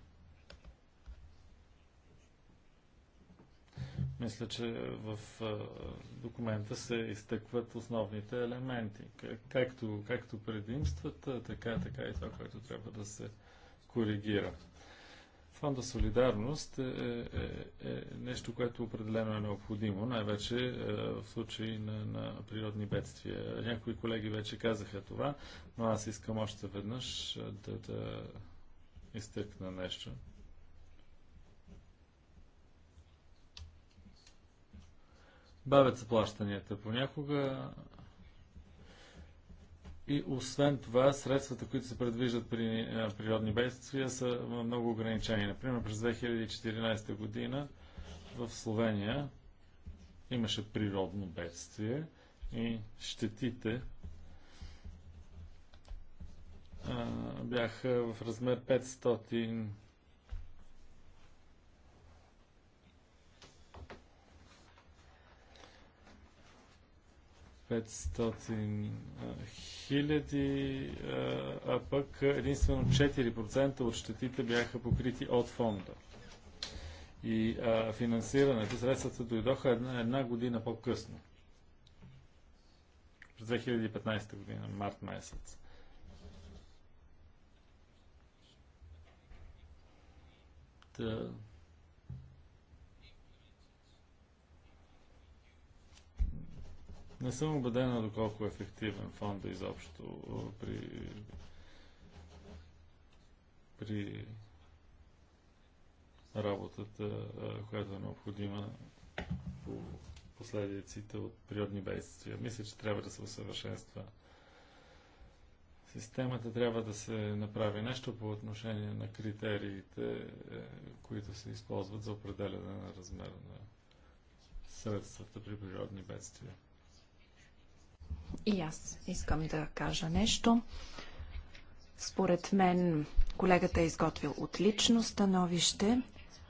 Мисля, че в а, документа се изтъкват основните елементи, как, както, както предимствата, така, така и това, което трябва да се коригира. Фонда Солидарност е, е, е, е нещо, което определено е необходимо, най-вече е, в случай на, на природни бедствия. Някои колеги вече казаха това, но аз искам още веднъж е, да, да изтъкна нещо. Бавят се плащанията понякога, и освен това, средствата, които се предвиждат при е, природни бедствия, са е, много ограничени. Например, през 2014 година в Словения имаше природно бедствие и щетите а, е, бяха в размер 500 500 хиляди, а пък единствено 4% от щетите бяха покрити от фонда. И а, финансирането, средствата дойдоха една, една година по-късно. През 2015 година, март месец. Да. Не съм убедена доколко е ефективен фонда изобщо при, при работата, която е необходима по последиците от природни бедствия. Мисля, че трябва да се усъвършенства системата, трябва да се направи нещо по отношение на критериите, е, които се използват за определяне на размера на средствата при природни бедствия. И аз искам да кажа нещо. Според мен колегата е изготвил отлично становище.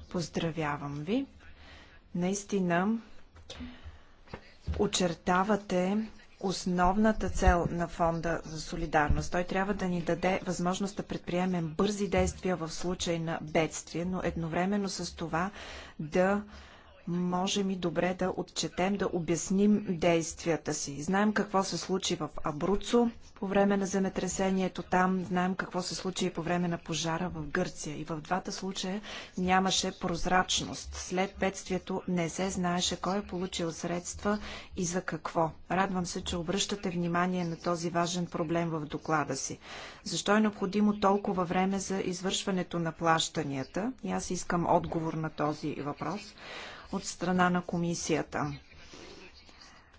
Поздравявам ви. Наистина очертавате основната цел на Фонда за солидарност. Той трябва да ни даде възможност да предприемем бързи действия в случай на бедствие, но едновременно с това да можем и добре да отчетем, да обясним действията си. Знаем какво се случи в Абруцо по време на земетресението там, знаем какво се случи и по време на пожара в Гърция. И в двата случая нямаше прозрачност. След бедствието не се знаеше кой е получил средства и за какво. Радвам се, че обръщате внимание на този важен проблем в доклада си. Защо е необходимо толкова време за извършването на плащанията? И аз искам отговор на този въпрос от страна на комисията.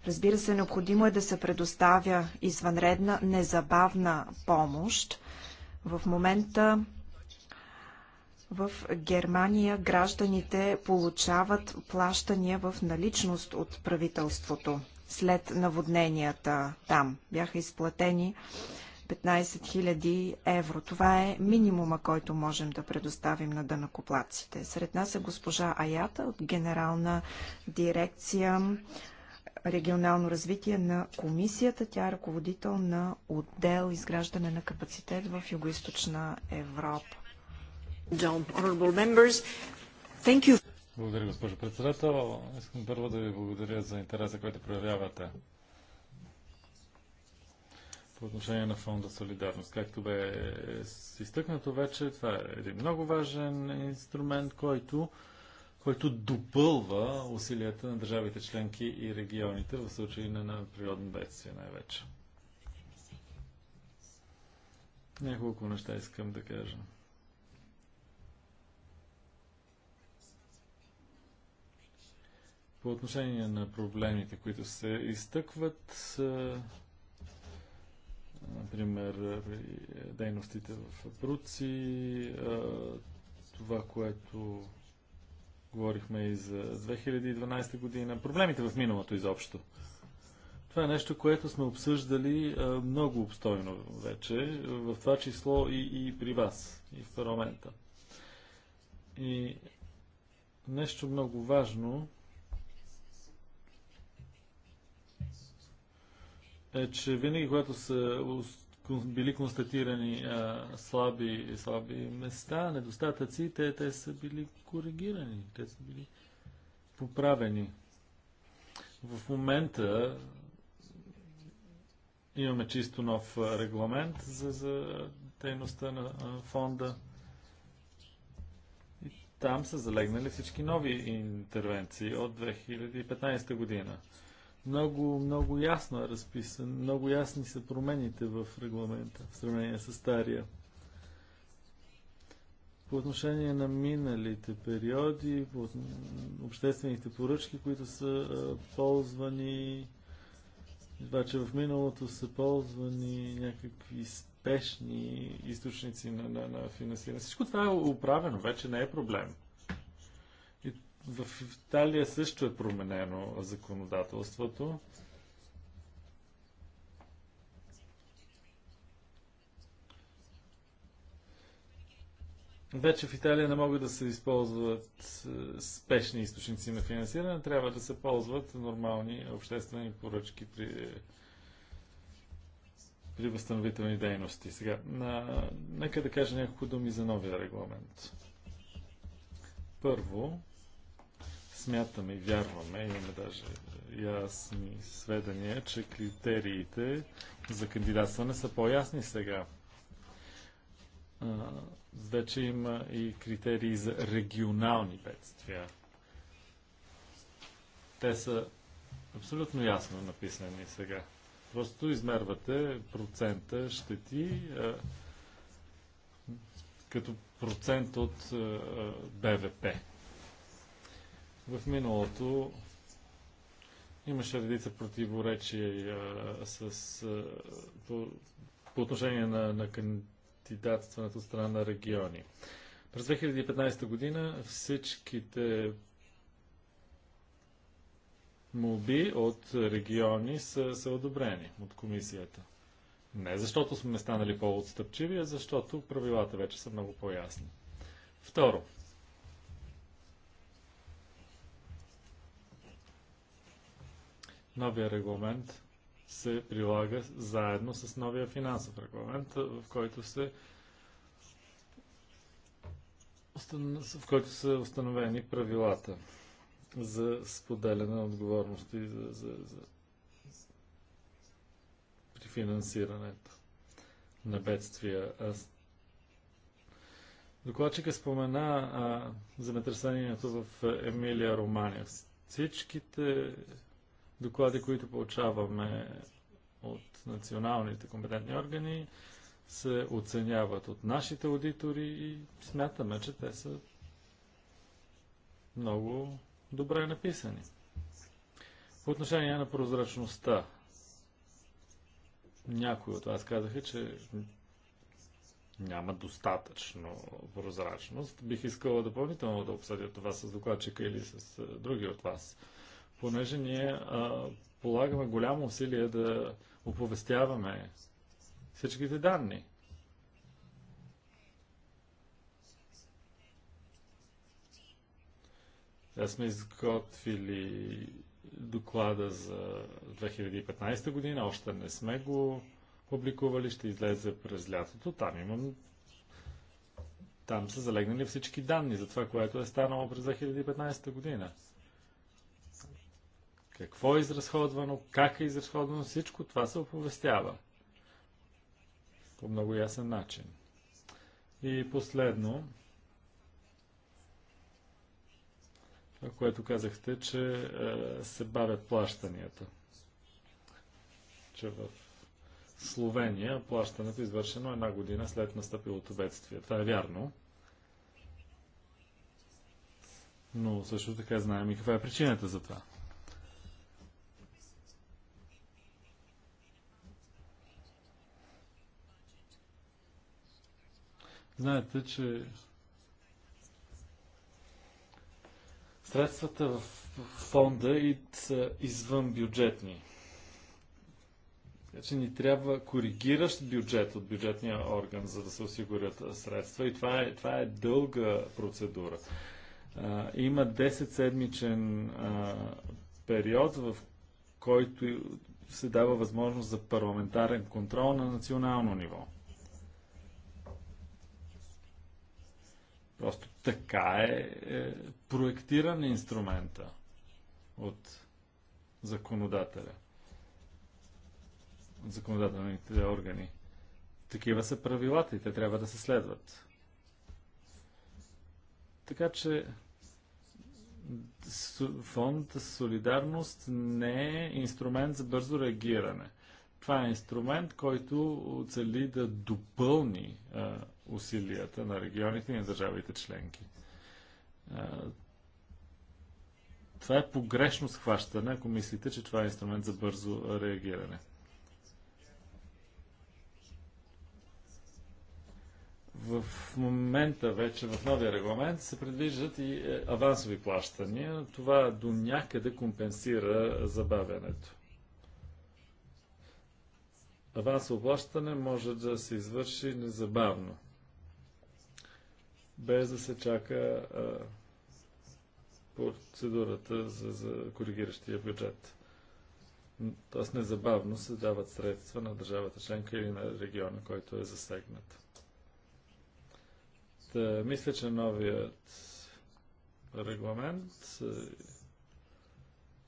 Разбира се, необходимо е да се предоставя извънредна, незабавна помощ. В момента в Германия гражданите получават плащания в наличност от правителството след наводненията там. Бяха изплатени 15 000 евро. Това е минимума, който можем да предоставим на дънакоплаците. Сред нас е госпожа Аята от Генерална дирекция регионално развитие на комисията. Тя е ръководител на отдел изграждане на капацитет в Юго-Источна Европа. Благодаря, госпожо председател. Искам първо да ви благодаря за интереса, който проявявате по отношение на фонда Солидарност. Както бе изтъкнато вече, това е един много важен инструмент, който, който допълва усилията на държавите членки и регионите в случай на, на природни бедствия най-вече. Няколко неща искам да кажа. По отношение на проблемите, които се изтъкват, Например, дейностите в Бруци, това, което говорихме и за 2012 година, проблемите в миналото изобщо. Това е нещо, което сме обсъждали много обстойно вече, в това число и, и при вас, и в парламента. И нещо много важно е, че винаги, когато са били констатирани а, слаби, слаби места, недостатъци, те, те са били коригирани, те са били поправени. В момента имаме чисто нов регламент за, за дейността на а, фонда. И там са залегнали всички нови интервенции от 2015 година. Много, много ясно е разписан, много ясни са промените в регламента в сравнение с стария. По отношение на миналите периоди, по обществените поръчки, които са а, ползвани, това, че в миналото са ползвани някакви спешни източници на, на, на финансиране. Всичко това е управено, вече не е проблем. В Италия също е променено законодателството. Вече в Италия не могат да се използват е, спешни източници на финансиране, трябва да се ползват нормални обществени поръчки при, при възстановителни дейности. Сега, на, нека да кажа няколко думи за новия регламент. Първо, смятаме и вярваме, имаме даже ясни сведения, че критериите за кандидатстване са по-ясни сега. А, вече има и критерии за регионални бедствия. Те са абсолютно ясно написани сега. Просто измервате процента щети а, като процент от а, БВП. В миналото имаше редица противоречия с, а, по, по отношение на, на кандидатстването страна на региони. През 2015 година всичките молби от региони са, са одобрени от комисията. Не защото сме станали по-отстъпчиви, а защото правилата вече са много по-ясни. Второ, Новия регламент се прилага заедно с новия финансов регламент, в който се в който са установени правилата за споделяне на отговорности за, за, за при финансирането на бедствия. Аз... Докладчика спомена а, земетресението в Емилия Романия. Всичките доклади, които получаваме от националните компетентни органи, се оценяват от нашите аудитори и смятаме, че те са много добре написани. По отношение на прозрачността, някои от вас казаха, че няма достатъчно прозрачност. Бих искала допълнително да обсъдя това с докладчика или с е, други от вас понеже ние а, полагаме голямо усилие да оповестяваме всичките данни. Сега сме изготвили доклада за 2015 година, още не сме го публикували, ще излезе през лятото. Там имам там са залегнали всички данни за това, което е станало през 2015 година какво е изразходвано, как е изразходвано, всичко това се оповестява по много ясен начин. И последно, което казахте, че е, се бавят плащанията. Че в Словения плащането е извършено една година след настъпилото бедствие. Това е вярно. Но също така знаем и каква е причината за това. Знаете, че средствата в фонда и са извън бюджетни. Така че ни трябва коригиращ бюджет от бюджетния орган, за да се осигурят средства. И това е, това е дълга процедура. има 10-седмичен период, в който се дава възможност за парламентарен контрол на национално ниво. Просто така е, е проектиран инструмента от законодателя, от законодателните органи. Такива са правилата и те трябва да се следват. Така че фонд Солидарност не е инструмент за бързо реагиране. Това е инструмент, който цели да допълни усилията на регионите и на държавите членки. Това е погрешно схващане, ако мислите, че това е инструмент за бързо реагиране. В момента вече в новия регламент се предвиждат и е, авансови плащания. Това до някъде компенсира забавянето. Авансово плащане може да се извърши незабавно без да се чака а, процедурата за, за коригиращия бюджет. Тоест незабавно се дават средства на държавата членка или на региона, който е засегнат. Та, мисля, че новият регламент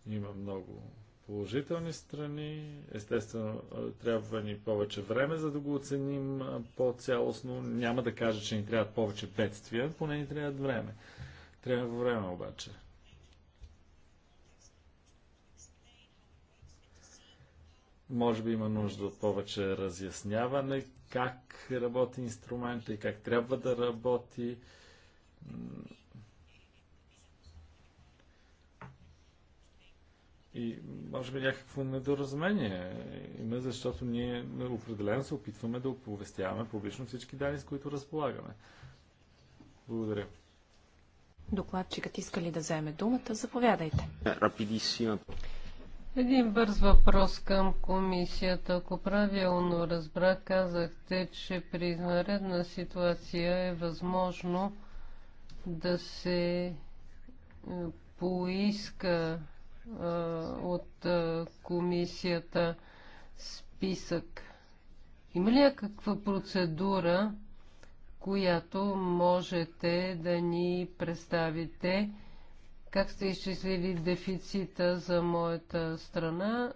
има много положителни страни. Естествено, трябва ни повече време, за да го оценим по-цялостно. Няма да кажа, че ни трябват повече бедствия, поне ни трябва време. Трябва време обаче. Може би има нужда от повече разясняване как работи инструмента и как трябва да работи И може би някакво недоразумение има, защото ние определено се опитваме да оповестяваме публично всички данни, с които разполагаме. Благодаря. Докладчикът иска ли да вземе думата? Заповядайте. Рапидисима. Един бърз въпрос към комисията. Ако правилно разбрах, казахте, че при изнаредна ситуация е възможно да се е, поиска от комисията списък. Има ли някаква процедура, която можете да ни представите? Как сте изчислили дефицита за моята страна,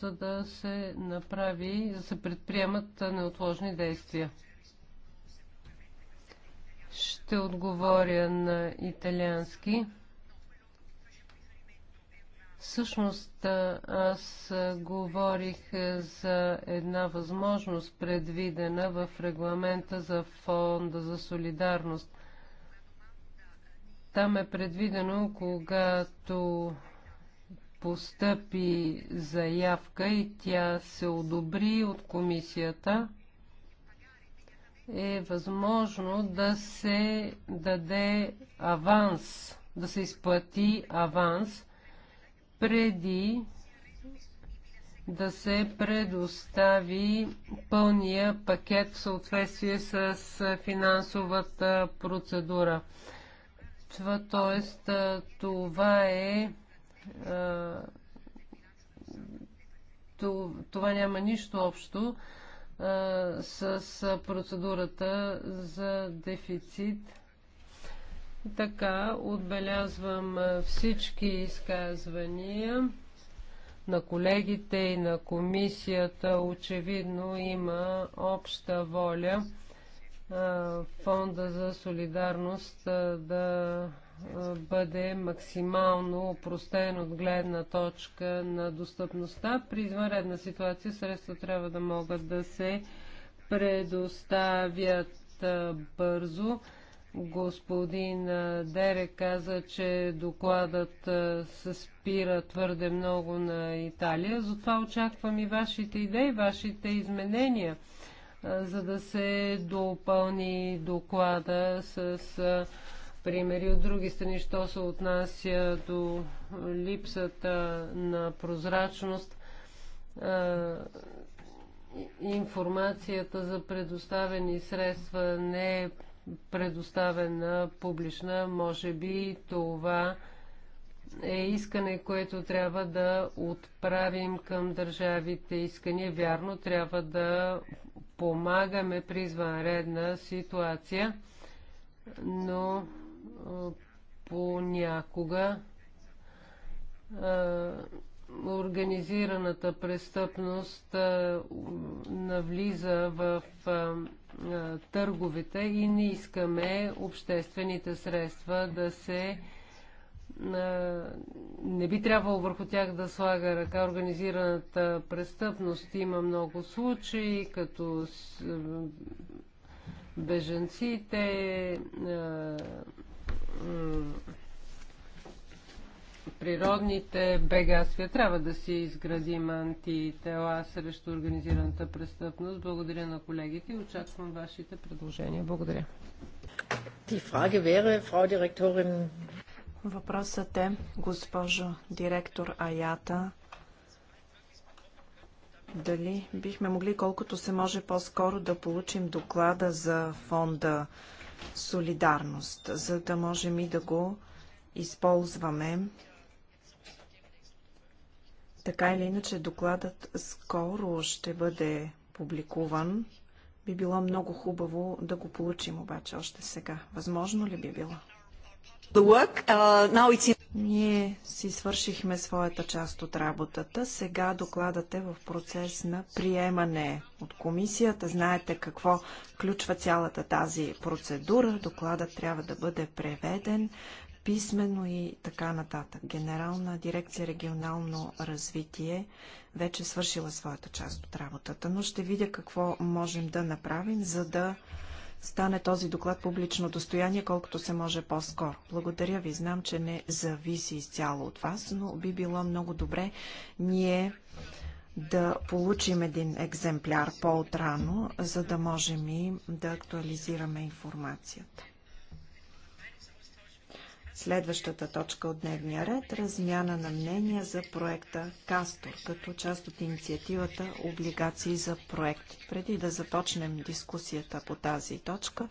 за да се направи, да се предприемат неотложни действия? Ще отговоря на италиански. Всъщност аз говорих за една възможност предвидена в регламента за фонда за солидарност. Там е предвидено, когато постъпи заявка и тя се одобри от комисията, е възможно да се даде аванс, да се изплати аванс – преди да се предостави пълния пакет в съответствие с финансовата процедура. Това, тоест, това е. Това няма нищо общо с процедурата за дефицит така, отбелязвам всички изказвания на колегите и на комисията. Очевидно има обща воля Фонда за солидарност да бъде максимално упростен от гледна точка на достъпността. При извънредна ситуация средства трябва да могат да се предоставят бързо Господин Дерек каза, че докладът се спира твърде много на Италия, затова очаквам и вашите идеи, вашите изменения, за да се допълни доклада с примери от други страни, що се отнася до липсата на прозрачност информацията за предоставени средства не е предоставена публична. Може би това е искане, което трябва да отправим към държавите искания. Вярно, трябва да помагаме при извънредна ситуация, но понякога организираната престъпност навлиза в търговете и не искаме обществените средства да се не би трябвало върху тях да слага ръка организираната престъпност. Има много случаи, като беженците, природните бегатствия. Трябва да си изградим антитела срещу организираната престъпност. Благодаря на колегите и очаквам вашите предложения. Благодаря. Въпросът е, госпожо директор Аята, дали бихме могли колкото се може по-скоро да получим доклада за фонда Солидарност, за да можем и да го използваме така или иначе, докладът скоро ще бъде публикуван. Би било много хубаво да го получим обаче още сега. Възможно ли би било? Uh, Ние си свършихме своята част от работата. Сега докладът е в процес на приемане от комисията. Знаете какво включва цялата тази процедура. Докладът трябва да бъде преведен, писмено и така нататък. Генерална дирекция регионално развитие вече свършила своята част от работата, но ще видя какво можем да направим, за да стане този доклад публично достояние, колкото се може по-скоро. Благодаря ви. Знам, че не зависи изцяло от вас, но би било много добре ние да получим един екземпляр по-отрано, за да можем и да актуализираме информацията. Следващата точка от дневния ред – размяна на мнения за проекта Кастор, като част от инициативата Облигации за проект. Преди да започнем дискусията по тази точка,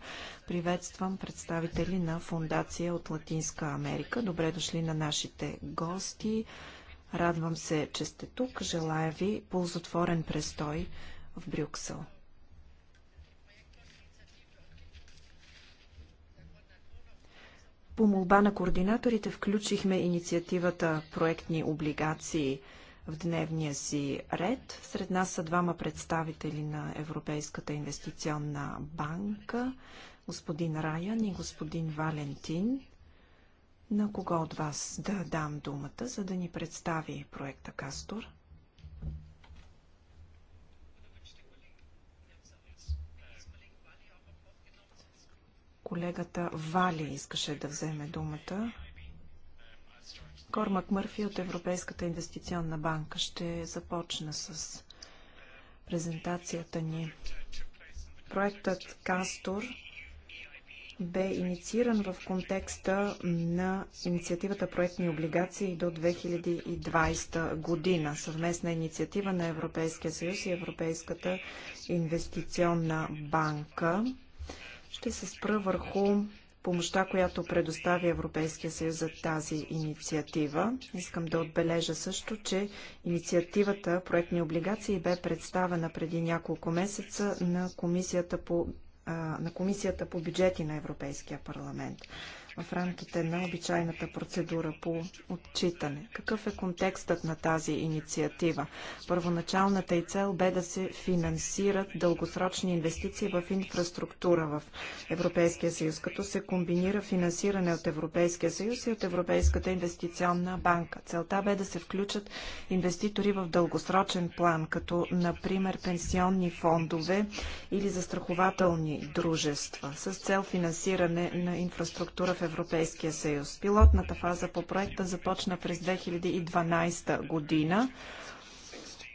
приветствам представители на Фундация от Латинска Америка. Добре дошли на нашите гости. Радвам се, че сте тук. Желая ви ползотворен престой в Брюксел. По молба на координаторите включихме инициативата проектни облигации в дневния си ред. Сред нас са двама представители на Европейската инвестиционна банка, господин Раян и господин Валентин. На кого от вас да дам думата, за да ни представи проекта Кастор? Колегата Вали искаше да вземе думата. Кормак Мърфи от Европейската инвестиционна банка ще започна с презентацията ни. Проектът Кастор бе иницииран в контекста на инициативата проектни облигации до 2020 година, съвместна инициатива на Европейския съюз и Европейската инвестиционна банка. Ще се спра върху помощта, която предостави Европейския съюз за тази инициатива. Искам да отбележа също, че инициативата проектни облигации бе представена преди няколко месеца на Комисията по, а, на комисията по бюджети на Европейския парламент в рамките на обичайната процедура по отчитане. Какъв е контекстът на тази инициатива? Първоначалната и цел бе да се финансират дългосрочни инвестиции в инфраструктура в Европейския съюз, като се комбинира финансиране от Европейския съюз и от Европейската инвестиционна банка. Целта бе да се включат инвеститори в дългосрочен план, като например пенсионни фондове или застрахователни дружества с цел финансиране на инфраструктура в Европейския съюз. Пилотната фаза по проекта започна през 2012 година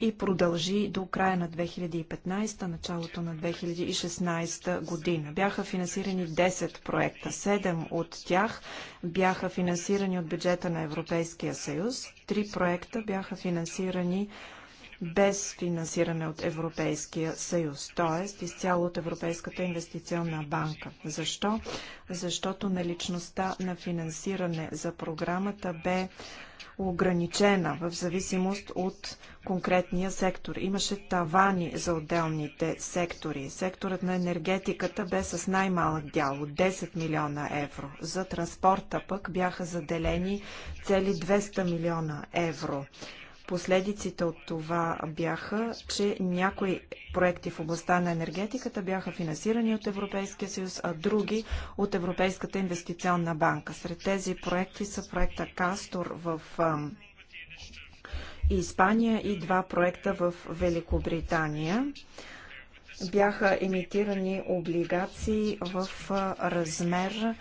и продължи до края на 2015, началото на 2016 година. Бяха финансирани 10 проекта. 7 от тях бяха финансирани от бюджета на Европейския съюз. 3 проекта бяха финансирани без финансиране от Европейския съюз, т.е. изцяло от Европейската инвестиционна банка. Защо? Защото наличността на финансиране за програмата бе ограничена в зависимост от конкретния сектор. Имаше тавани за отделните сектори. Секторът на енергетиката бе с най-малък дял от 10 милиона евро. За транспорта пък бяха заделени цели 200 милиона евро. Последиците от това бяха, че някои проекти в областта на енергетиката бяха финансирани от Европейския съюз, а други от Европейската инвестиционна банка. Сред тези проекти са проекта Кастор в Испания и два проекта в Великобритания бяха емитирани облигации в размер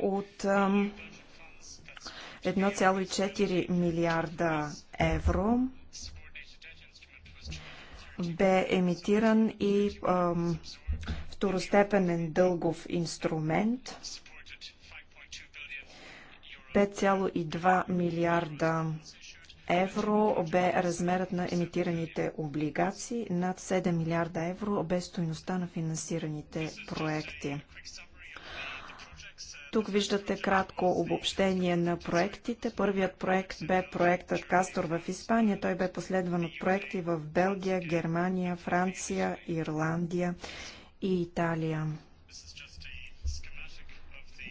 от 1,4 милиарда евро бе емитиран и ам, второстепенен дългов инструмент 5,2 милиарда евро бе размерът на емитираните облигации, над 7 милиарда евро бе стоеността на финансираните проекти. Тук виждате кратко обобщение на проектите. Първият проект бе проектът Кастор в Испания. Той бе последван от проекти в Белгия, Германия, Франция, Ирландия и Италия.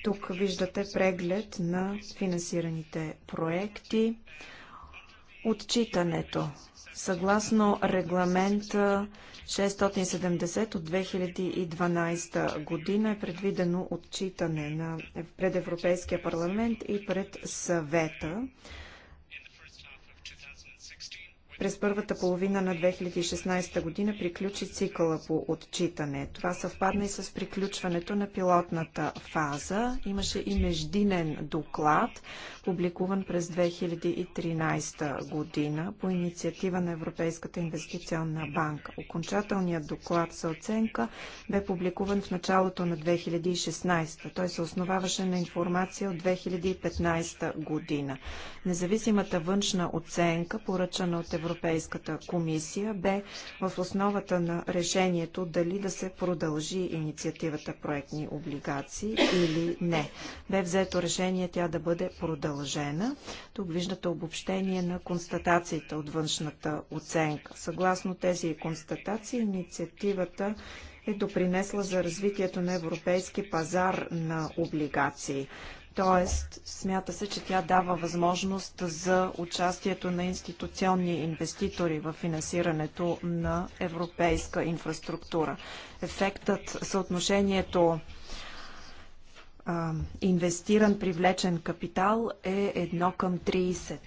Тук виждате преглед на финансираните проекти. Отчитането. Съгласно регламента 670 от 2012 година е предвидено отчитане на, пред Европейския парламент и пред съвета. През първата половина на 2016 година приключи цикъла по отчитане. Това съвпадна и с приключването на пилотната фаза. Имаше и междинен доклад, публикуван през 2013 година по инициатива на Европейската инвестиционна банка. Окончателният доклад за оценка бе публикуван в началото на 2016. Той се основаваше на информация от 2015 година. Независимата външна оценка, поръчана от Европейската комисия, бе в основата на решението дали да се продължи инициативата проектни облигации или не. Бе взето решение тя да бъде продължена задължена. Тук виждате обобщение на констатациите от външната оценка. Съгласно тези констатации, инициативата е допринесла за развитието на европейски пазар на облигации. Тоест, смята се, че тя дава възможност за участието на институционни инвеститори в финансирането на европейска инфраструктура. Ефектът, съотношението а, инвестиран привлечен капитал е 1 към 30.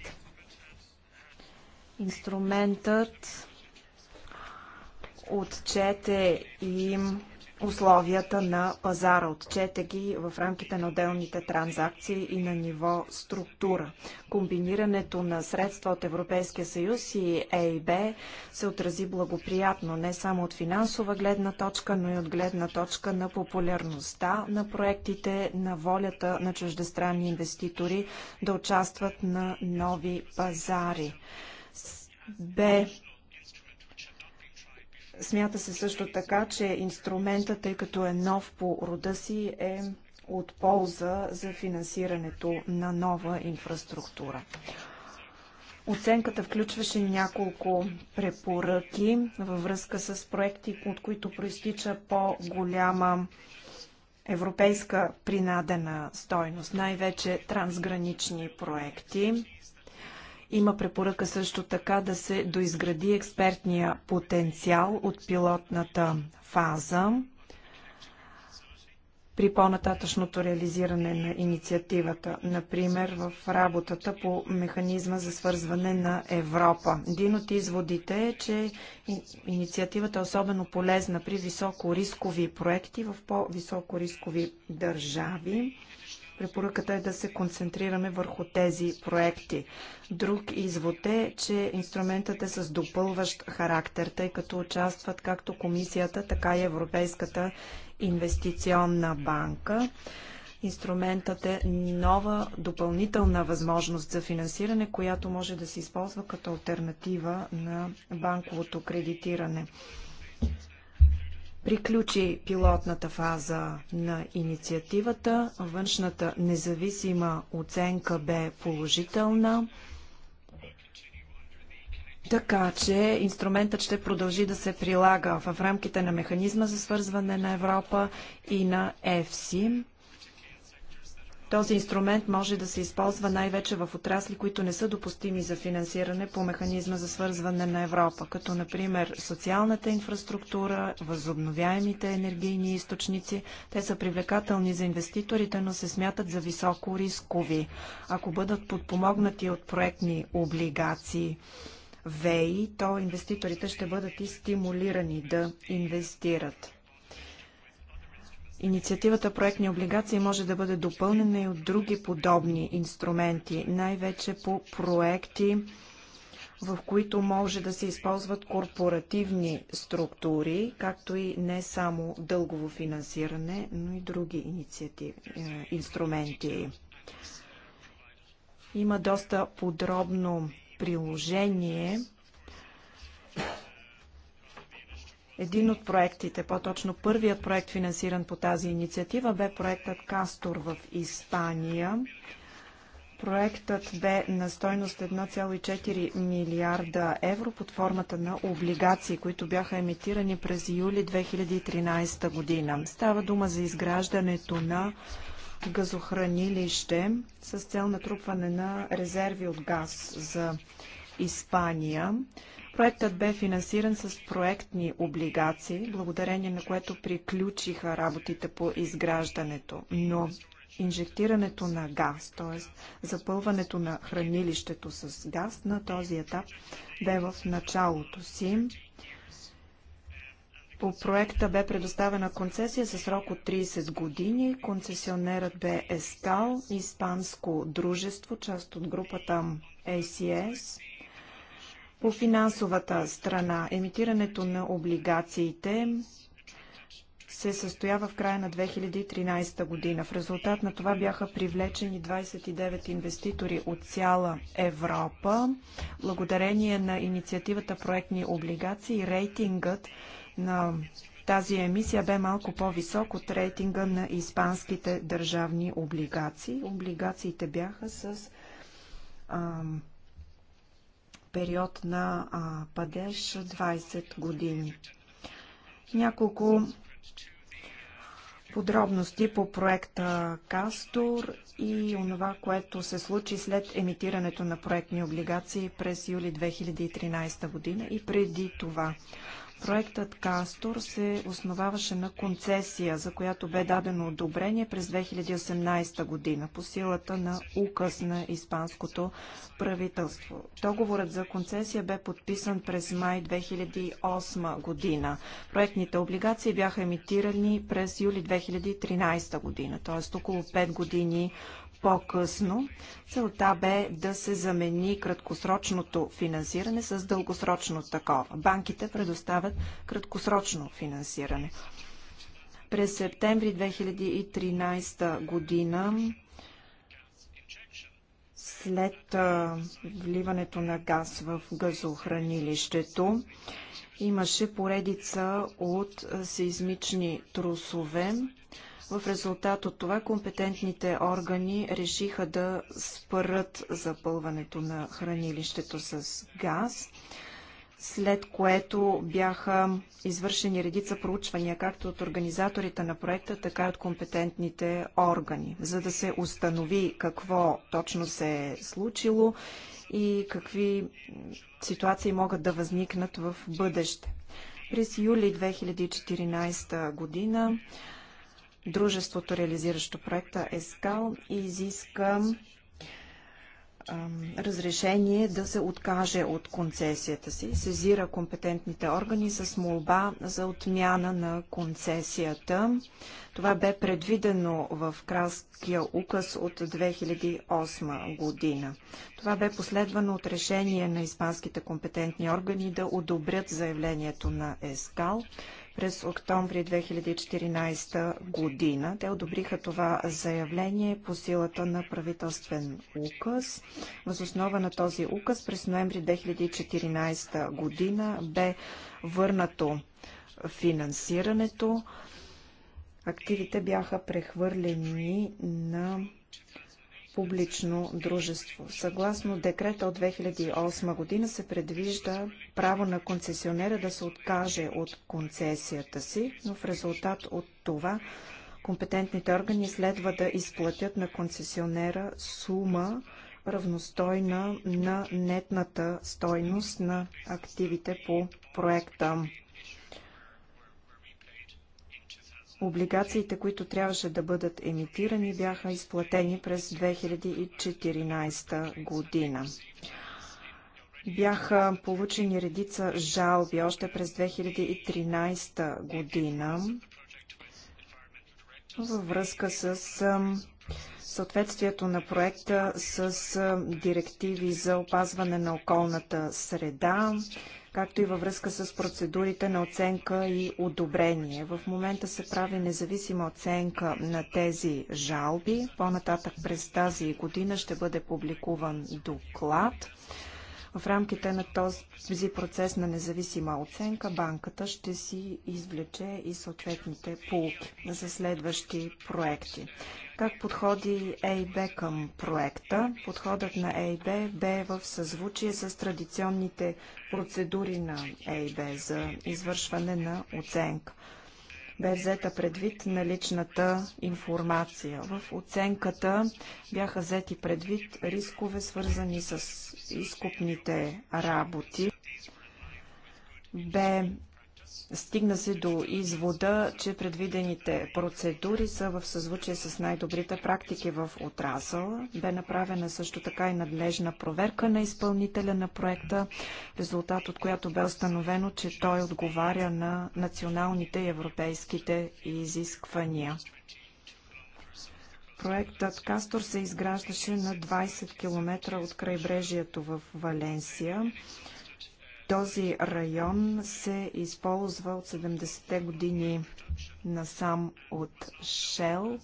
Инструментът отчете им условията на пазара. Отчете ги в рамките на отделните транзакции и на ниво структура. Комбинирането на средства от Европейския съюз и ЕИБ се отрази благоприятно не само от финансова гледна точка, но и от гледна точка на популярността на проектите, на волята на чуждестранни инвеститори да участват на нови пазари. Бе Смята се също така, че инструментът, тъй като е нов по рода си, е от полза за финансирането на нова инфраструктура. Оценката включваше няколко препоръки във връзка с проекти, от които проистича по-голяма европейска принадена стойност, най-вече трансгранични проекти. Има препоръка също така да се доизгради експертния потенциал от пилотната фаза при по-нататъчното реализиране на инициативата, например в работата по механизма за свързване на Европа. Един от изводите е, че инициативата е особено полезна при високо рискови проекти в по-високо рискови държави. Препоръката е да се концентрираме върху тези проекти. Друг извод е, че инструментът е с допълващ характер, тъй като участват както комисията, така и Европейската инвестиционна банка. Инструментът е нова допълнителна възможност за финансиране, която може да се използва като альтернатива на банковото кредитиране. Приключи пилотната фаза на инициативата. Външната независима оценка бе положителна. Така че инструментът ще продължи да се прилага в рамките на механизма за свързване на Европа и на ЕФСИ. Този инструмент може да се използва най-вече в отрасли, които не са допустими за финансиране по механизма за свързване на Европа, като например социалната инфраструктура, възобновяемите енергийни източници. Те са привлекателни за инвеститорите, но се смятат за високо рискови. Ако бъдат подпомогнати от проектни облигации, ВЕИ, то инвеститорите ще бъдат и стимулирани да инвестират. Инициативата проектни облигации може да бъде допълнена и от други подобни инструменти, най-вече по проекти, в които може да се използват корпоративни структури, както и не само дългово финансиране, но и други инициативи, е, инструменти. Има доста подробно приложение Един от проектите, по-точно първият проект, финансиран по тази инициатива, бе проектът Кастор в Испания. Проектът бе на стойност 1,4 милиарда евро под формата на облигации, които бяха емитирани през юли 2013 година. Става дума за изграждането на газохранилище с цел натрупване на резерви от газ за Испания. Проектът бе финансиран с проектни облигации, благодарение на което приключиха работите по изграждането. Но инжектирането на газ, т.е. запълването на хранилището с газ на този етап бе в началото си. По проекта бе предоставена концесия със срок от 30 години. Концесионерът бе Ескал, испанско дружество, част от групата ACS е – по финансовата страна, емитирането на облигациите се състоява в края на 2013 година. В резултат на това бяха привлечени 29 инвеститори от цяла Европа. Благодарение на инициативата проектни облигации, рейтингът на тази емисия бе малко по-висок от рейтинга на испанските държавни облигации. Облигациите бяха с ам, период на а, падеж 20 години. Няколко подробности по проекта Кастор и онова, което се случи след емитирането на проектни облигации през юли 2013 година и преди това. Проектът Кастор се основаваше на концесия, за която бе дадено одобрение през 2018 година по силата на указ на испанското правителство. Договорът за концесия бе подписан през май 2008 година. Проектните облигации бяха емитирани през юли 2013 година, т.е. около 5 години по-късно. Целта бе да се замени краткосрочното финансиране с дългосрочно такова. Банките предоставят краткосрочно финансиране. През септември 2013 година след вливането на газ в газохранилището имаше поредица от сеизмични трусове, в резултат от това компетентните органи решиха да спърат запълването на хранилището с газ, след което бяха извършени редица проучвания, както от организаторите на проекта, така и от компетентните органи, за да се установи какво точно се е случило и какви ситуации могат да възникнат в бъдеще. През юли 2014 година Дружеството, реализиращо проекта ЕСКАЛ, изиска разрешение да се откаже от концесията си. Сезира компетентните органи с молба за отмяна на концесията. Това бе предвидено в Кралския указ от 2008 година. Това бе последвано от решение на испанските компетентни органи да одобрят заявлението на ЕСКАЛ през октомври 2014 година. Те одобриха това заявление по силата на правителствен указ. Възоснова на този указ през ноември 2014 година бе върнато финансирането. Активите бяха прехвърлени на публично дружество. Съгласно декрета от 2008 година се предвижда право на концесионера да се откаже от концесията си, но в резултат от това компетентните органи следва да изплатят на концесионера сума, равностойна на нетната стойност на активите по проекта. Облигациите, които трябваше да бъдат емитирани, бяха изплатени през 2014 година. Бяха получени редица жалби още през 2013 година във връзка с съответствието на проекта с директиви за опазване на околната среда, както и във връзка с процедурите на оценка и одобрение. В момента се прави независима оценка на тези жалби. По-нататък през тази година ще бъде публикуван доклад. В рамките на този процес на независима оценка банката ще си извлече и съответните полки за следващи проекти. Как подходи ЕИБ към проекта? Подходът на ЕИБ бе в съзвучие с традиционните процедури на ЕИБ за извършване на оценка. Бе взета предвид наличната информация. В оценката бяха взети предвид рискове, свързани с изкупните работи. Бе Стигна се до извода, че предвидените процедури са в съзвучие с най-добрите практики в отрасъл. Бе направена също така и надлежна проверка на изпълнителя на проекта, резултат от която бе установено, че той отговаря на националните и европейските изисквания. Проектът Кастор се изграждаше на 20 км от крайбрежието в Валенсия. Този район се използва от 70-те години насам от Шел.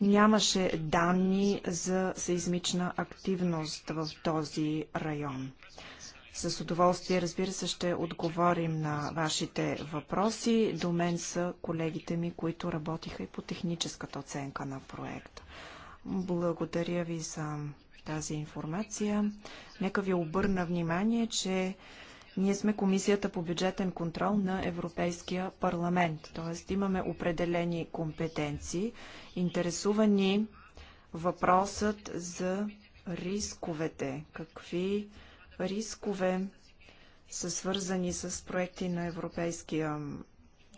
Нямаше данни за сейзмична активност в този район. С удоволствие, разбира се, ще отговорим на вашите въпроси. До мен са колегите ми, които работиха и по техническата оценка на проекта. Благодаря ви за тази информация. Нека ви обърна внимание, че ние сме Комисията по бюджетен контрол на Европейския парламент, т.е. имаме определени компетенции. интересувани въпросът за рисковете. Какви рискове са свързани с проекти на Европейския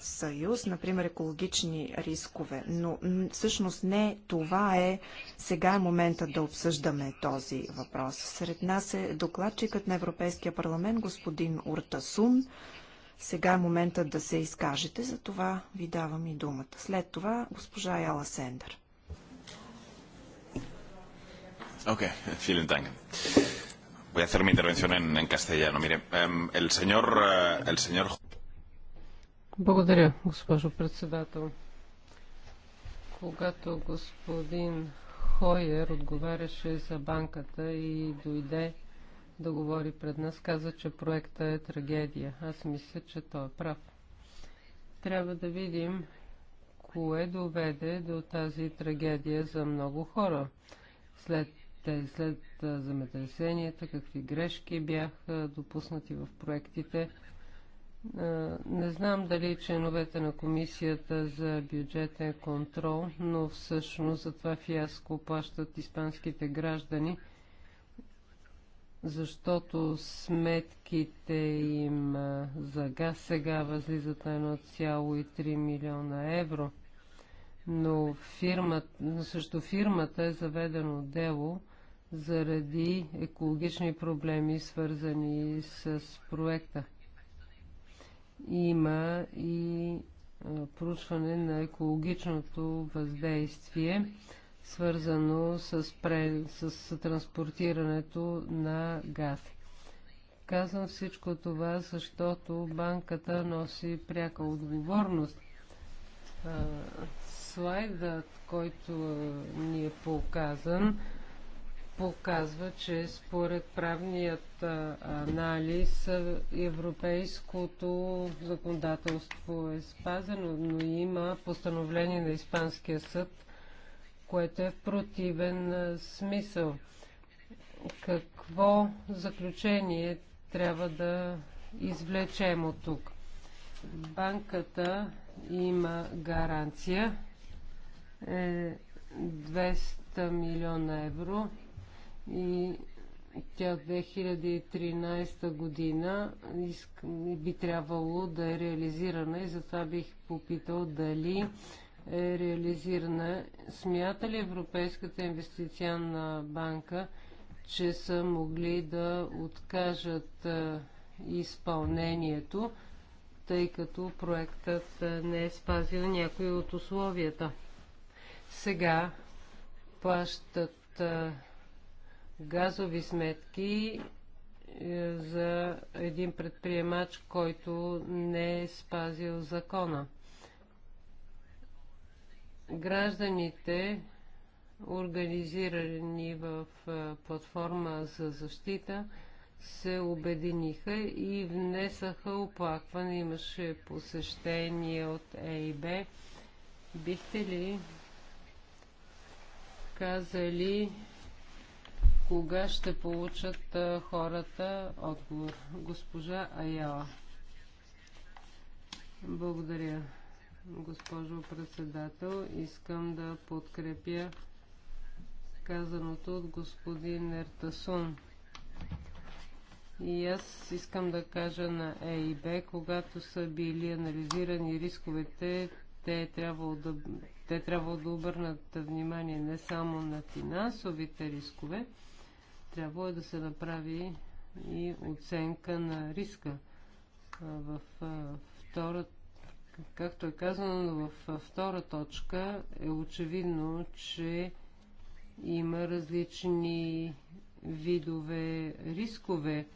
съюз, например екологични рискове. Но всъщност не това е сега е момента да обсъждаме този въпрос. Сред нас е докладчикът на Европейския парламент, господин Уртасун. Сега е момента да се изкажете, за това ви давам и думата. След това госпожа Яла Сендер. Окей, филин танк. Voy a hacer mi intervención en, en castellano. Mire, eh, el señor, eh, el señor благодаря, госпожо председател. Когато господин Хойер отговаряше за банката и дойде да говори пред нас, каза, че проекта е трагедия. Аз мисля, че той е прав. Трябва да видим кое доведе до тази трагедия за много хора. След, те, след земетресенията, какви грешки бяха допуснати в проектите – е, не знам дали членовете на комисията за бюджетен контрол, но всъщност за това фиаско плащат испанските граждани, защото сметките им е, за газ сега възлизат на 1,3 милиона евро. Но, фирмата, но също фирмата е заведено дело заради екологични проблеми, свързани с проекта има и проучване на екологичното въздействие, свързано с, пре, с транспортирането на газ. Казвам всичко това, защото банката носи пряка отговорност. Слайдът, който ни е показан, показва, че според правният анализ европейското законодателство е спазено, но има постановление на Испанския съд, което е в противен смисъл. Какво заключение трябва да извлечем от тук? Банката има гаранция е 200 милиона евро и тя 2013 година би трябвало да е реализирана и затова бих попитал дали е реализирана. Смята ли Европейската инвестиционна банка, че са могли да откажат е, изпълнението, тъй като проектът е, не е спазил някои от условията? Сега плащат е, газови сметки е, за един предприемач, който не е спазил закона. Гражданите, организирани в е, платформа за защита, се обединиха и внесаха оплакване. Имаше посещение от ЕИБ. Бихте ли казали кога ще получат хората отговор. Госпожа Аяла. Благодаря, госпожо председател. Искам да подкрепя казаното от господин Ертасун. И аз искам да кажа на Е и Б, когато са били анализирани рисковете, те трябвало да, те трябвало да обърнат внимание не само на финансовите рискове, трябва е да се направи и оценка на риска. В втора, както е казано в втора точка, е очевидно, че има различни видове рискове.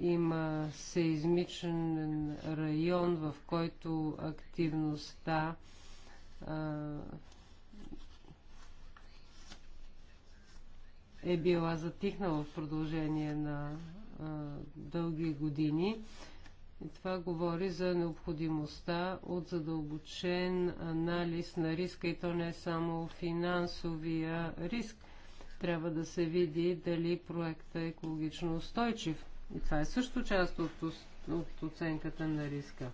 Има сеизмичен район, в който активността е била затихнала в продължение на а, дълги години. И това говори за необходимостта от задълбочен анализ на риска и то не е само финансовия риск. Трябва да се види дали проектът е екологично устойчив. И това е също част от, от оценката на риска.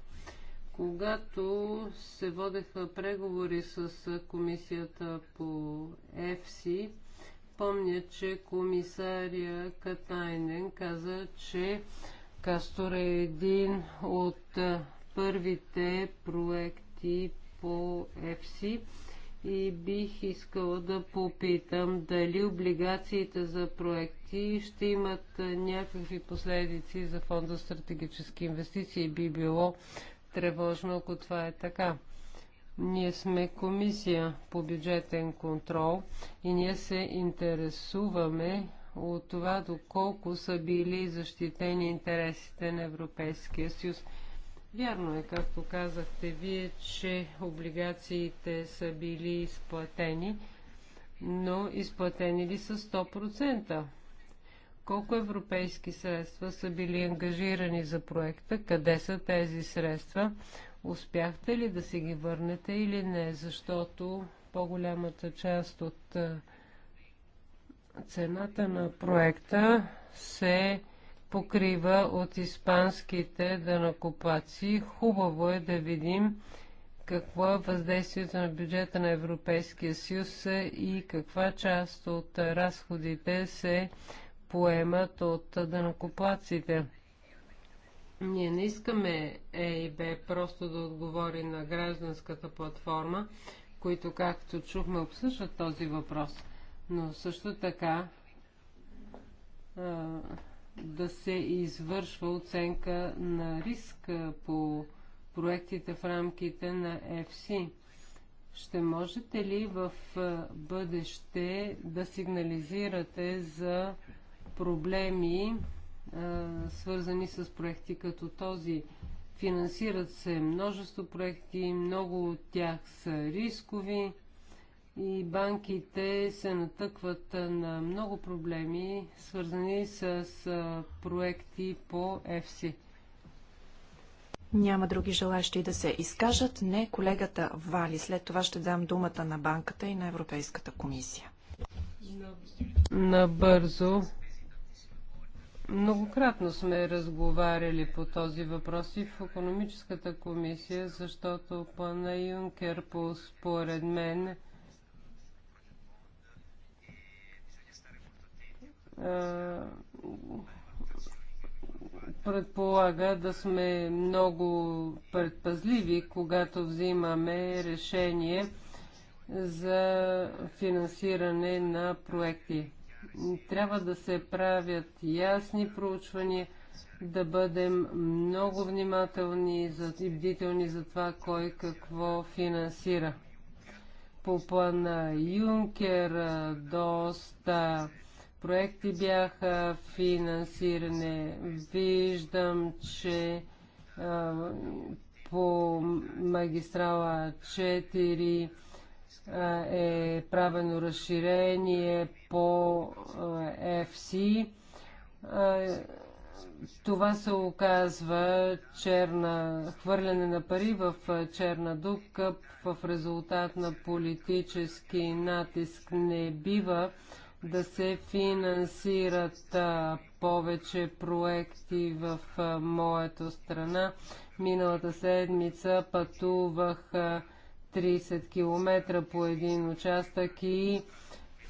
Когато се водеха преговори с комисията по ЕФСИ, Помня, че комисария Катайнен каза, че Кастор е един от първите проекти по ЕФСИ и бих искала да попитам дали облигациите за проекти ще имат някакви последици за фонда за стратегически инвестиции. Би било тревожно, ако това е така. Ние сме комисия по бюджетен контрол и ние се интересуваме от това доколко са били защитени интересите на Европейския съюз. Вярно е, както казахте вие, че облигациите са били изплатени, но изплатени ли са 100%? Колко европейски средства са били ангажирани за проекта? Къде са тези средства? Успяхте ли да си ги върнете или не? Защото по-голямата част от цената на проекта се покрива от испанските данакопаци. Хубаво е да видим какво е въздействието на бюджета на Европейския съюз и каква част от разходите се поемат от данакоплаците. Ние не искаме ЕИБ просто да отговори на гражданската платформа, които, както чухме, обсъждат този въпрос, но също така а, да се извършва оценка на риск по проектите в рамките на FC. Ще можете ли в бъдеще да сигнализирате за проблеми, свързани с проекти като този. Финансират се множество проекти, много от тях са рискови и банките се натъкват на много проблеми, свързани с проекти по ЕФСИ. Няма други желащи да се изкажат. Не, колегата Вали. След това ще дам думата на банката и на Европейската комисия. Набързо Многократно сме разговаряли по този въпрос и в економическата комисия, защото пана Юнкер, по, според мен, предполага да сме много предпазливи, когато взимаме решение за финансиране на проекти. Трябва да се правят ясни проучвания, да бъдем много внимателни и бдителни за това кой какво финансира. По плана Юнкер доста проекти бяха финансиране. Виждам, че а, по магистрала 4 е правено разширение по FC. Това се оказва черна, хвърляне на пари в черна дупка в резултат на политически натиск. Не бива да се финансират повече проекти в моята страна. Миналата седмица пътувах 30 км по един участък и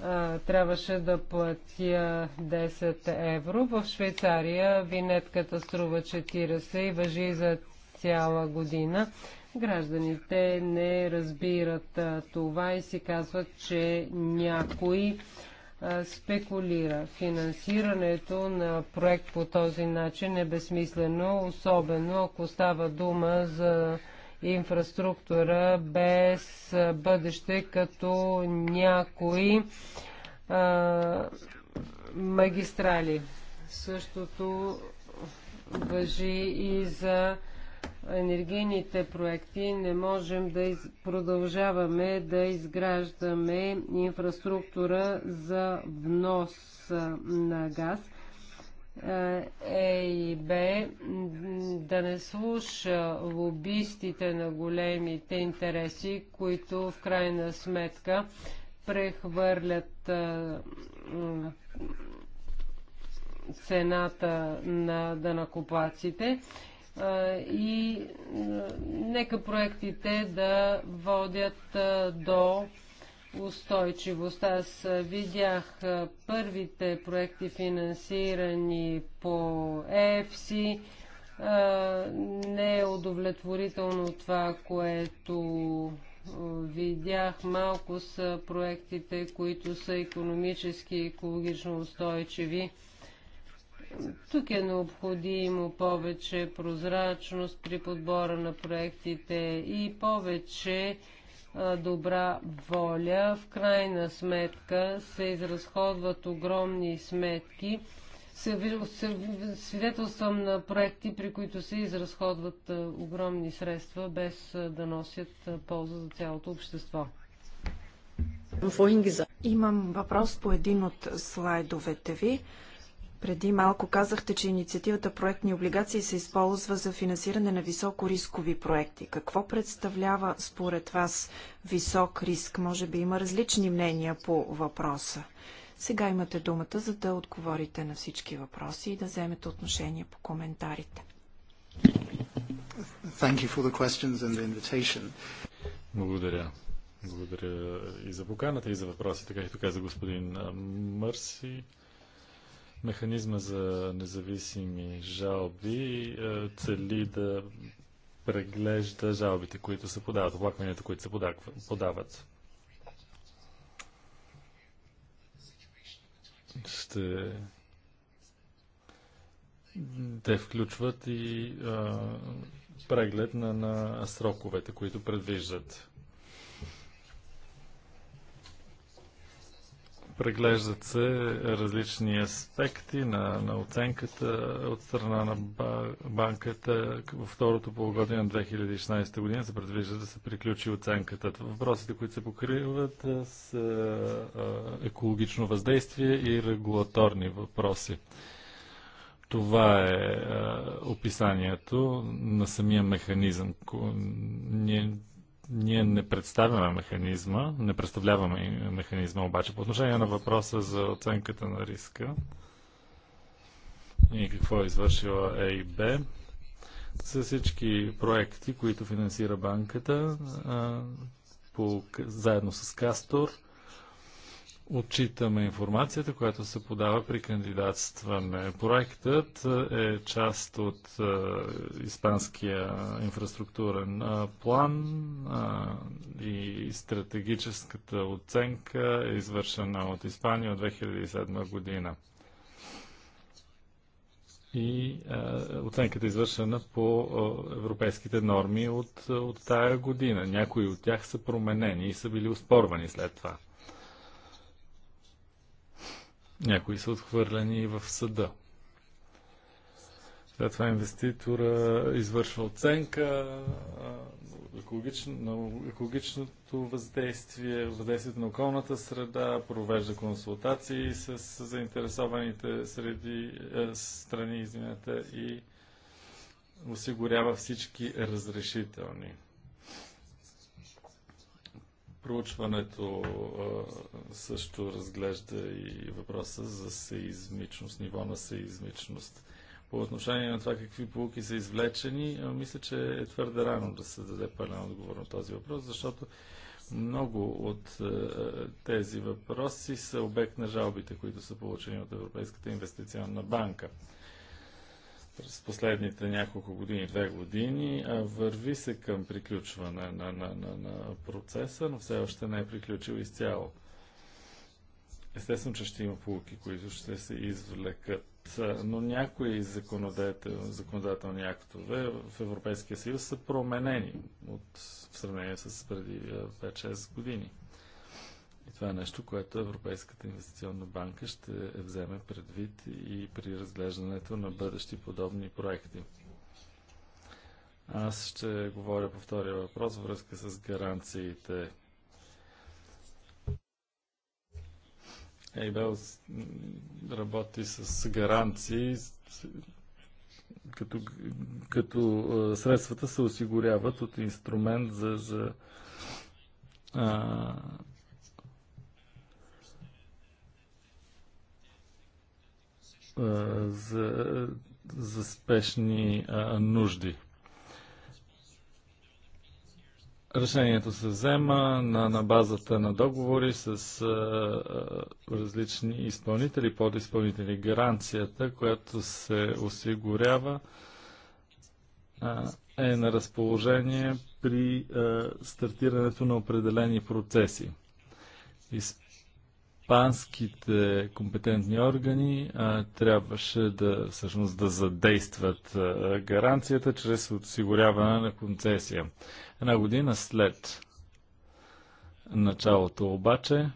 а, трябваше да платя 10 евро. В Швейцария винетката струва 40 и въжи за цяла година. Гражданите не разбират а, това и си казват, че някой а, спекулира. Финансирането на проект по този начин е безсмислено, особено ако става дума за инфраструктура без бъдеще, като някои а, магистрали. Същото въжи и за енергийните проекти. Не можем да из... продължаваме да изграждаме инфраструктура за внос на газ е, е Б да не слуша лобистите на големите интереси, които в крайна сметка прехвърлят а, цената на данакоплаците и нека проектите да водят до устойчивост. Аз видях първите проекти финансирани по ЕФСИ. Не е удовлетворително това, което видях. Малко са проектите, които са економически и екологично устойчиви. Тук е необходимо повече прозрачност при подбора на проектите и повече добра воля. В крайна сметка се изразходват огромни сметки. Свидетелствам на проекти, при които се изразходват огромни средства, без да носят полза за цялото общество. Имам въпрос по един от слайдовете ви. Преди малко казахте, че инициативата проектни облигации се използва за финансиране на високо рискови проекти. Какво представлява според вас висок риск? Може би има различни мнения по въпроса. Сега имате думата, за да отговорите на всички въпроси и да вземете отношение по коментарите. Благодаря. Благодаря и за поканата, и за въпросите, както каза господин Мърси. Механизма за независими жалби е, цели да преглежда жалбите, които се подават, оплакванията, които се подават. Ще те включват и а, преглед на, на сроковете, които предвиждат. Преглеждат се различни аспекти на, на оценката от страна на банката. Във второто полугодие на 2016 година се предвижда да се приключи оценката. Въпросите, които се покриват са екологично въздействие и регулаторни въпроси. Това е описанието на самия механизъм. Ние ние не представяме механизма, не представляваме механизма, обаче по отношение на въпроса за оценката на риска и какво е извършила A и B, с всички проекти, които финансира банката, по, заедно с Кастор – Отчитаме информацията, която се подава при кандидатстване. Проектът е, е част от е, Испанския инфраструктурен е, план и стратегическата оценка е извършена от Испания от 2007 година и оценката е извършена по европейските норми от, от тая година. Някои от тях са променени и са били успорвани след това. Някои са отхвърлени в съда. След това инвеститора извършва оценка екологично, екологичното въздействие, въздействието на околната среда, провежда консултации с заинтересованите среди, е, страни извинете, и осигурява всички разрешителни. Проучването а, също разглежда и въпроса за сеизмичност, ниво на сеизмичност. По отношение на това какви полуки са извлечени, а, мисля, че е твърде рано да се даде пълен отговор на този въпрос, защото много от а, тези въпроси са обект на жалбите, които са получени от Европейската инвестиционна банка през последните няколко години, две години, върви се към приключване на, на, на, на процеса, но все още не е приключил изцяло. Естествено, че ще има полуки, които ще се извлекат, но някои законодател, законодателни актове в Европейския съюз са променени от, в сравнение с преди 5-6 години това е нещо, което Европейската инвестиционна банка ще вземе предвид и при разглеждането на бъдещи подобни проекти. Аз ще говоря по втория въпрос във връзка с гаранциите. Ейбел работи с гаранции, като, като средствата се осигуряват от инструмент за, за а, за, за спешни а, нужди. Решението се взема на, на базата на договори с а, различни изпълнители, подизпълнители. Гаранцията, която се осигурява, а, е на разположение при а, стартирането на определени процеси. Изп испанските компетентни органи а, трябваше да, всъщност, да задействат а, гаранцията чрез осигуряване на концесия. Една година след началото обаче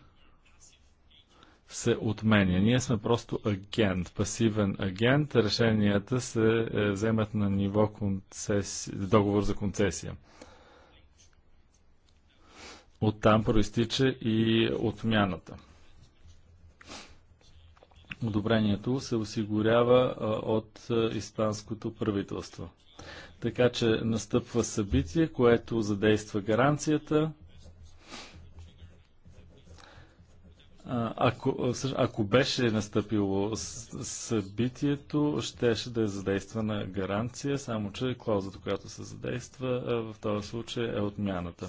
се отменя. Ние сме просто агент, пасивен агент. Решенията се е, вземат на ниво концеси... договор за концесия. Оттам проистича и отмяната. Одобрението се осигурява от испанското правителство. Така че настъпва събитие, което задейства гаранцията. Ако, ако беше настъпило събитието, щеше да е задействана гаранция, само че клаузата, която се задейства в този случай е отмяната.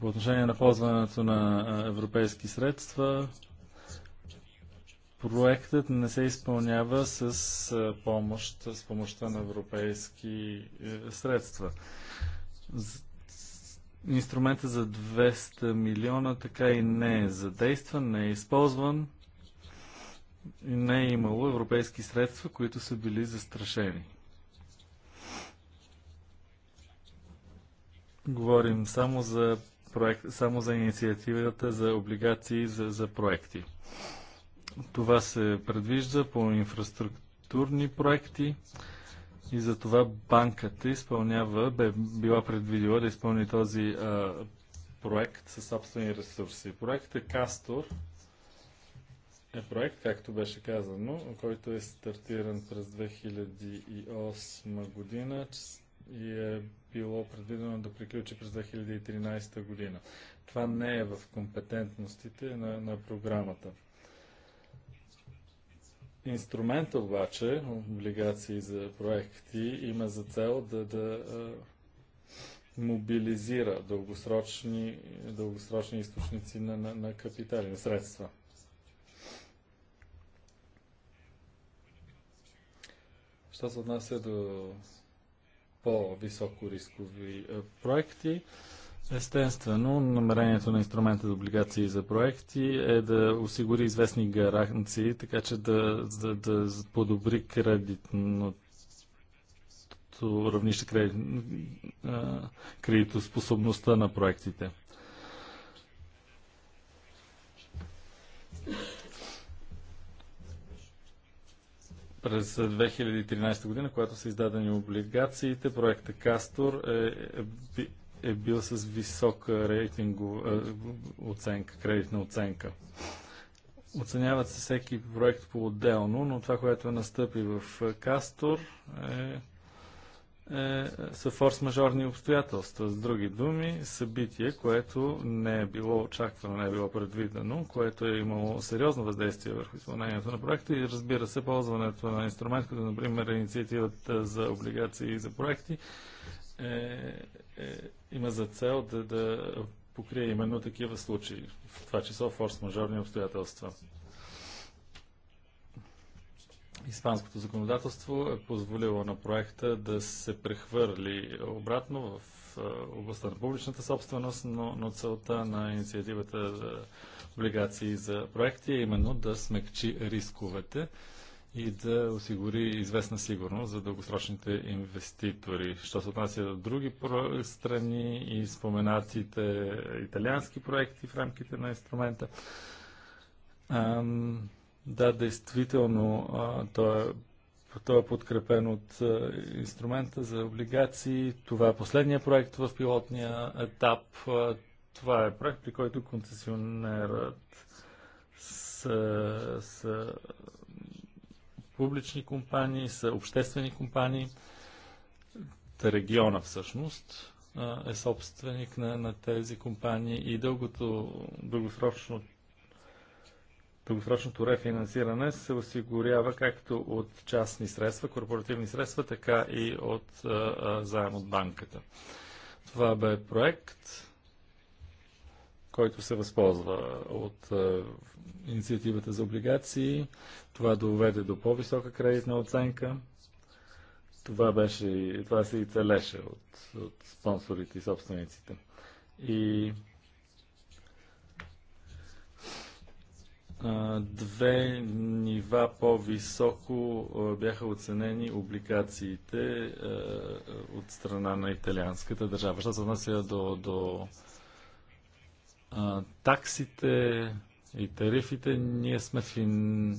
По отношение на ползването на европейски средства, проектът не се изпълнява с, помощ, с помощта на европейски е, средства. Инструментът за 200 милиона така и не е задействан, не е използван и не е имало европейски средства, които са били застрашени. Говорим само за проект, само за инициативата за облигации за, за проекти. Това се предвижда по инфраструктурни проекти и за това банката изпълнява, бе била предвидила да изпълни този а, проект със собствени ресурси. Проектът Кастор е проект, както беше казано, който е стартиран през 2008 година и е било предвидено да приключи през 2013 година. Това не е в компетентностите на, на програмата. Инструмент обаче, облигации за проекти, има за цел да, да мобилизира дългосрочни, дългосрочни източници на, на, на капитали, на средства. Що се отнася до по-високо рискови е, проекти. Естествено, намерението на инструмента за облигации за проекти е да осигури известни гаранции, така че да, да, да подобри кредитното равнище кредит, кредитоспособността на проектите. През 2013 година, когато са издадени облигациите, проекта Кастор е, е, е бил с висока рейтинг, е, оценка, кредитна оценка. Оценяват се всеки проект по-отделно, но това, което е настъпи в е, Кастор е е, са форс-мажорни обстоятелства. С други думи, събитие, което не е било очаквано, не е било предвидено, което е имало сериозно въздействие върху изпълнението на проекта и разбира се, ползването на инструмент, като например инициативата за облигации и за проекти, е, е, има за цел да, да покрие именно такива случаи, в това число форс-мажорни обстоятелства. Испанското законодателство е позволило на проекта да се прехвърли обратно в областта на публичната собственост, но, но целта на инициативата за облигации за проекти е именно да смекчи рисковете и да осигури известна сигурност за дългосрочните инвеститори. Що се отнася до други страни и споменатите италиански проекти в рамките на инструмента, ам, да, действително, а, то, е, то е подкрепен от а, инструмента за облигации. Това е последния проект в пилотния етап. А, това е проект, при който концесионерът с, с публични компании, с обществени компании. Региона всъщност е собственик на, на тези компании и дългото, дългосрочното Дългосрочното рефинансиране се осигурява както от частни средства, корпоративни средства, така и от заем от банката. Това бе проект, който се възползва от инициативата за облигации. Това доведе до по-висока кредитна оценка. Това, беше, това се и целеше от, от спонсорите и собствениците. И две нива по-високо бяха оценени обликациите от страна на италианската държава. Що се отнася до, до а, таксите и тарифите, ние сме фин...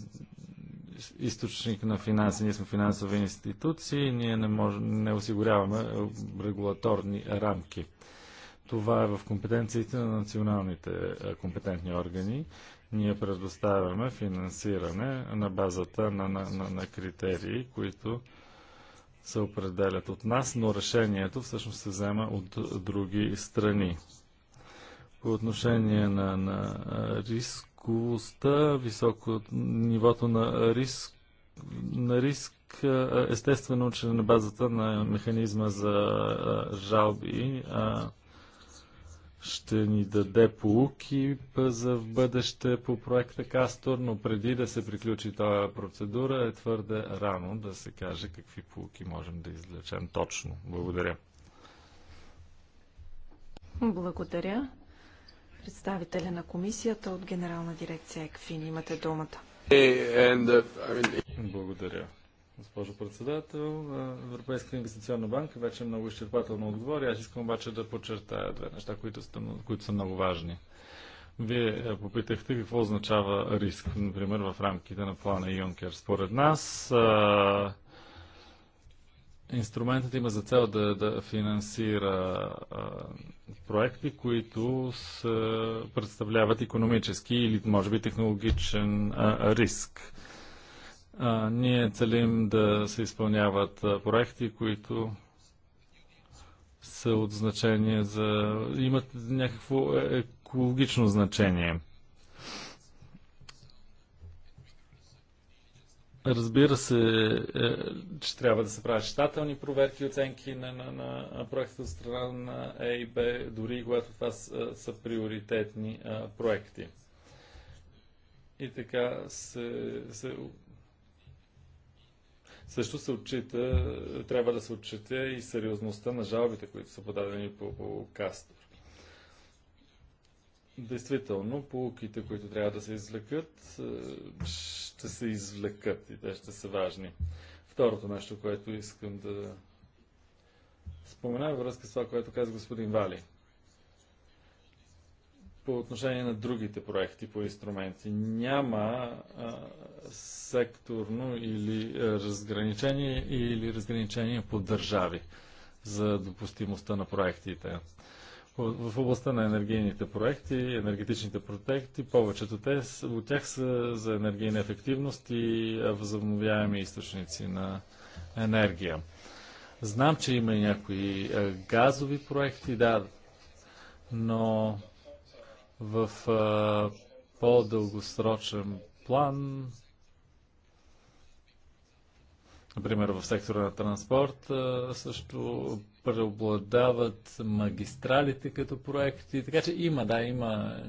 източник на финанси, ние сме финансови институции, ние не, мож... не осигуряваме регулаторни рамки. Това е в компетенциите на националните компетентни органи. Ние предоставяме финансиране на базата на, на, на, на критерии, които се определят от нас, но решението всъщност се взема от други страни. По отношение на, на рисковостта, високо нивото на риск, на риск естествено, че на базата на механизма за жалби ще ни даде полуки за в бъдеще по проекта Кастор, но преди да се приключи тази процедура е твърде рано да се каже какви полуки можем да излечем точно. Благодаря. Благодаря. Представителя на комисията от Генерална дирекция ЕКФИН. Имате думата. Благодаря госпожо председател. Европейска инвестиционна банка вече много изчерпателно отговори. Аз искам обаче да подчертая две неща, които, са, които са много важни. Вие е, попитахте какво означава риск, например, в рамките на плана Юнкер. Според нас а, инструментът има за цел да, да финансира а, проекти, които са, представляват економически или може би технологичен а, риск ние целим да се изпълняват проекти, които са от значение за... имат някакво е, екологично значение. Разбира се, е, че трябва да се правят щателни проверки, и оценки на, на, на проекта от страна на ЕИБ, дори когато това са, е, са приоритетни а, проекти. И така се, се също се отчита, трябва да се отчита и сериозността на жалбите, които са подадени по, по Кастор. Действително, полуките, които трябва да се извлекат, е, ще се извлекат и те ще са важни. Второто нещо, което искам да спомена, е връзка с това, което каза господин Вали – по отношение на другите проекти по инструменти. Няма а, секторно или а, разграничение или разграничение по държави за допустимостта на проектите. В областта на енергийните проекти, енергетичните проекти, повечето те, от тях са за енергийна ефективност и възобновяеми източници на енергия. Знам, че има и някои газови проекти, да, но в по-дългосрочен план, например в сектора на транспорт, също преобладават магистралите като проекти. Така че има, да, има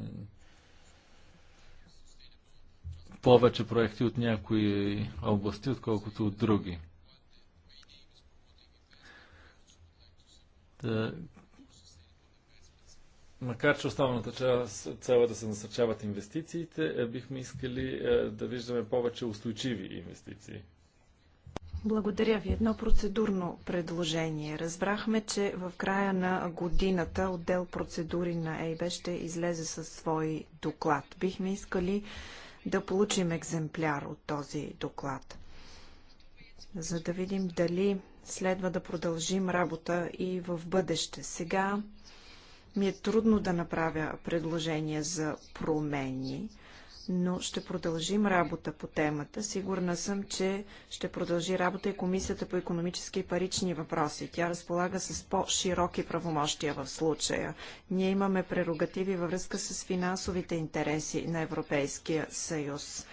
повече проекти от някои области, отколкото от други. Макар, че основната част, цел е да се насърчават инвестициите, е, бихме искали е, да виждаме повече устойчиви инвестиции. Благодаря ви. Едно процедурно предложение. Разбрахме, че в края на годината отдел процедури на ЕЙБЕ ще излезе със свой доклад. Бихме искали да получим екземпляр от този доклад, за да видим дали следва да продължим работа и в бъдеще. Сега ми е трудно да направя предложения за промени, но ще продължим работа по темата. Сигурна съм, че ще продължи работа и Комисията по економически и парични въпроси. Тя разполага с по-широки правомощия в случая. Ние имаме прерогативи във връзка с финансовите интереси на Европейския съюз.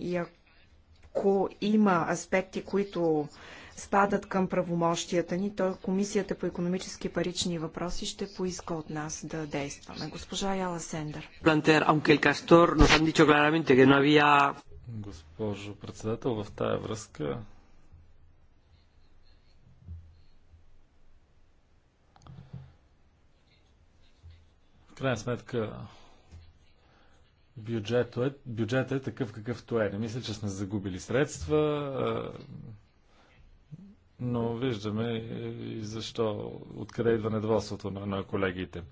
И ако има аспекти, които спадат към правомощията ни, то Комисията по економически парични въпроси ще поиска от нас да действаме. Госпожа Яла Сендър. Госпожо председател, в тая връзка в крайна сметка е- бюджетът е, бюджет е такъв какъвто е. Не мисля, че сме загубили средства но виждаме и защо, откъде идва недоволството на, на колегите.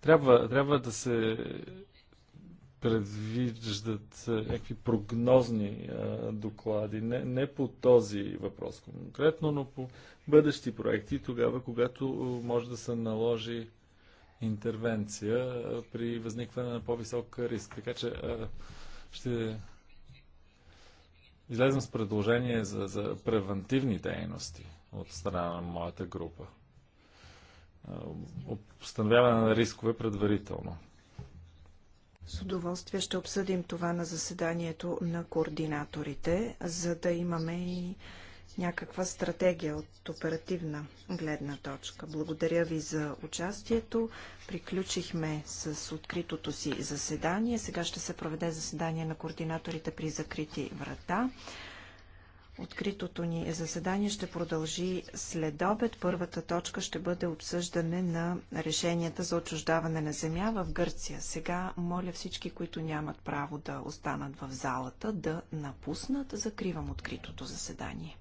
Трябва, трябва да се предвиждат е, някакви прогнозни а, е, доклади, не, не по този въпрос конкретно, но по бъдещи проекти, тогава, когато може да се наложи интервенция а, е, при възникване на по-висок риск. Така че а, ще излезем с предложение за, за превентивни дейности от страна на моята група. Обстановяване на рискове предварително. С удоволствие ще обсъдим това на заседанието на координаторите, за да имаме и някаква стратегия от оперативна гледна точка. Благодаря ви за участието. Приключихме с откритото си заседание. Сега ще се проведе заседание на координаторите при закрити врата. Откритото ни заседание ще продължи след обед. Първата точка ще бъде обсъждане на решенията за отчуждаване на земя в Гърция. Сега моля всички, които нямат право да останат в залата, да напуснат. Закривам откритото заседание.